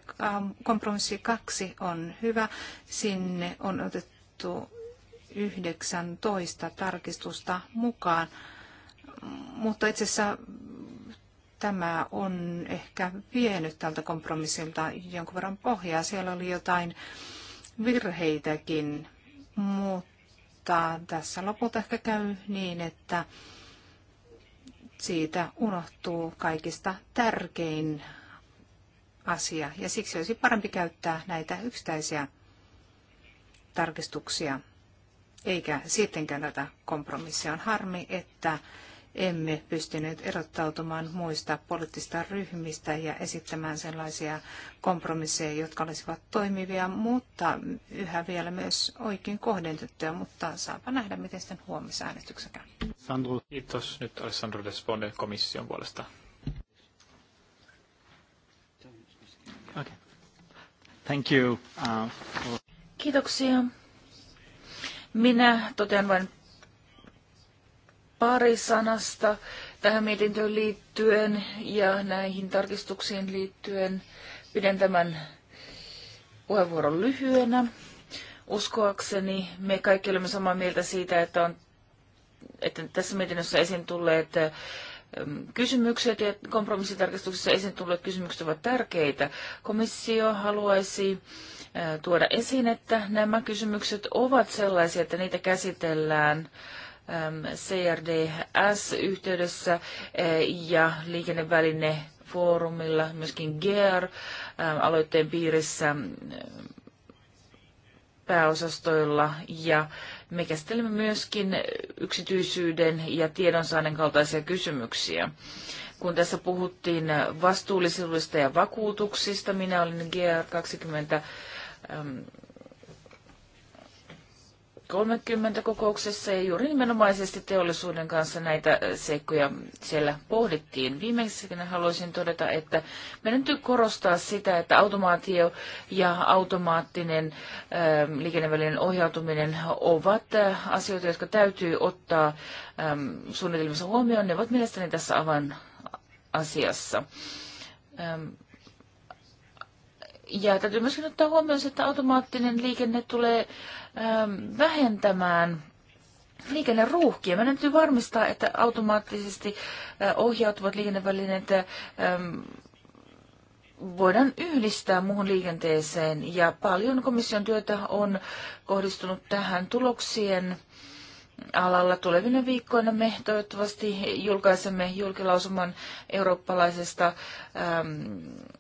kompromissi kaksi on hyvä. Sinne on otettu 19 tarkistusta mukaan. Mutta itse asiassa tämä on ehkä vienyt tältä kompromissilta jonkun verran pohjaa. Siellä oli jotain virheitäkin, mutta mutta tässä lopulta ehkä käy niin, että siitä unohtuu kaikista tärkein asia. Ja siksi olisi parempi käyttää näitä yksittäisiä tarkistuksia, eikä sittenkään tätä kompromissia. On harmi, että emme pystyneet erottautumaan muista poliittista ryhmistä ja esittämään sellaisia kompromisseja, jotka olisivat toimivia, mutta yhä vielä myös oikein kohdentettuja, mutta saapa nähdä, miten sitten huomisessa äänestyksessä käy. Sandro. Kiitos. Nyt Alessandro Desponde komission puolesta. Okay. Thank you. Uh, for... Kiitoksia. Minä totean vain pari sanasta tähän mietintöön liittyen ja näihin tarkistuksiin liittyen. Pidän tämän puheenvuoron lyhyenä. Uskoakseni me kaikki olemme samaa mieltä siitä, että, on, että tässä mietinnössä esiin tulleet kysymykset ja kompromissitarkistuksessa esiin tulleet kysymykset ovat tärkeitä. Komissio haluaisi tuoda esiin, että nämä kysymykset ovat sellaisia, että niitä käsitellään Ähm, CRDS-yhteydessä eh, ja liikenneväline foorumilla, myöskin GER ähm, aloitteen piirissä mm, pääosastoilla ja me käsittelemme myöskin yksityisyyden ja tiedonsaannin kaltaisia kysymyksiä. Kun tässä puhuttiin vastuullisuudesta ja vakuutuksista, minä olin GR20 30 kokouksessa ja juuri nimenomaisesti teollisuuden kanssa näitä seikkoja siellä pohdittiin. Viimeisenä haluaisin todeta, että meidän täytyy korostaa sitä, että automaatio ja automaattinen ähm, liikennevälinen ohjautuminen ovat äh, asioita, jotka täytyy ottaa ähm, suunnitelmissa huomioon. Ne ovat mielestäni tässä avan asiassa. Ähm, ja täytyy myöskin ottaa huomioon, että automaattinen liikenne tulee Ähm, vähentämään liikenneruuhkia. Meidän täytyy varmistaa, että automaattisesti äh, ohjautuvat liikennevälineet ähm, voidaan yhdistää muuhun liikenteeseen ja paljon komission työtä on kohdistunut tähän tuloksien alalla. Tulevina viikkoina me toivottavasti julkaisemme julkilausuman eurooppalaisesta ähm,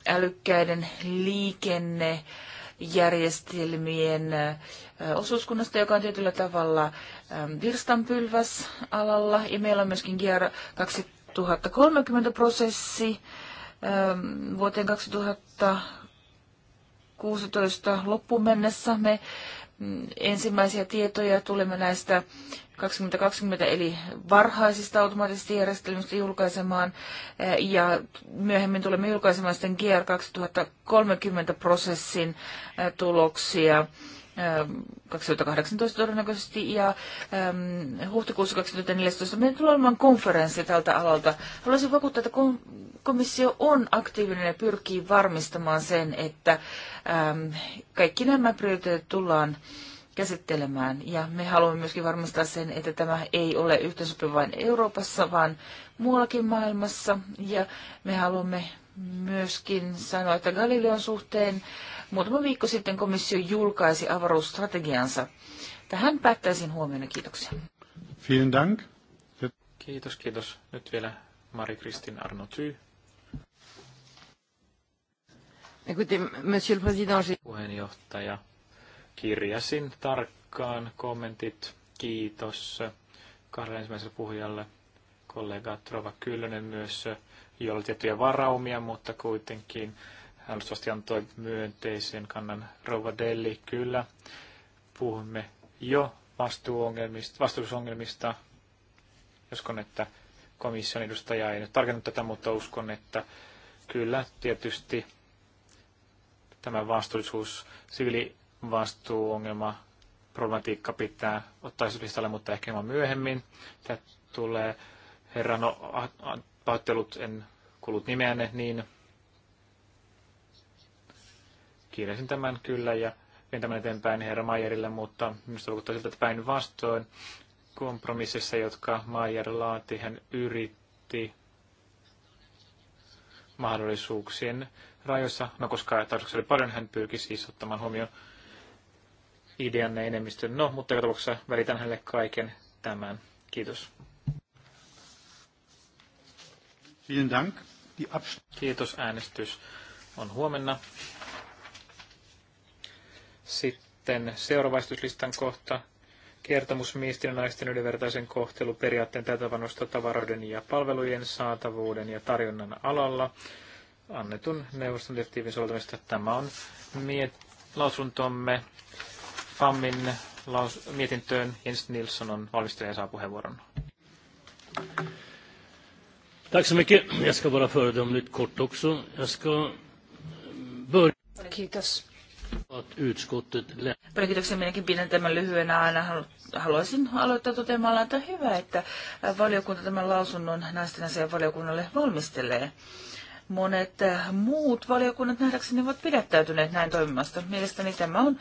älykkäiden liikenne järjestelmien osuuskunnasta, joka on tietyllä tavalla virstanpylväs alalla. Ja meillä on myöskin GR 2030 prosessi vuoteen 16 loppuun mennessä. Me ensimmäisiä tietoja tulemme näistä 2020 eli varhaisista automaattisista järjestelmistä julkaisemaan eh, ja myöhemmin tulemme julkaisemaan sitten GR 2030 prosessin eh, tuloksia 2018 todennäköisesti ja äm, huhtikuussa 2014 meillä tulee olemaan konferenssi tältä alalta. Haluaisin vakuuttaa, että komissio on aktiivinen ja pyrkii varmistamaan sen, että äm, kaikki nämä prioriteetit tullaan käsittelemään. Ja me haluamme myöskin varmistaa sen, että tämä ei ole yhteensopiva vain Euroopassa, vaan muuallakin maailmassa. Ja me haluamme myöskin sanoa, että Galileon suhteen äh, Muutama viikko sitten komissio julkaisi avaruusstrategiansa. Tähän päättäisin huomenna. Kiitoksia. Vielen Dank. Kiitos, kiitos. Nyt vielä Mari-Kristin Arnoty. Monsieur le Président, puheenjohtaja, kirjasin tarkkaan kommentit. Kiitos kahdelle ensimmäiselle puhujalle, kollega Trova Kyllönen myös, jolla tiettyjä varaumia, mutta kuitenkin alustavasti antoi myönteisen kannan Rouva Delli. Kyllä, puhumme jo vastuusongelmista, Uskon, että komission edustaja ei nyt tarkennut tätä, mutta uskon, että kyllä tietysti tämä vastuullisuus, siviilivastuuongelma, problematiikka pitää ottaa listalle, mutta ehkä hieman myöhemmin. Tämä tulee herran no, pahoittelut, en kuullut nimeänne, niin Kirjasin tämän kyllä ja vien tämän eteenpäin herra Maierille, mutta minusta vaikuttaa siltä, että päinvastoin kompromississa, jotka Maier laati, hän yritti mahdollisuuksien rajoissa, no koska tarkoitus oli paljon, hän pyrki siis ottamaan huomioon ideanne enemmistön. No, mutta joka tapauksessa välitän hänelle kaiken tämän. Kiitos. Vielen Dank. Kiitos. Äänestys on huomenna. Sitten seuraavaistuslistan kohta kertomus miesten ja naisten yhdenvertaisen kohtelu periaatteen täytävanosta tavaroiden ja palvelujen saatavuuden ja tarjonnan alalla annetun neuvoston direktiivin soveltamista. Tämä on miet- lausuntomme FAMin laus- mietintöön. Jens Nilsson on valmistelija saa puheenvuoron. Tack så mycket. Jag ska vara föredömligt kort också. Jag ska börja... Kiitos. Paljon kiitoksia. Minäkin pidän tämän lyhyenä aina. Haluaisin aloittaa toteamalla, että hyvä, että valiokunta tämän lausunnon naisten asian valiokunnalle valmistelee. Monet äh, muut valiokunnat nähdäkseni ovat pidättäytyneet näin toimimasta. Mielestäni tämä on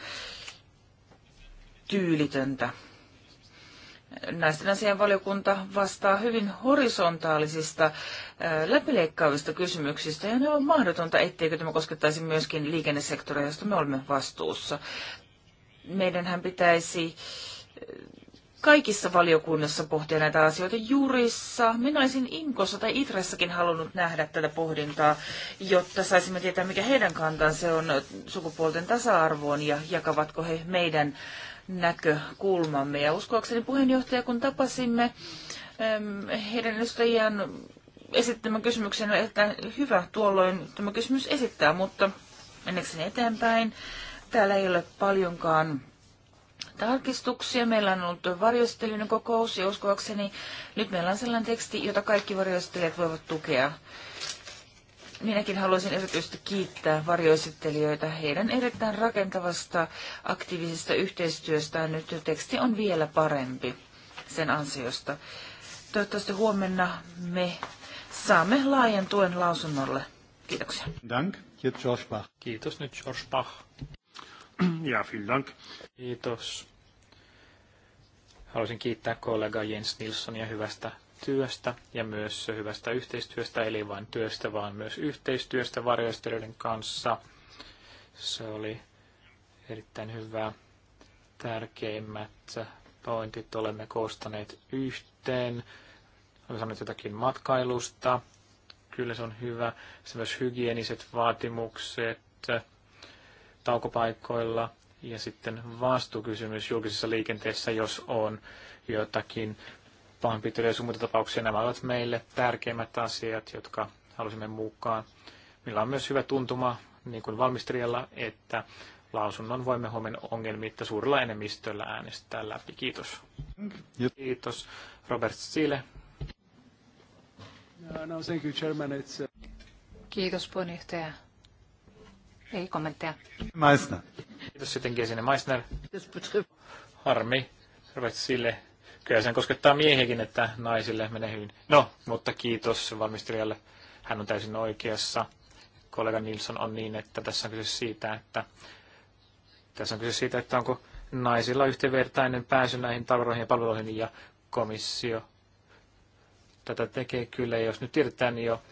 tyylitöntä naisten asian valiokunta vastaa hyvin horisontaalisista äh, läpileikkaavista kysymyksistä, ja ne on mahdotonta, etteikö tämä koskettaisi myöskin liikennesektoria, josta me olemme vastuussa. Meidänhän pitäisi äh, kaikissa valiokunnissa pohtia näitä asioita jurissa. Minä olisin Inkossa tai Itrassakin halunnut nähdä tätä pohdintaa, jotta saisimme tietää, mikä heidän kantansa on sukupuolten tasa-arvoon ja jakavatko he meidän näkökulmamme. Ja uskoakseni puheenjohtaja, kun tapasimme heidän edustajiaan esittämän kysymyksen, että hyvä tuolloin tämä kysymys esittää, mutta mennäkseni eteenpäin. Täällä ei ole paljonkaan tarkistuksia. Meillä on ollut varjostelijan kokous ja uskoakseni nyt meillä on sellainen teksti, jota kaikki varjostelijat voivat tukea. Minäkin haluaisin erityisesti kiittää varjoesittelijöitä heidän erittäin rakentavasta aktiivisesta yhteistyöstään. Nyt teksti on vielä parempi sen ansiosta. Toivottavasti huomenna me saamme laajan tuen lausunnolle. Kiitoksia. Dank. George Bach. Kiitos nyt George Bach. [clears throat] Ja, vielen dank. Kiitos. Haluaisin kiittää kollega Jens Nilssonia hyvästä työstä ja myös hyvästä yhteistyöstä, eli vain työstä, vaan myös yhteistyöstä varjoistelijoiden kanssa. Se oli erittäin hyvä. Tärkeimmät pointit olemme koostaneet yhteen. Olemme saaneet jotakin matkailusta. Kyllä se on hyvä. Se myös hygieniset vaatimukset taukopaikoilla. Ja sitten vastuukysymys julkisessa liikenteessä, jos on jotakin pahoinpitelyjä ja muita tapauksia. Nämä ovat meille tärkeimmät asiat, jotka halusimme mukaan. Meillä on myös hyvä tuntuma niin kuin valmistelijalla, että lausunnon voimme huomen ongelmitta suurella enemmistöllä äänestää läpi. Kiitos. Kiitos. Robert Sile. No, no, thank you, Chairman. It's, uh, Kiitos puheenjohtaja. Ei kommentteja. Meissner. Kiitos sitten sinne Meissner. Harmi. Robert Sille kyllä sen koskettaa miehiäkin, että naisille menee hyvin. No, mutta kiitos valmistelijalle. Hän on täysin oikeassa. Kollega Nilsson on niin, että tässä on kyse siitä, että tässä on kyse siitä, että onko naisilla yhteenvertainen pääsy näihin tavaroihin ja palveluihin ja komissio tätä tekee kyllä. Jos nyt tiedetään jo,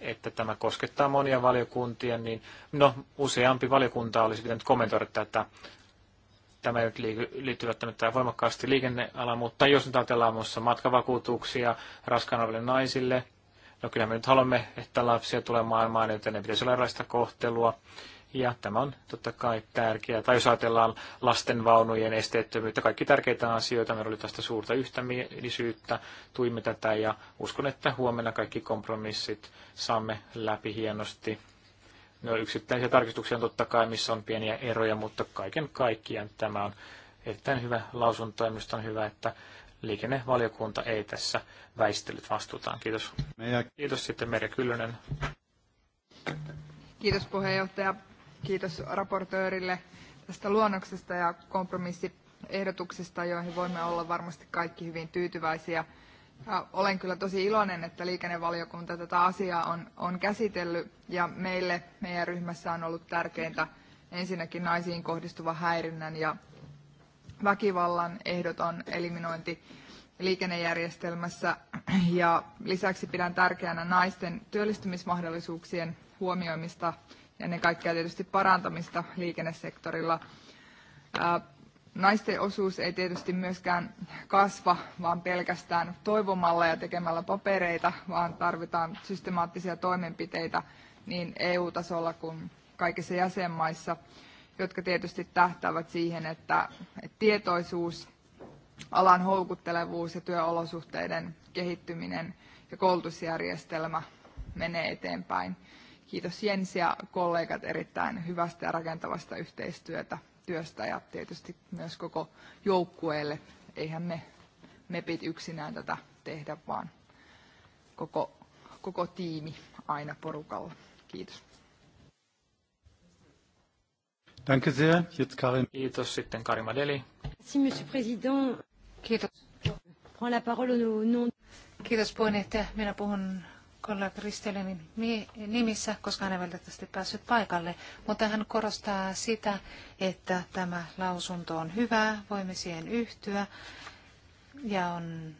että tämä koskettaa monia valiokuntia, niin no, useampi valiokunta olisi pitänyt kommentoida tätä tämä ei liittyvät välttämättä voimakkaasti liikennealaan, mutta jos nyt ajatellaan muassa matkavakuutuksia raskaana oleville naisille, no kyllä me nyt haluamme, että lapsia tulee maailmaan, joten ne pitäisi olla erilaista kohtelua. Ja tämä on totta kai tärkeää. Tai jos ajatellaan lastenvaunujen esteettömyyttä, kaikki tärkeitä asioita, meillä oli tästä suurta yhtämielisyyttä, tuimme tätä ja uskon, että huomenna kaikki kompromissit saamme läpi hienosti. No yksittäisiä tarkistuksia on totta kai, missä on pieniä eroja, mutta kaiken kaikkiaan tämä on erittäin hyvä lausunto ja minusta on hyvä, että liikennevaliokunta ei tässä väistellyt vastuutaan. Kiitos. Meijä. Kiitos sitten Merja Kyllönen. Kiitos puheenjohtaja. Kiitos raportöörille tästä luonnoksesta ja kompromissiehdotuksesta, joihin voimme olla varmasti kaikki hyvin tyytyväisiä. Olen kyllä tosi iloinen, että liikennevaliokunta tätä asiaa on, on käsitellyt ja meille, meidän ryhmässä on ollut tärkeintä ensinnäkin naisiin kohdistuva häirinnän ja väkivallan ehdoton eliminointi liikennejärjestelmässä ja lisäksi pidän tärkeänä naisten työllistymismahdollisuuksien huomioimista ja ennen kaikkea tietysti parantamista liikennesektorilla. Naisten osuus ei tietysti myöskään kasva, vaan pelkästään toivomalla ja tekemällä papereita, vaan tarvitaan systemaattisia toimenpiteitä niin EU-tasolla kuin kaikissa jäsenmaissa, jotka tietysti tähtäävät siihen, että tietoisuus, alan houkuttelevuus ja työolosuhteiden kehittyminen ja koulutusjärjestelmä menee eteenpäin. Kiitos Jens ja kollegat erittäin hyvästä ja rakentavasta yhteistyötä työstä ja tietysti myös koko joukkueelle. Eihän me mepit yksinään tätä tehdä, vaan koko, koko tiimi aina porukalla. Kiitos. Danke sehr. Jetzt Karim Kiitos sitten Karim Adeli. Merci, monsieur président. Kiitos. Prends la parole au nom. Kiitos puheenjohtaja. Minä puhun kollega Kristelenin nimissä, koska hän ei valitettavasti päässyt paikalle, mutta hän korostaa sitä, että tämä lausunto on hyvä, voimme siihen yhtyä ja on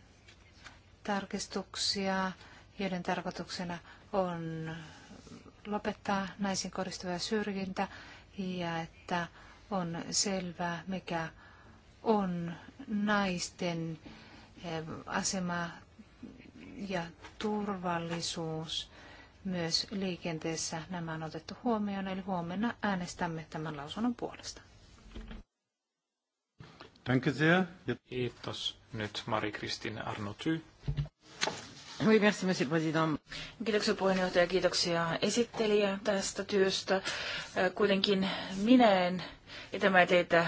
tarkistuksia, joiden tarkoituksena on lopettaa naisiin kohdistuva syrjintä ja että on selvää, mikä on naisten eh, asema ja turvallisuus myös liikenteessä. Nämä on otettu huomioon, eli huomenna äänestämme tämän lausunnon puolesta. Danke sehr. Kiitos. Nyt Mari-Kristin Arnoty. Oui, merci, monsieur le président. Kiitoksia puheenjohtaja, kiitoksia esittelijä tästä työstä. Kuitenkin minä en, ja tämä teitä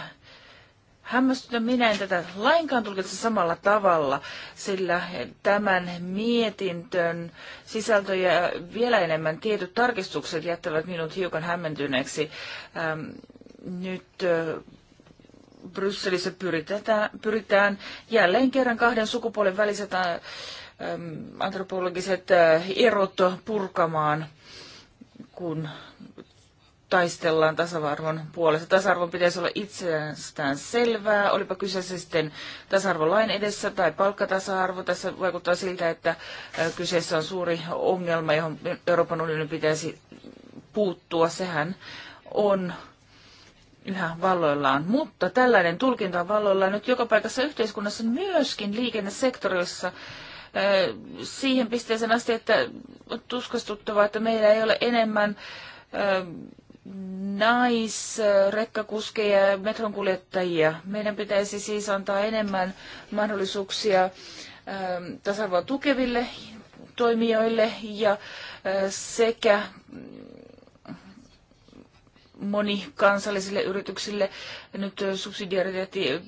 hämmästytä. Minä en tätä lainkaan tulkitse samalla tavalla, sillä tämän mietintön sisältö ja vielä enemmän tietyt tarkistukset jättävät minut hiukan hämmentyneeksi. Ähm, nyt äh, Brysselissä pyritään, pyritään jälleen kerran kahden sukupuolen väliset äh, ähm, antropologiset äh, erot purkamaan, kun taistellaan tasa-arvon puolesta. Tasa-arvon pitäisi olla itsestään selvää, olipa kyseessä sitten tasa-arvolain edessä tai palkkatasa-arvo. Tässä vaikuttaa siltä, että kyseessä on suuri ongelma, johon Euroopan unionin pitäisi puuttua. Sehän on yhä valloillaan. Mutta tällainen tulkinta on valloillaan nyt joka paikassa yhteiskunnassa, myöskin liikennesektorissa siihen pisteeseen asti, että on tuskastuttavaa, että meillä ei ole enemmän naisrekkakuskeja ja metronkuljettajia. Meidän pitäisi siis antaa enemmän mahdollisuuksia ähm, tasa-arvoa tukeville toimijoille ja äh, sekä mm, monikansallisille yrityksille nyt äh, subsidiariteetti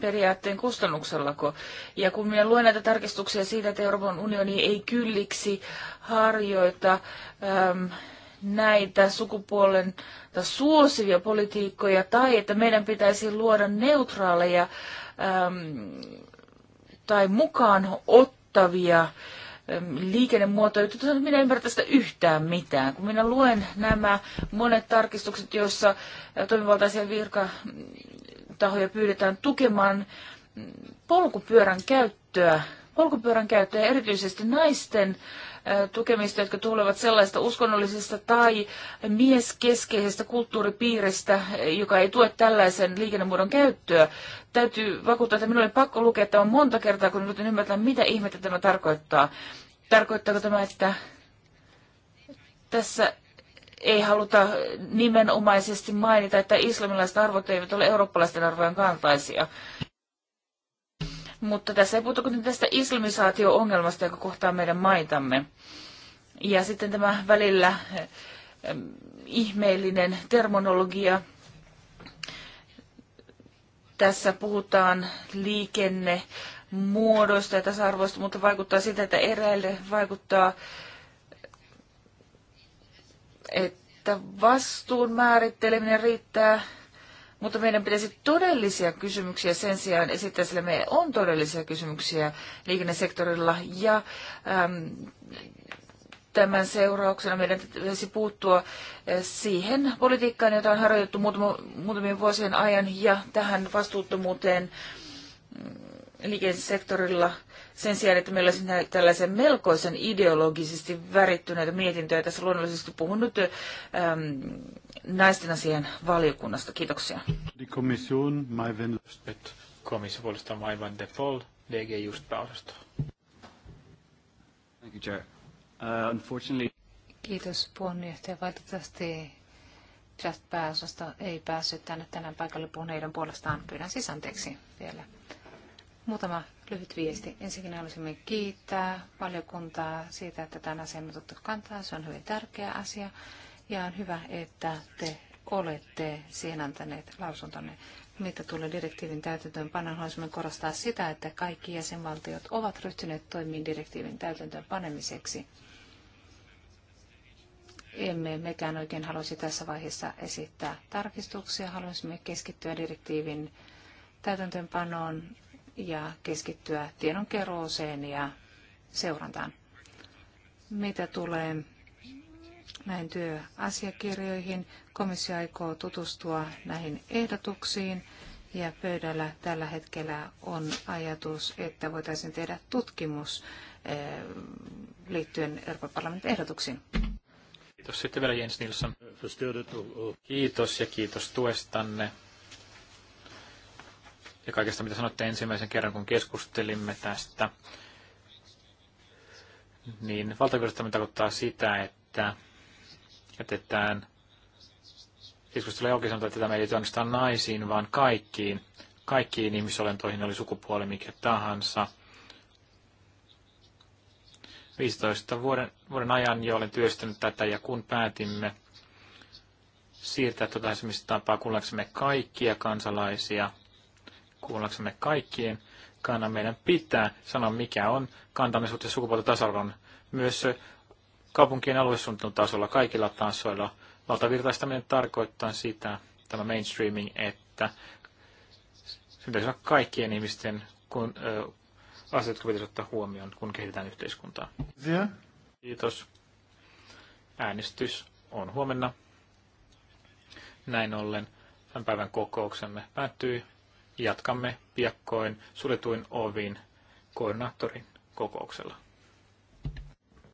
periaatteen kustannuksellako. Ja kun minä luen näitä tarkistuksia siitä, että Euroopan unioni ei kylliksi harjoita äm, näitä sukupuolen suosivia politiikkoja, tai että meidän pitäisi luoda neutraaleja äm, tai mukaan ottavia liikennemuotoja, jotta minä ymmärrä sitä yhtään mitään. Kun minä luen nämä monet tarkistukset, joissa toimivaltaisia virka, tahoja pyydetään tukemaan polkupyörän käyttöä, polkupyörän käyttöä erityisesti naisten tukemista, jotka tulevat sellaista uskonnollisesta tai mieskeskeisestä kulttuuripiiristä, joka ei tue tällaisen liikennemuodon käyttöä. Täytyy vakuuttaa, että minulle pakko lukea tämä monta kertaa, kun nyt, ymmärtää, mitä ihmettä tämä tarkoittaa. Tarkoittaako tämä, että tässä ei haluta nimenomaisesti mainita, että islamilaiset arvot eivät ole eurooppalaisten arvojen kantaisia, Mutta tässä ei puhuta kuitenkin tästä islamisaatio-ongelmasta, joka kohtaa meidän maitamme. Ja sitten tämä välillä ihmeellinen terminologia. Tässä puhutaan liikenne muodoista ja tasa-arvoista, mutta vaikuttaa siltä, että eräille vaikuttaa äh, että vastuun määritteleminen riittää, mutta meidän pitäisi todellisia kysymyksiä sen sijaan esittää, sillä meillä on todellisia kysymyksiä liikennesektorilla ja äm, tämän seurauksena meidän pitäisi puuttua siihen politiikkaan, jota on harjoitettu muutama, muutamien vuosien ajan ja tähän vastuuttomuuteen mm, liikennesektorilla sen sijaan, että meillä olisi tällaisen melkoisen ideologisesti värittyneitä mietintöjä. Tässä luonnollisesti puhun nyt ähm, naisten asian valiokunnasta. Kiitoksia. komissio puolesta Maivan de DG just pääosasto. Uh, Kiitos puheenjohtaja. Valitettavasti Just pääosasto ei päässyt tänne tänään paikalle puhuneiden puolestaan. Pyydän siis anteeksi vielä. Muutama lyhyt viesti. Ensinnäkin haluaisimme kiittää valiokuntaa siitä, että tämän asian on otettu kantaa. Se on hyvin tärkeä asia ja on hyvä, että te olette siihen antaneet lausuntonne. Mitä tulee direktiivin täytäntöönpanoon, haluaisimme korostaa sitä, että kaikki jäsenvaltiot ovat ryhtyneet toimiin direktiivin täytäntöönpanemiseksi. Emme mekään oikein haluaisi tässä vaiheessa esittää tarkistuksia. Haluaisimme keskittyä direktiivin täytäntöönpanoon ja keskittyä tiedonkeruuseen ja seurantaan. Mitä tulee näihin työasiakirjoihin, komissio aikoo tutustua näihin ehdotuksiin ja pöydällä tällä hetkellä on ajatus, että voitaisiin tehdä tutkimus eh, liittyen Euroopan parlamentin ehdotuksiin. Kiitos sitten vielä Jens Nilsson. Kiitos ja kiitos tuestanne ja kaikesta, mitä sanotte ensimmäisen kerran, kun keskustelimme tästä, niin valtavirtaistaminen tarkoittaa sitä, että jätetään keskustelua jokin sanotaan, että tämä ei liity ainoastaan naisiin, vaan kaikkiin, kaikkiin ihmisolentoihin, oli sukupuoli mikä tahansa. 15 vuoden, vuoden ajan jo olen työstänyt tätä ja kun päätimme siirtää tuota tapaa kuullaksemme kaikkia kansalaisia, kuullaksemme kaikkien kannan. Meidän pitää sanoa, mikä on kantamme suhteen sukupuolten myös kaupunkien aluesuunnittelun tasolla, kaikilla tasoilla. Valtavirtaistaminen tarkoittaa sitä, tämä mainstreaming, että pitäisi olla kaikkien ihmisten kun, ö, asiat, jotka pitäisi ottaa huomioon, kun kehitetään yhteiskuntaa. Yeah. Kiitos. Äänestys on huomenna. Näin ollen tämän päivän kokouksemme päättyy. Jatkamme piakkoin suljetuin ovin koordinaattorin kokouksella.